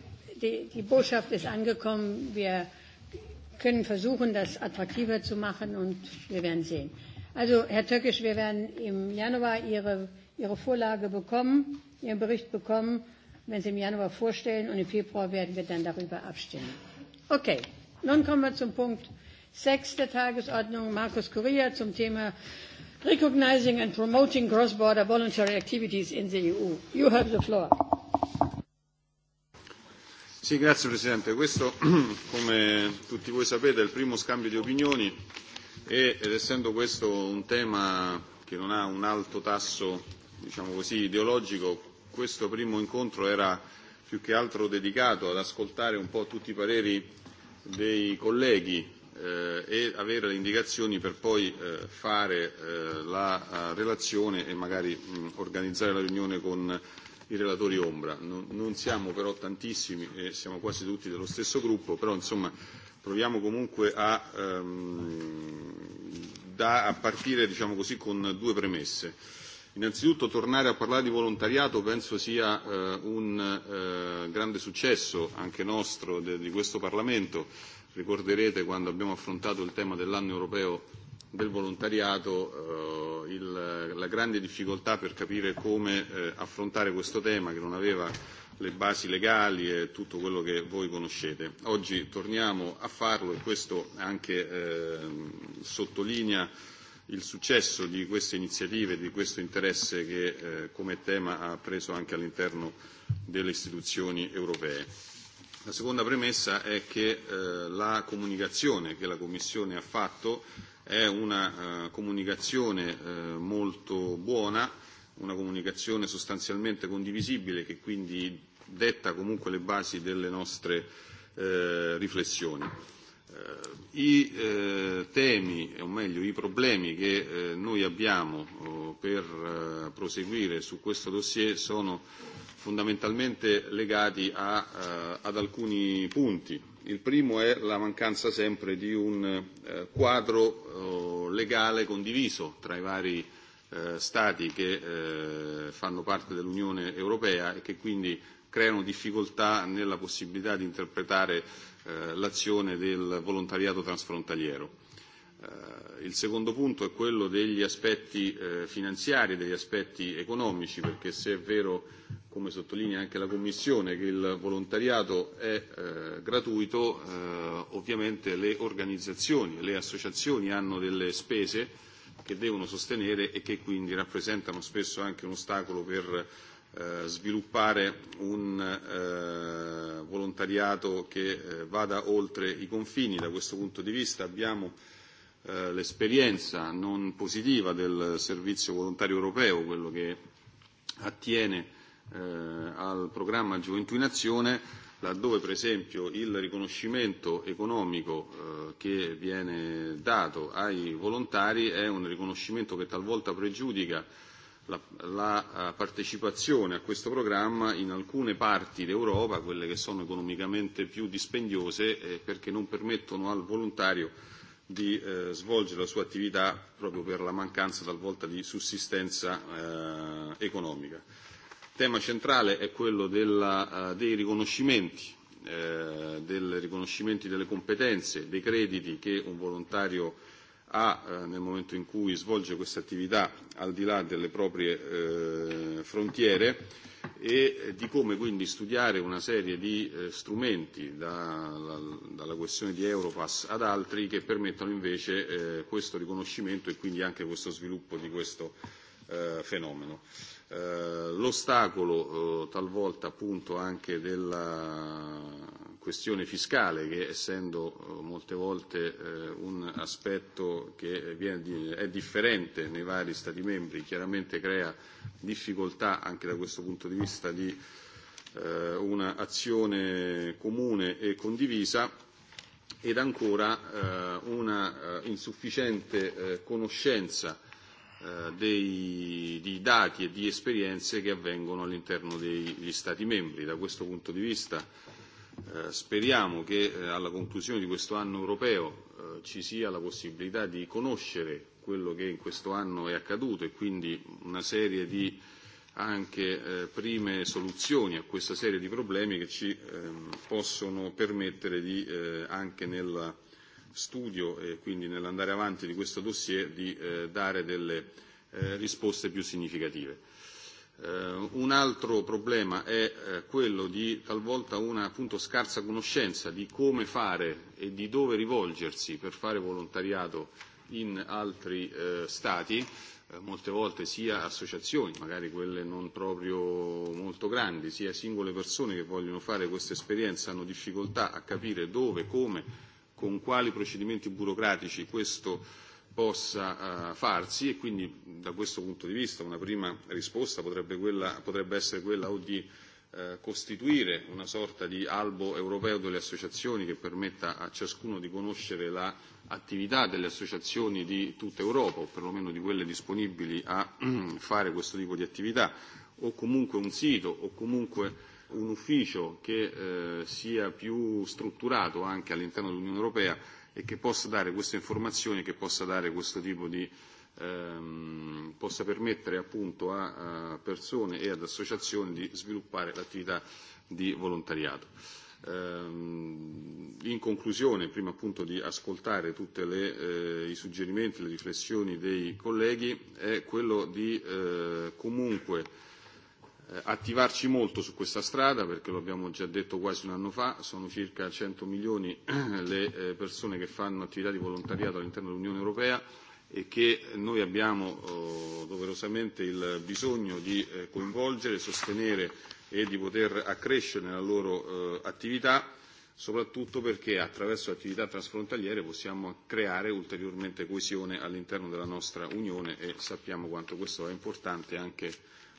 die, die Botschaft ist angekommen. Wir können versuchen, das attraktiver zu machen und wir werden sehen. Also, Herr Töckisch, wir werden im Januar Ihre, Ihre Vorlage bekommen, Ihren Bericht bekommen, wenn Sie im Januar vorstellen und im Februar werden wir dann darüber abstimmen. Okay, nun kommen wir zum Punkt 6 der Tagesordnung. Markus Correa zum Thema recognising and promoting cross-border voluntary activities in the EU. You have the floor. Sì, grazie Presidente. Questo, come tutti voi sapete, è il primo scambio di opinioni e, ed essendo questo un tema che non ha un alto tasso, diciamo così, ideologico, questo primo incontro era più che altro dedicato ad ascoltare un po' tutti i pareri dei colleghi Eh, e avere le indicazioni per poi eh, fare eh, la relazione e magari organizzare la riunione con i relatori ombra. Non, siamo però tantissimi e siamo quasi tutti dello stesso gruppo, però insomma proviamo comunque a, ehm, da, a partire diciamo così, con due premesse. Innanzitutto tornare a parlare di volontariato penso sia eh, un eh, grande successo anche nostro de, di questo Parlamento Ricorderete quando abbiamo affrontato il tema dell'anno europeo del volontariato eh, il, la grande difficoltà per capire come eh, affrontare questo tema che non aveva le basi legali e tutto quello che voi conoscete. Oggi torniamo a farlo e questo anche eh, sottolinea il successo di queste iniziative, di questo interesse che eh, come tema ha preso anche all'interno delle istituzioni europee. La seconda premessa è che eh, la comunicazione che la Commissione ha fatto è una eh, comunicazione eh, molto buona, una comunicazione sostanzialmente condivisibile che quindi detta comunque le basi delle nostre eh, riflessioni. Eh, I eh, temi, o meglio i problemi che eh, noi abbiamo oh, per eh, proseguire su questo dossier sono fondamentalmente legati a, eh, ad alcuni punti. Il primo è la mancanza sempre di un eh, quadro eh, legale condiviso tra i vari eh, Stati che eh, fanno parte dell'Unione Europea e che quindi creano difficoltà nella possibilità di interpretare eh, l'azione del volontariato transfrontaliero. Eh, il secondo punto è quello degli aspetti eh, finanziari, degli aspetti economici, perché se è vero come sottolinea anche la Commissione, che il volontariato è eh, gratuito, eh, ovviamente le organizzazioni, le associazioni hanno delle spese che devono sostenere e che quindi rappresentano spesso anche un ostacolo per eh, sviluppare un eh, volontariato che eh, vada oltre i confini. Da questo punto di vista abbiamo eh, l'esperienza non positiva del servizio volontario europeo, quello che attiene eh, al programma Gioventù in Azione, laddove per esempio il riconoscimento economico eh, che viene dato ai volontari è un riconoscimento che talvolta pregiudica la, la eh, partecipazione a questo programma in alcune parti d'Europa, quelle che sono economicamente più dispendiose, eh, perché non permettono al volontario di eh, svolgere la sua attività proprio per la mancanza talvolta di sussistenza eh, economica tema centrale è quello della, eh, dei riconoscimenti, eh, dei riconoscimenti delle competenze, dei crediti che un volontario ha eh, nel momento in cui svolge questa attività al di là delle proprie eh, frontiere e di come quindi studiare una serie di eh, strumenti da, la, dalla questione di Europass ad altri che permettano invece eh, questo riconoscimento e quindi anche questo sviluppo di questo eh, fenomeno. Eh, l'ostacolo eh, talvolta appunto anche della questione fiscale che essendo eh, molte volte un aspetto che è differente nei vari Stati membri chiaramente crea difficoltà anche da questo punto di vista di un'azione comune e condivisa ed ancora una insufficiente conoscenza Eh, dei, di dati e di esperienze che avvengono all'interno degli Stati membri. Da questo punto di vista eh, speriamo che eh, alla conclusione di questo anno europeo eh, ci sia la possibilità di conoscere quello che in questo anno è accaduto e quindi una serie di anche eh, prime soluzioni a questa serie di problemi che ci ehm, possono permettere di, eh, anche nella studio e quindi nell'andare avanti di questo dossier di eh, dare delle eh, risposte più significative. Eh, un altro problema è eh, quello di talvolta una appunto scarsa conoscenza di come fare e di dove rivolgersi per fare volontariato in altri eh, stati eh, molte volte sia associazioni, magari quelle non proprio molto grandi, sia singole persone che vogliono fare questa esperienza hanno difficoltà a capire dove, come con quali procedimenti burocratici questo possa uh, farsi e quindi da questo punto di vista una prima risposta potrebbe, quella, potrebbe essere quella o di eh, costituire una sorta di albo europeo delle associazioni che permetta a ciascuno di conoscere l'attività la delle associazioni di tutta Europa o perlomeno di quelle disponibili a fare questo tipo di attività o comunque un sito o comunque un ufficio che eh, sia più strutturato anche all'interno dell'Unione Europea e che possa dare queste informazioni, che possa dare questo tipo di ehm, possa permettere appunto a, a persone e ad associazioni di sviluppare l'attività di volontariato. Ehm, in conclusione, prima appunto di ascoltare tutti eh, i suggerimenti, le riflessioni dei colleghi, è quello di eh, comunque Eh, attivarci molto su questa strada perché lo abbiamo già detto quasi un anno fa, sono circa 100 milioni le eh, persone che fanno attività di volontariato all'interno dell'Unione Europea e che noi abbiamo oh, doverosamente il bisogno di eh, coinvolgere, sostenere e di poter accrescere la loro attività, soprattutto perché attraverso attività transfrontaliere possiamo creare ulteriormente coesione all'interno della nostra Unione e sappiamo quanto questo è importante anche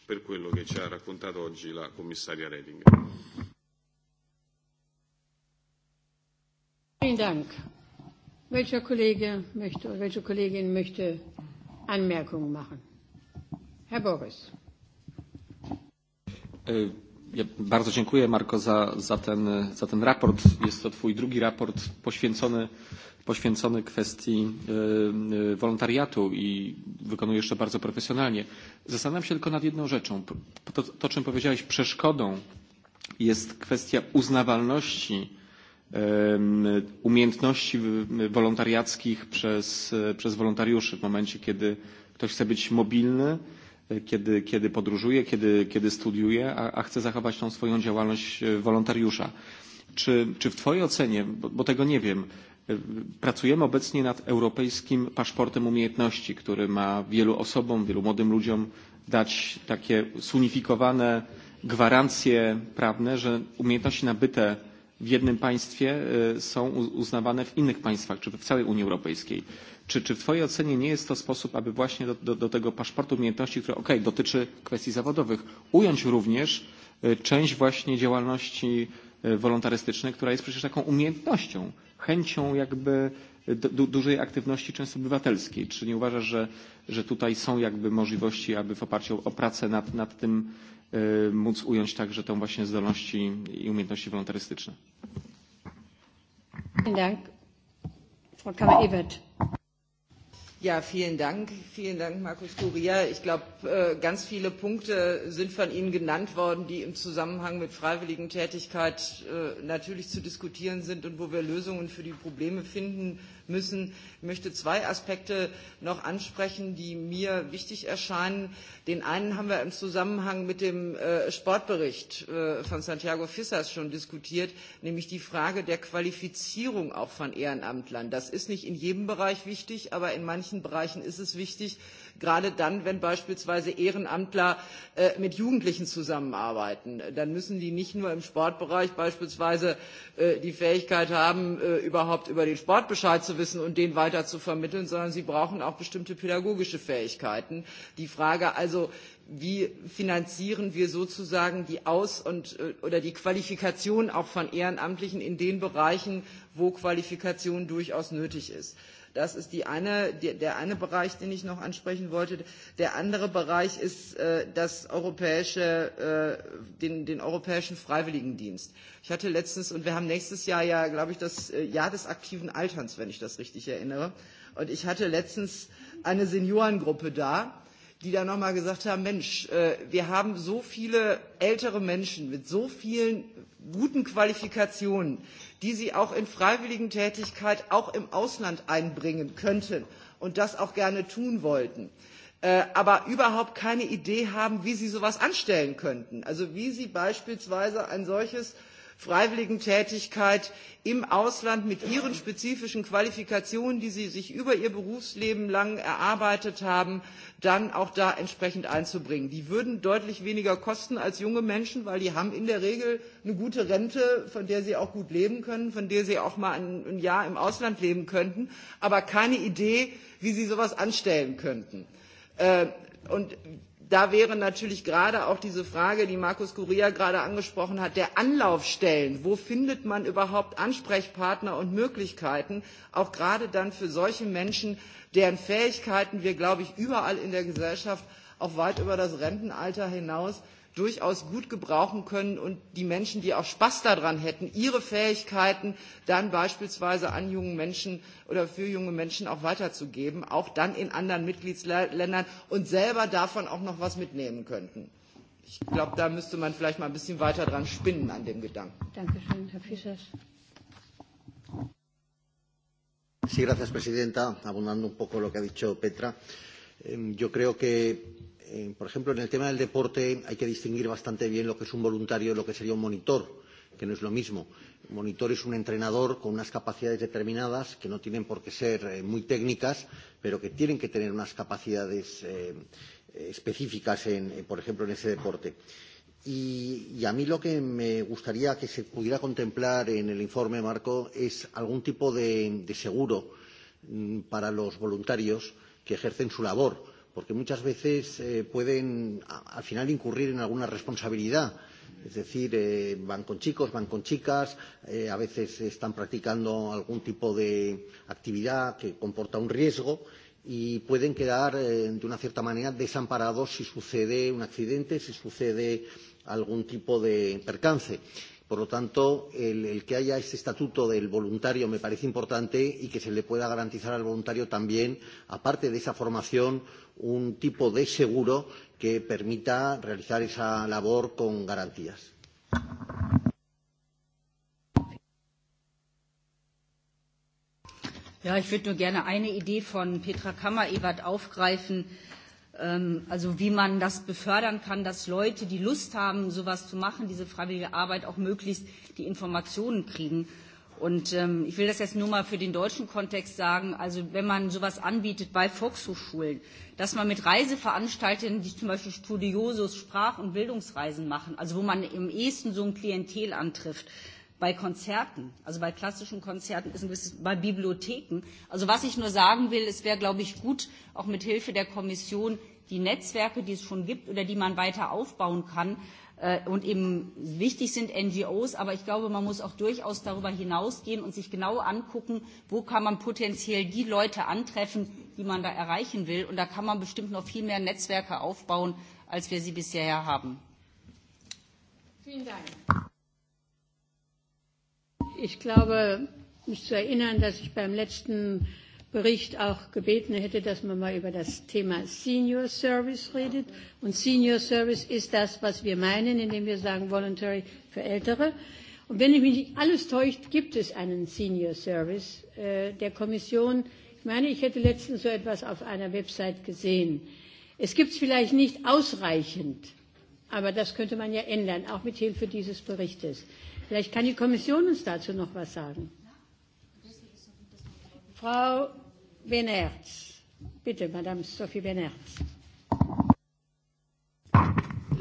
per quello che ci ha raccontato oggi la commissaria Reding. Vielen Dank. Welcher Kollege möchte oder welche Kollegin möchte Anmerkungen machen? Herr Boris. E, ja bardzo dziękuję Marko za, za, ten, za ten raport. Jest to Twój drugi raport poświęcony poświęcony kwestii e, e, wolontariatu i wykonuje jeszcze bardzo profesjonalnie. Zastanawiam się tylko nad jedną rzeczą. To, to czym powiedziałeś, przeszkodą jest kwestia uznawalności umiejętności wolontariackich przez, przez wolontariuszy w momencie, kiedy ktoś chce być mobilny, kiedy, kiedy podróżuje, kiedy, kiedy studiuje, a, a chce zachować tą swoją działalność e, wolontariusza. Czy, czy w Twojej ocenie, bo, bo tego nie wiem, E, pracujemy obecnie nad europejskim paszportem umiejętności, który ma wielu osobom, wielu młodym ludziom dać takie sunifikowane gwarancje prawne, że umiejętności nabyte w jednym państwie e, są uznawane w innych państwach, czy w całej Unii Europejskiej. Czy, czy w Twojej ocenie nie jest to sposób, aby właśnie do, do, do tego paszportu umiejętności, który ok, dotyczy kwestii zawodowych, ująć również e, część właśnie działalności wolontarystycznej, która jest przecież taką umiejętnością, chęcią jakby du dużej aktywności często obywatelskiej. Czy nie uważasz, że, że tutaj są jakby możliwości, aby w oparciu o pracę nad, nad tym y, móc ująć także tą właśnie zdolności i umiejętności wolontarystyczne? Dziękuję. Frau Kammer-Ebert. Ja, vielen Dank. Vielen Dank, Markus Curia. Ich glaube, äh, ganz viele Punkte sind von Ihnen genannt worden, die im Zusammenhang mit Freiwilligentätigkeit äh, natürlich zu diskutieren sind und wo wir Lösungen für die Probleme finden müssen. Ich möchte zwei Aspekte noch ansprechen, die mir wichtig erscheinen. Den einen haben wir im Zusammenhang mit dem äh, Sportbericht äh, von Santiago Fissas schon diskutiert, nämlich die Frage der Qualifizierung auch von Ehrenamtlern. Das ist nicht in jedem Bereich wichtig, aber in manchen Bereichen ist es wichtig, gerade dann, wenn beispielsweise Ehrenamtler äh, mit Jugendlichen zusammenarbeiten. Dann müssen die nicht nur im Sportbereich beispielsweise äh, die Fähigkeit haben, äh, überhaupt über den Sport Bescheid zu wissen und den weiter zu vermitteln, sondern sie brauchen auch bestimmte pädagogische Fähigkeiten. Die Frage also, wie finanzieren wir sozusagen die Aus- und, oder die Qualifikation auch von Ehrenamtlichen in den Bereichen, wo Qualifikation durchaus nötig ist. Das ist die eine, die, der eine Bereich, den ich noch ansprechen wollte. Der andere Bereich ist äh, das europäische, äh, den, den europäischen Freiwilligendienst. Ich hatte letztens, und wir haben nächstes Jahr ja, glaube ich, das äh, Jahr des aktiven Alterns, wenn ich das richtig erinnere. Und ich hatte letztens eine Seniorengruppe da, die dann nochmal gesagt haben, Mensch, äh, wir haben so viele ältere Menschen mit so vielen guten Qualifikationen, die sie auch in Freiwilligentätigkeit auch im Ausland einbringen könnten und das auch gerne tun wollten äh, aber überhaupt keine Idee haben, wie sie so etwas anstellen könnten. Also wie sie beispielsweise ein solches Freiwilligentätigkeit im Ausland mit ihren spezifischen Qualifikationen, die sie sich über ihr Berufsleben lang erarbeitet haben, dann auch da entsprechend einzubringen. Die würden deutlich weniger kosten als junge Menschen, weil die haben in der Regel eine gute Rente, von der sie auch gut leben können, von der sie auch mal ein, ein Jahr im Ausland leben könnten, aber keine Idee, wie sie so etwas anstellen könnten. Äh, und da wäre natürlich gerade auch diese Frage, die Markus Curia gerade angesprochen hat, der Anlaufstellen. Wo findet man überhaupt Ansprechpartner und Möglichkeiten, auch gerade dann für solche Menschen, deren Fähigkeiten wir, glaube ich, überall in der Gesellschaft auch weit über das Rentenalter hinaus durchaus gut gebrauchen können und die Menschen, die auch Spaß daran hätten, ihre Fähigkeiten dann beispielsweise an jungen Menschen oder für junge Menschen auch weiterzugeben, auch dann in anderen Mitgliedsländern und selber davon auch noch was mitnehmen könnten. Ich glaube, da müsste man vielleicht mal ein bisschen weiter dran spinnen an dem Gedanken. Dankeschön, Herr Sí, gracias, Presidenta. Abundando un poco lo que ha dicho Petra, yo creo que por ejemplo, en el tema del deporte hay que distinguir bastante bien lo que es un voluntario y lo que sería un monitor, que no es lo mismo. Un monitor es un entrenador con unas capacidades determinadas que no tienen por qué ser eh, muy técnicas, pero que tienen que tener unas capacidades eh, específicas, en, eh, por ejemplo, en ese deporte. Y, y a mí lo que me gustaría que se pudiera contemplar en el informe marco es algún tipo de, de seguro mm, para los voluntarios que ejercen su labor porque muchas veces eh, pueden al final incurrir en alguna responsabilidad. Es decir, eh, van con chicos, van con chicas, eh, a veces están practicando algún tipo de actividad que comporta un riesgo y pueden quedar, eh, de una cierta manera, desamparados si sucede un accidente, si sucede algún tipo de percance. Por lo tanto, el, el que haya ese estatuto del voluntario me parece importante y que se le pueda garantizar al voluntario también, aparte de esa formación, un tipo de seguro que permita realizar esa labor con garantías. Ja, ich würde nur gerne eine Idee von Petra Kammer-Ebert aufgreifen, ähm, also wie man das befördern kann, dass Leute, die Lust haben, sowas zu machen, diese freiwillige Arbeit, auch möglichst die Informationen kriegen. Und ähm, ich will das jetzt nur mal für den deutschen Kontext sagen. Also wenn man sowas anbietet bei Volkshochschulen, dass man mit Reiseveranstaltern, die zum Beispiel Studiosus, Sprach- und Bildungsreisen machen, also wo man im ehesten so ein Klientel antrifft, bei Konzerten, also bei klassischen Konzerten, ist ein bisschen bei Bibliotheken. Also was ich nur sagen will, es wäre, glaube ich, gut, auch mit Hilfe der Kommission die Netzwerke, die es schon gibt oder die man weiter aufbauen kann, Äh, und eben wichtig sind NGOs, aber ich glaube, man muss auch durchaus darüber hinausgehen und sich genau angucken, wo kann man potenziell die Leute antreffen, die man da erreichen will. Und da kann man bestimmt noch viel mehr Netzwerke aufbauen, als wir sie bisher haben. Vielen Dank. Ich glaube, mich zu erinnern, dass ich beim letzten Bericht auch gebeten hätte, dass man mal über das Thema Senior Service redet. Und Senior Service ist das, was wir meinen, indem wir sagen Voluntary für Ältere. Und wenn ich mich nicht alles täuscht, gibt es einen Senior Service äh, der Kommission. Ich meine, ich hätte letztens so etwas auf einer Website gesehen. Es gibt es vielleicht nicht ausreichend, aber das könnte man ja ändern, auch mit Hilfe dieses Berichtes. Vielleicht kann die Kommission uns dazu noch was sagen. Frau Madame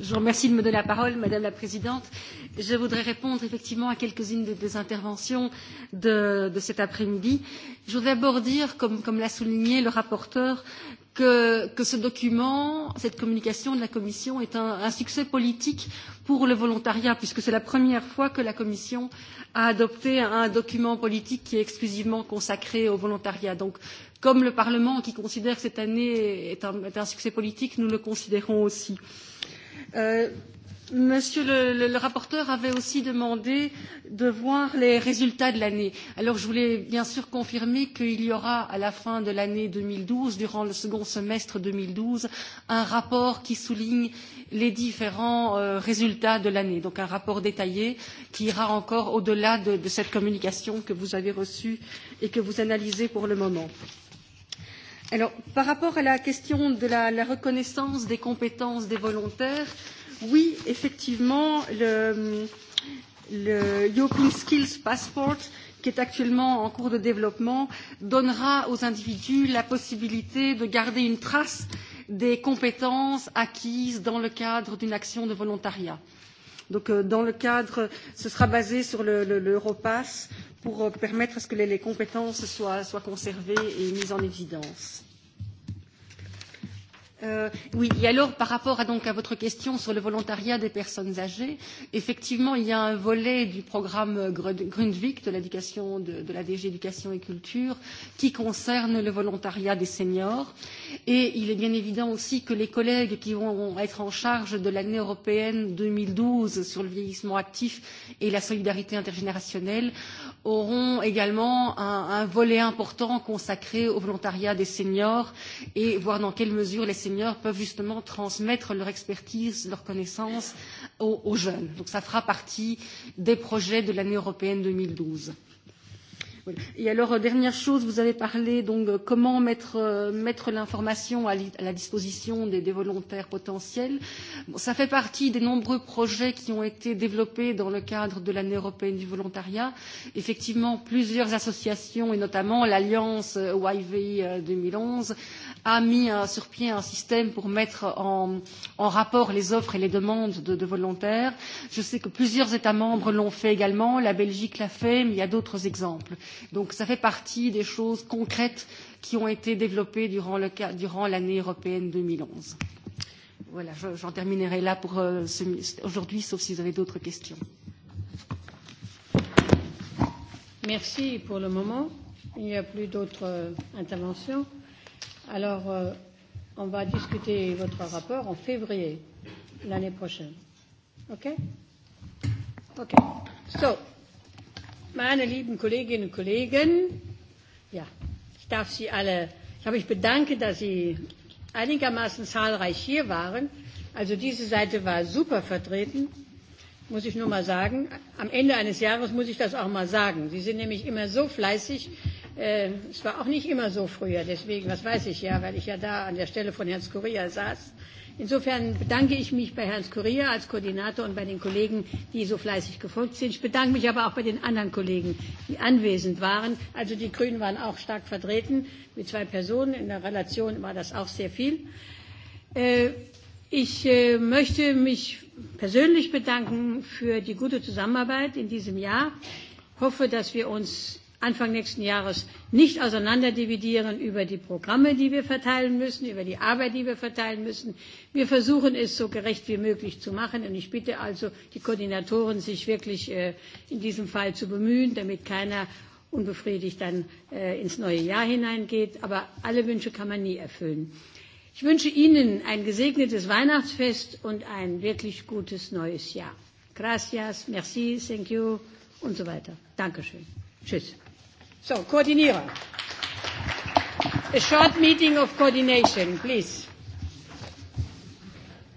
Je vous remercie de me donner la parole, Madame la Présidente. Je voudrais répondre effectivement à quelques-unes des, interventions de, cet après-midi. Je voudrais d'abord dire, comme, l'a souligné le rapporteur, que, que ce document, cette communication de la Commission est un, un succès politique pour le volontariat, puisque c'est la première fois que la Commission a adopté un document politique qui est exclusivement consacré au volontariat. Donc, comme le Parlement, qui considère que cette année est un, est un succès politique, nous le considérons aussi. Euh, Monsieur le, rapporteur avait aussi demandé de voir les résultats de l'année. Alors je voulais bien sûr confirmer qu'il y aura à la fin de l'année deux mille douze, durant le second semestre deux mille douze, un rapport qui souligne les différents euh, résultats de l'année, donc un rapport détaillé qui ira encore au-delà de, cette communication que vous avez reçue et que vous analysez pour le moment. par rapport à la question de la, reconnaissance des compétences des volontaires, Oui, effectivement, le, le European Skills Passport qui est actuellement en cours de développement donnera aux individus la possibilité de garder une trace des compétences acquises dans le cadre d'une action de volontariat. Donc, euh, dans le cadre, ce sera basé sur l'Europass le, le, pour euh, permettre à ce que les, les compétences soient, soient conservées et mises en évidence. Euh, oui, et alors par rapport à, donc, à votre question sur le volontariat des personnes âgées, effectivement, il y a un volet du programme Grundvik de l'éducation de, de la DG Éducation et Culture qui concerne le volontariat des seniors. Et il est bien évident aussi que les collègues qui vont être en charge de l'année européenne 2012 sur le vieillissement actif et la solidarité intergénérationnelle auront également un, un volet important consacré au volontariat des seniors et voir dans quelle mesure les seniors peuvent justement transmettre leur expertise, leurs connaissances aux, aux jeunes. Donc ça fera partie des projets de l'année européenne 2012. Oui. Et alors, euh, dernière chose, vous avez parlé donc euh, comment mettre, euh, mettre l'information à, à la disposition des, des volontaires potentiels. Bon, ça fait partie des nombreux projets qui ont été développés dans le cadre de l'année européenne du volontariat. Effectivement, plusieurs associations, et notamment l'Alliance YVI 2011, a mis un, sur pied un système pour mettre en, en rapport les offres et les demandes de, de volontaires. Je sais que plusieurs États membres l'ont fait également, la Belgique l'a fait, mais il y a d'autres exemples. Donc ça fait partie des choses concrètes qui ont été développées durant, le, durant l'année européenne 2011. Voilà, j'en terminerai là pour euh, aujourd'hui, sauf si vous avez d'autres questions. Merci pour le moment. Il n'y a plus d'autres euh, interventions. Alors, euh, on va discuter votre rapport en février l'année prochaine. OK? OK. So, Meine lieben Kolleginnen und Kollegen, ja, ich darf Sie alle, ich habe mich bedanken, dass Sie einigermaßen zahlreich hier waren. Also diese Seite war super vertreten, muss ich nur mal sagen. Am Ende eines Jahres muss ich das auch mal sagen. Sie sind nämlich immer so fleißig. Äh, es war auch nicht immer so früher, deswegen, was weiß ich ja, weil ich ja da an der Stelle von Herrn Skoria saß. Insofern bedanke ich mich bei Herrn Scurria als Koordinator und bei den Kollegen, die so fleißig gefolgt sind. Ich bedanke mich aber auch bei den anderen Kollegen, die anwesend waren. Also die Grünen waren auch stark vertreten mit zwei Personen. In der Relation war das auch sehr viel. Äh, ich äh, möchte mich persönlich bedanken für die gute Zusammenarbeit in diesem Jahr. Ich hoffe, dass wir uns Anfang nächsten Jahres nicht auseinanderdividieren über die Programme, die wir verteilen müssen, über die Arbeit, die wir verteilen müssen. Wir versuchen es so gerecht wie möglich zu machen und ich bitte also die Koordinatoren, sich wirklich äh, in diesem Fall zu bemühen, damit keiner unbefriedigt dann äh, ins neue Jahr hineingeht. Aber alle Wünsche kann man nie erfüllen. Ich wünsche Ihnen ein gesegnetes Weihnachtsfest und ein wirklich gutes neues Jahr. Gracias, merci, thank you und so weiter. Dankeschön. Tschüss. So, coordinator. A short meeting of coordination, please.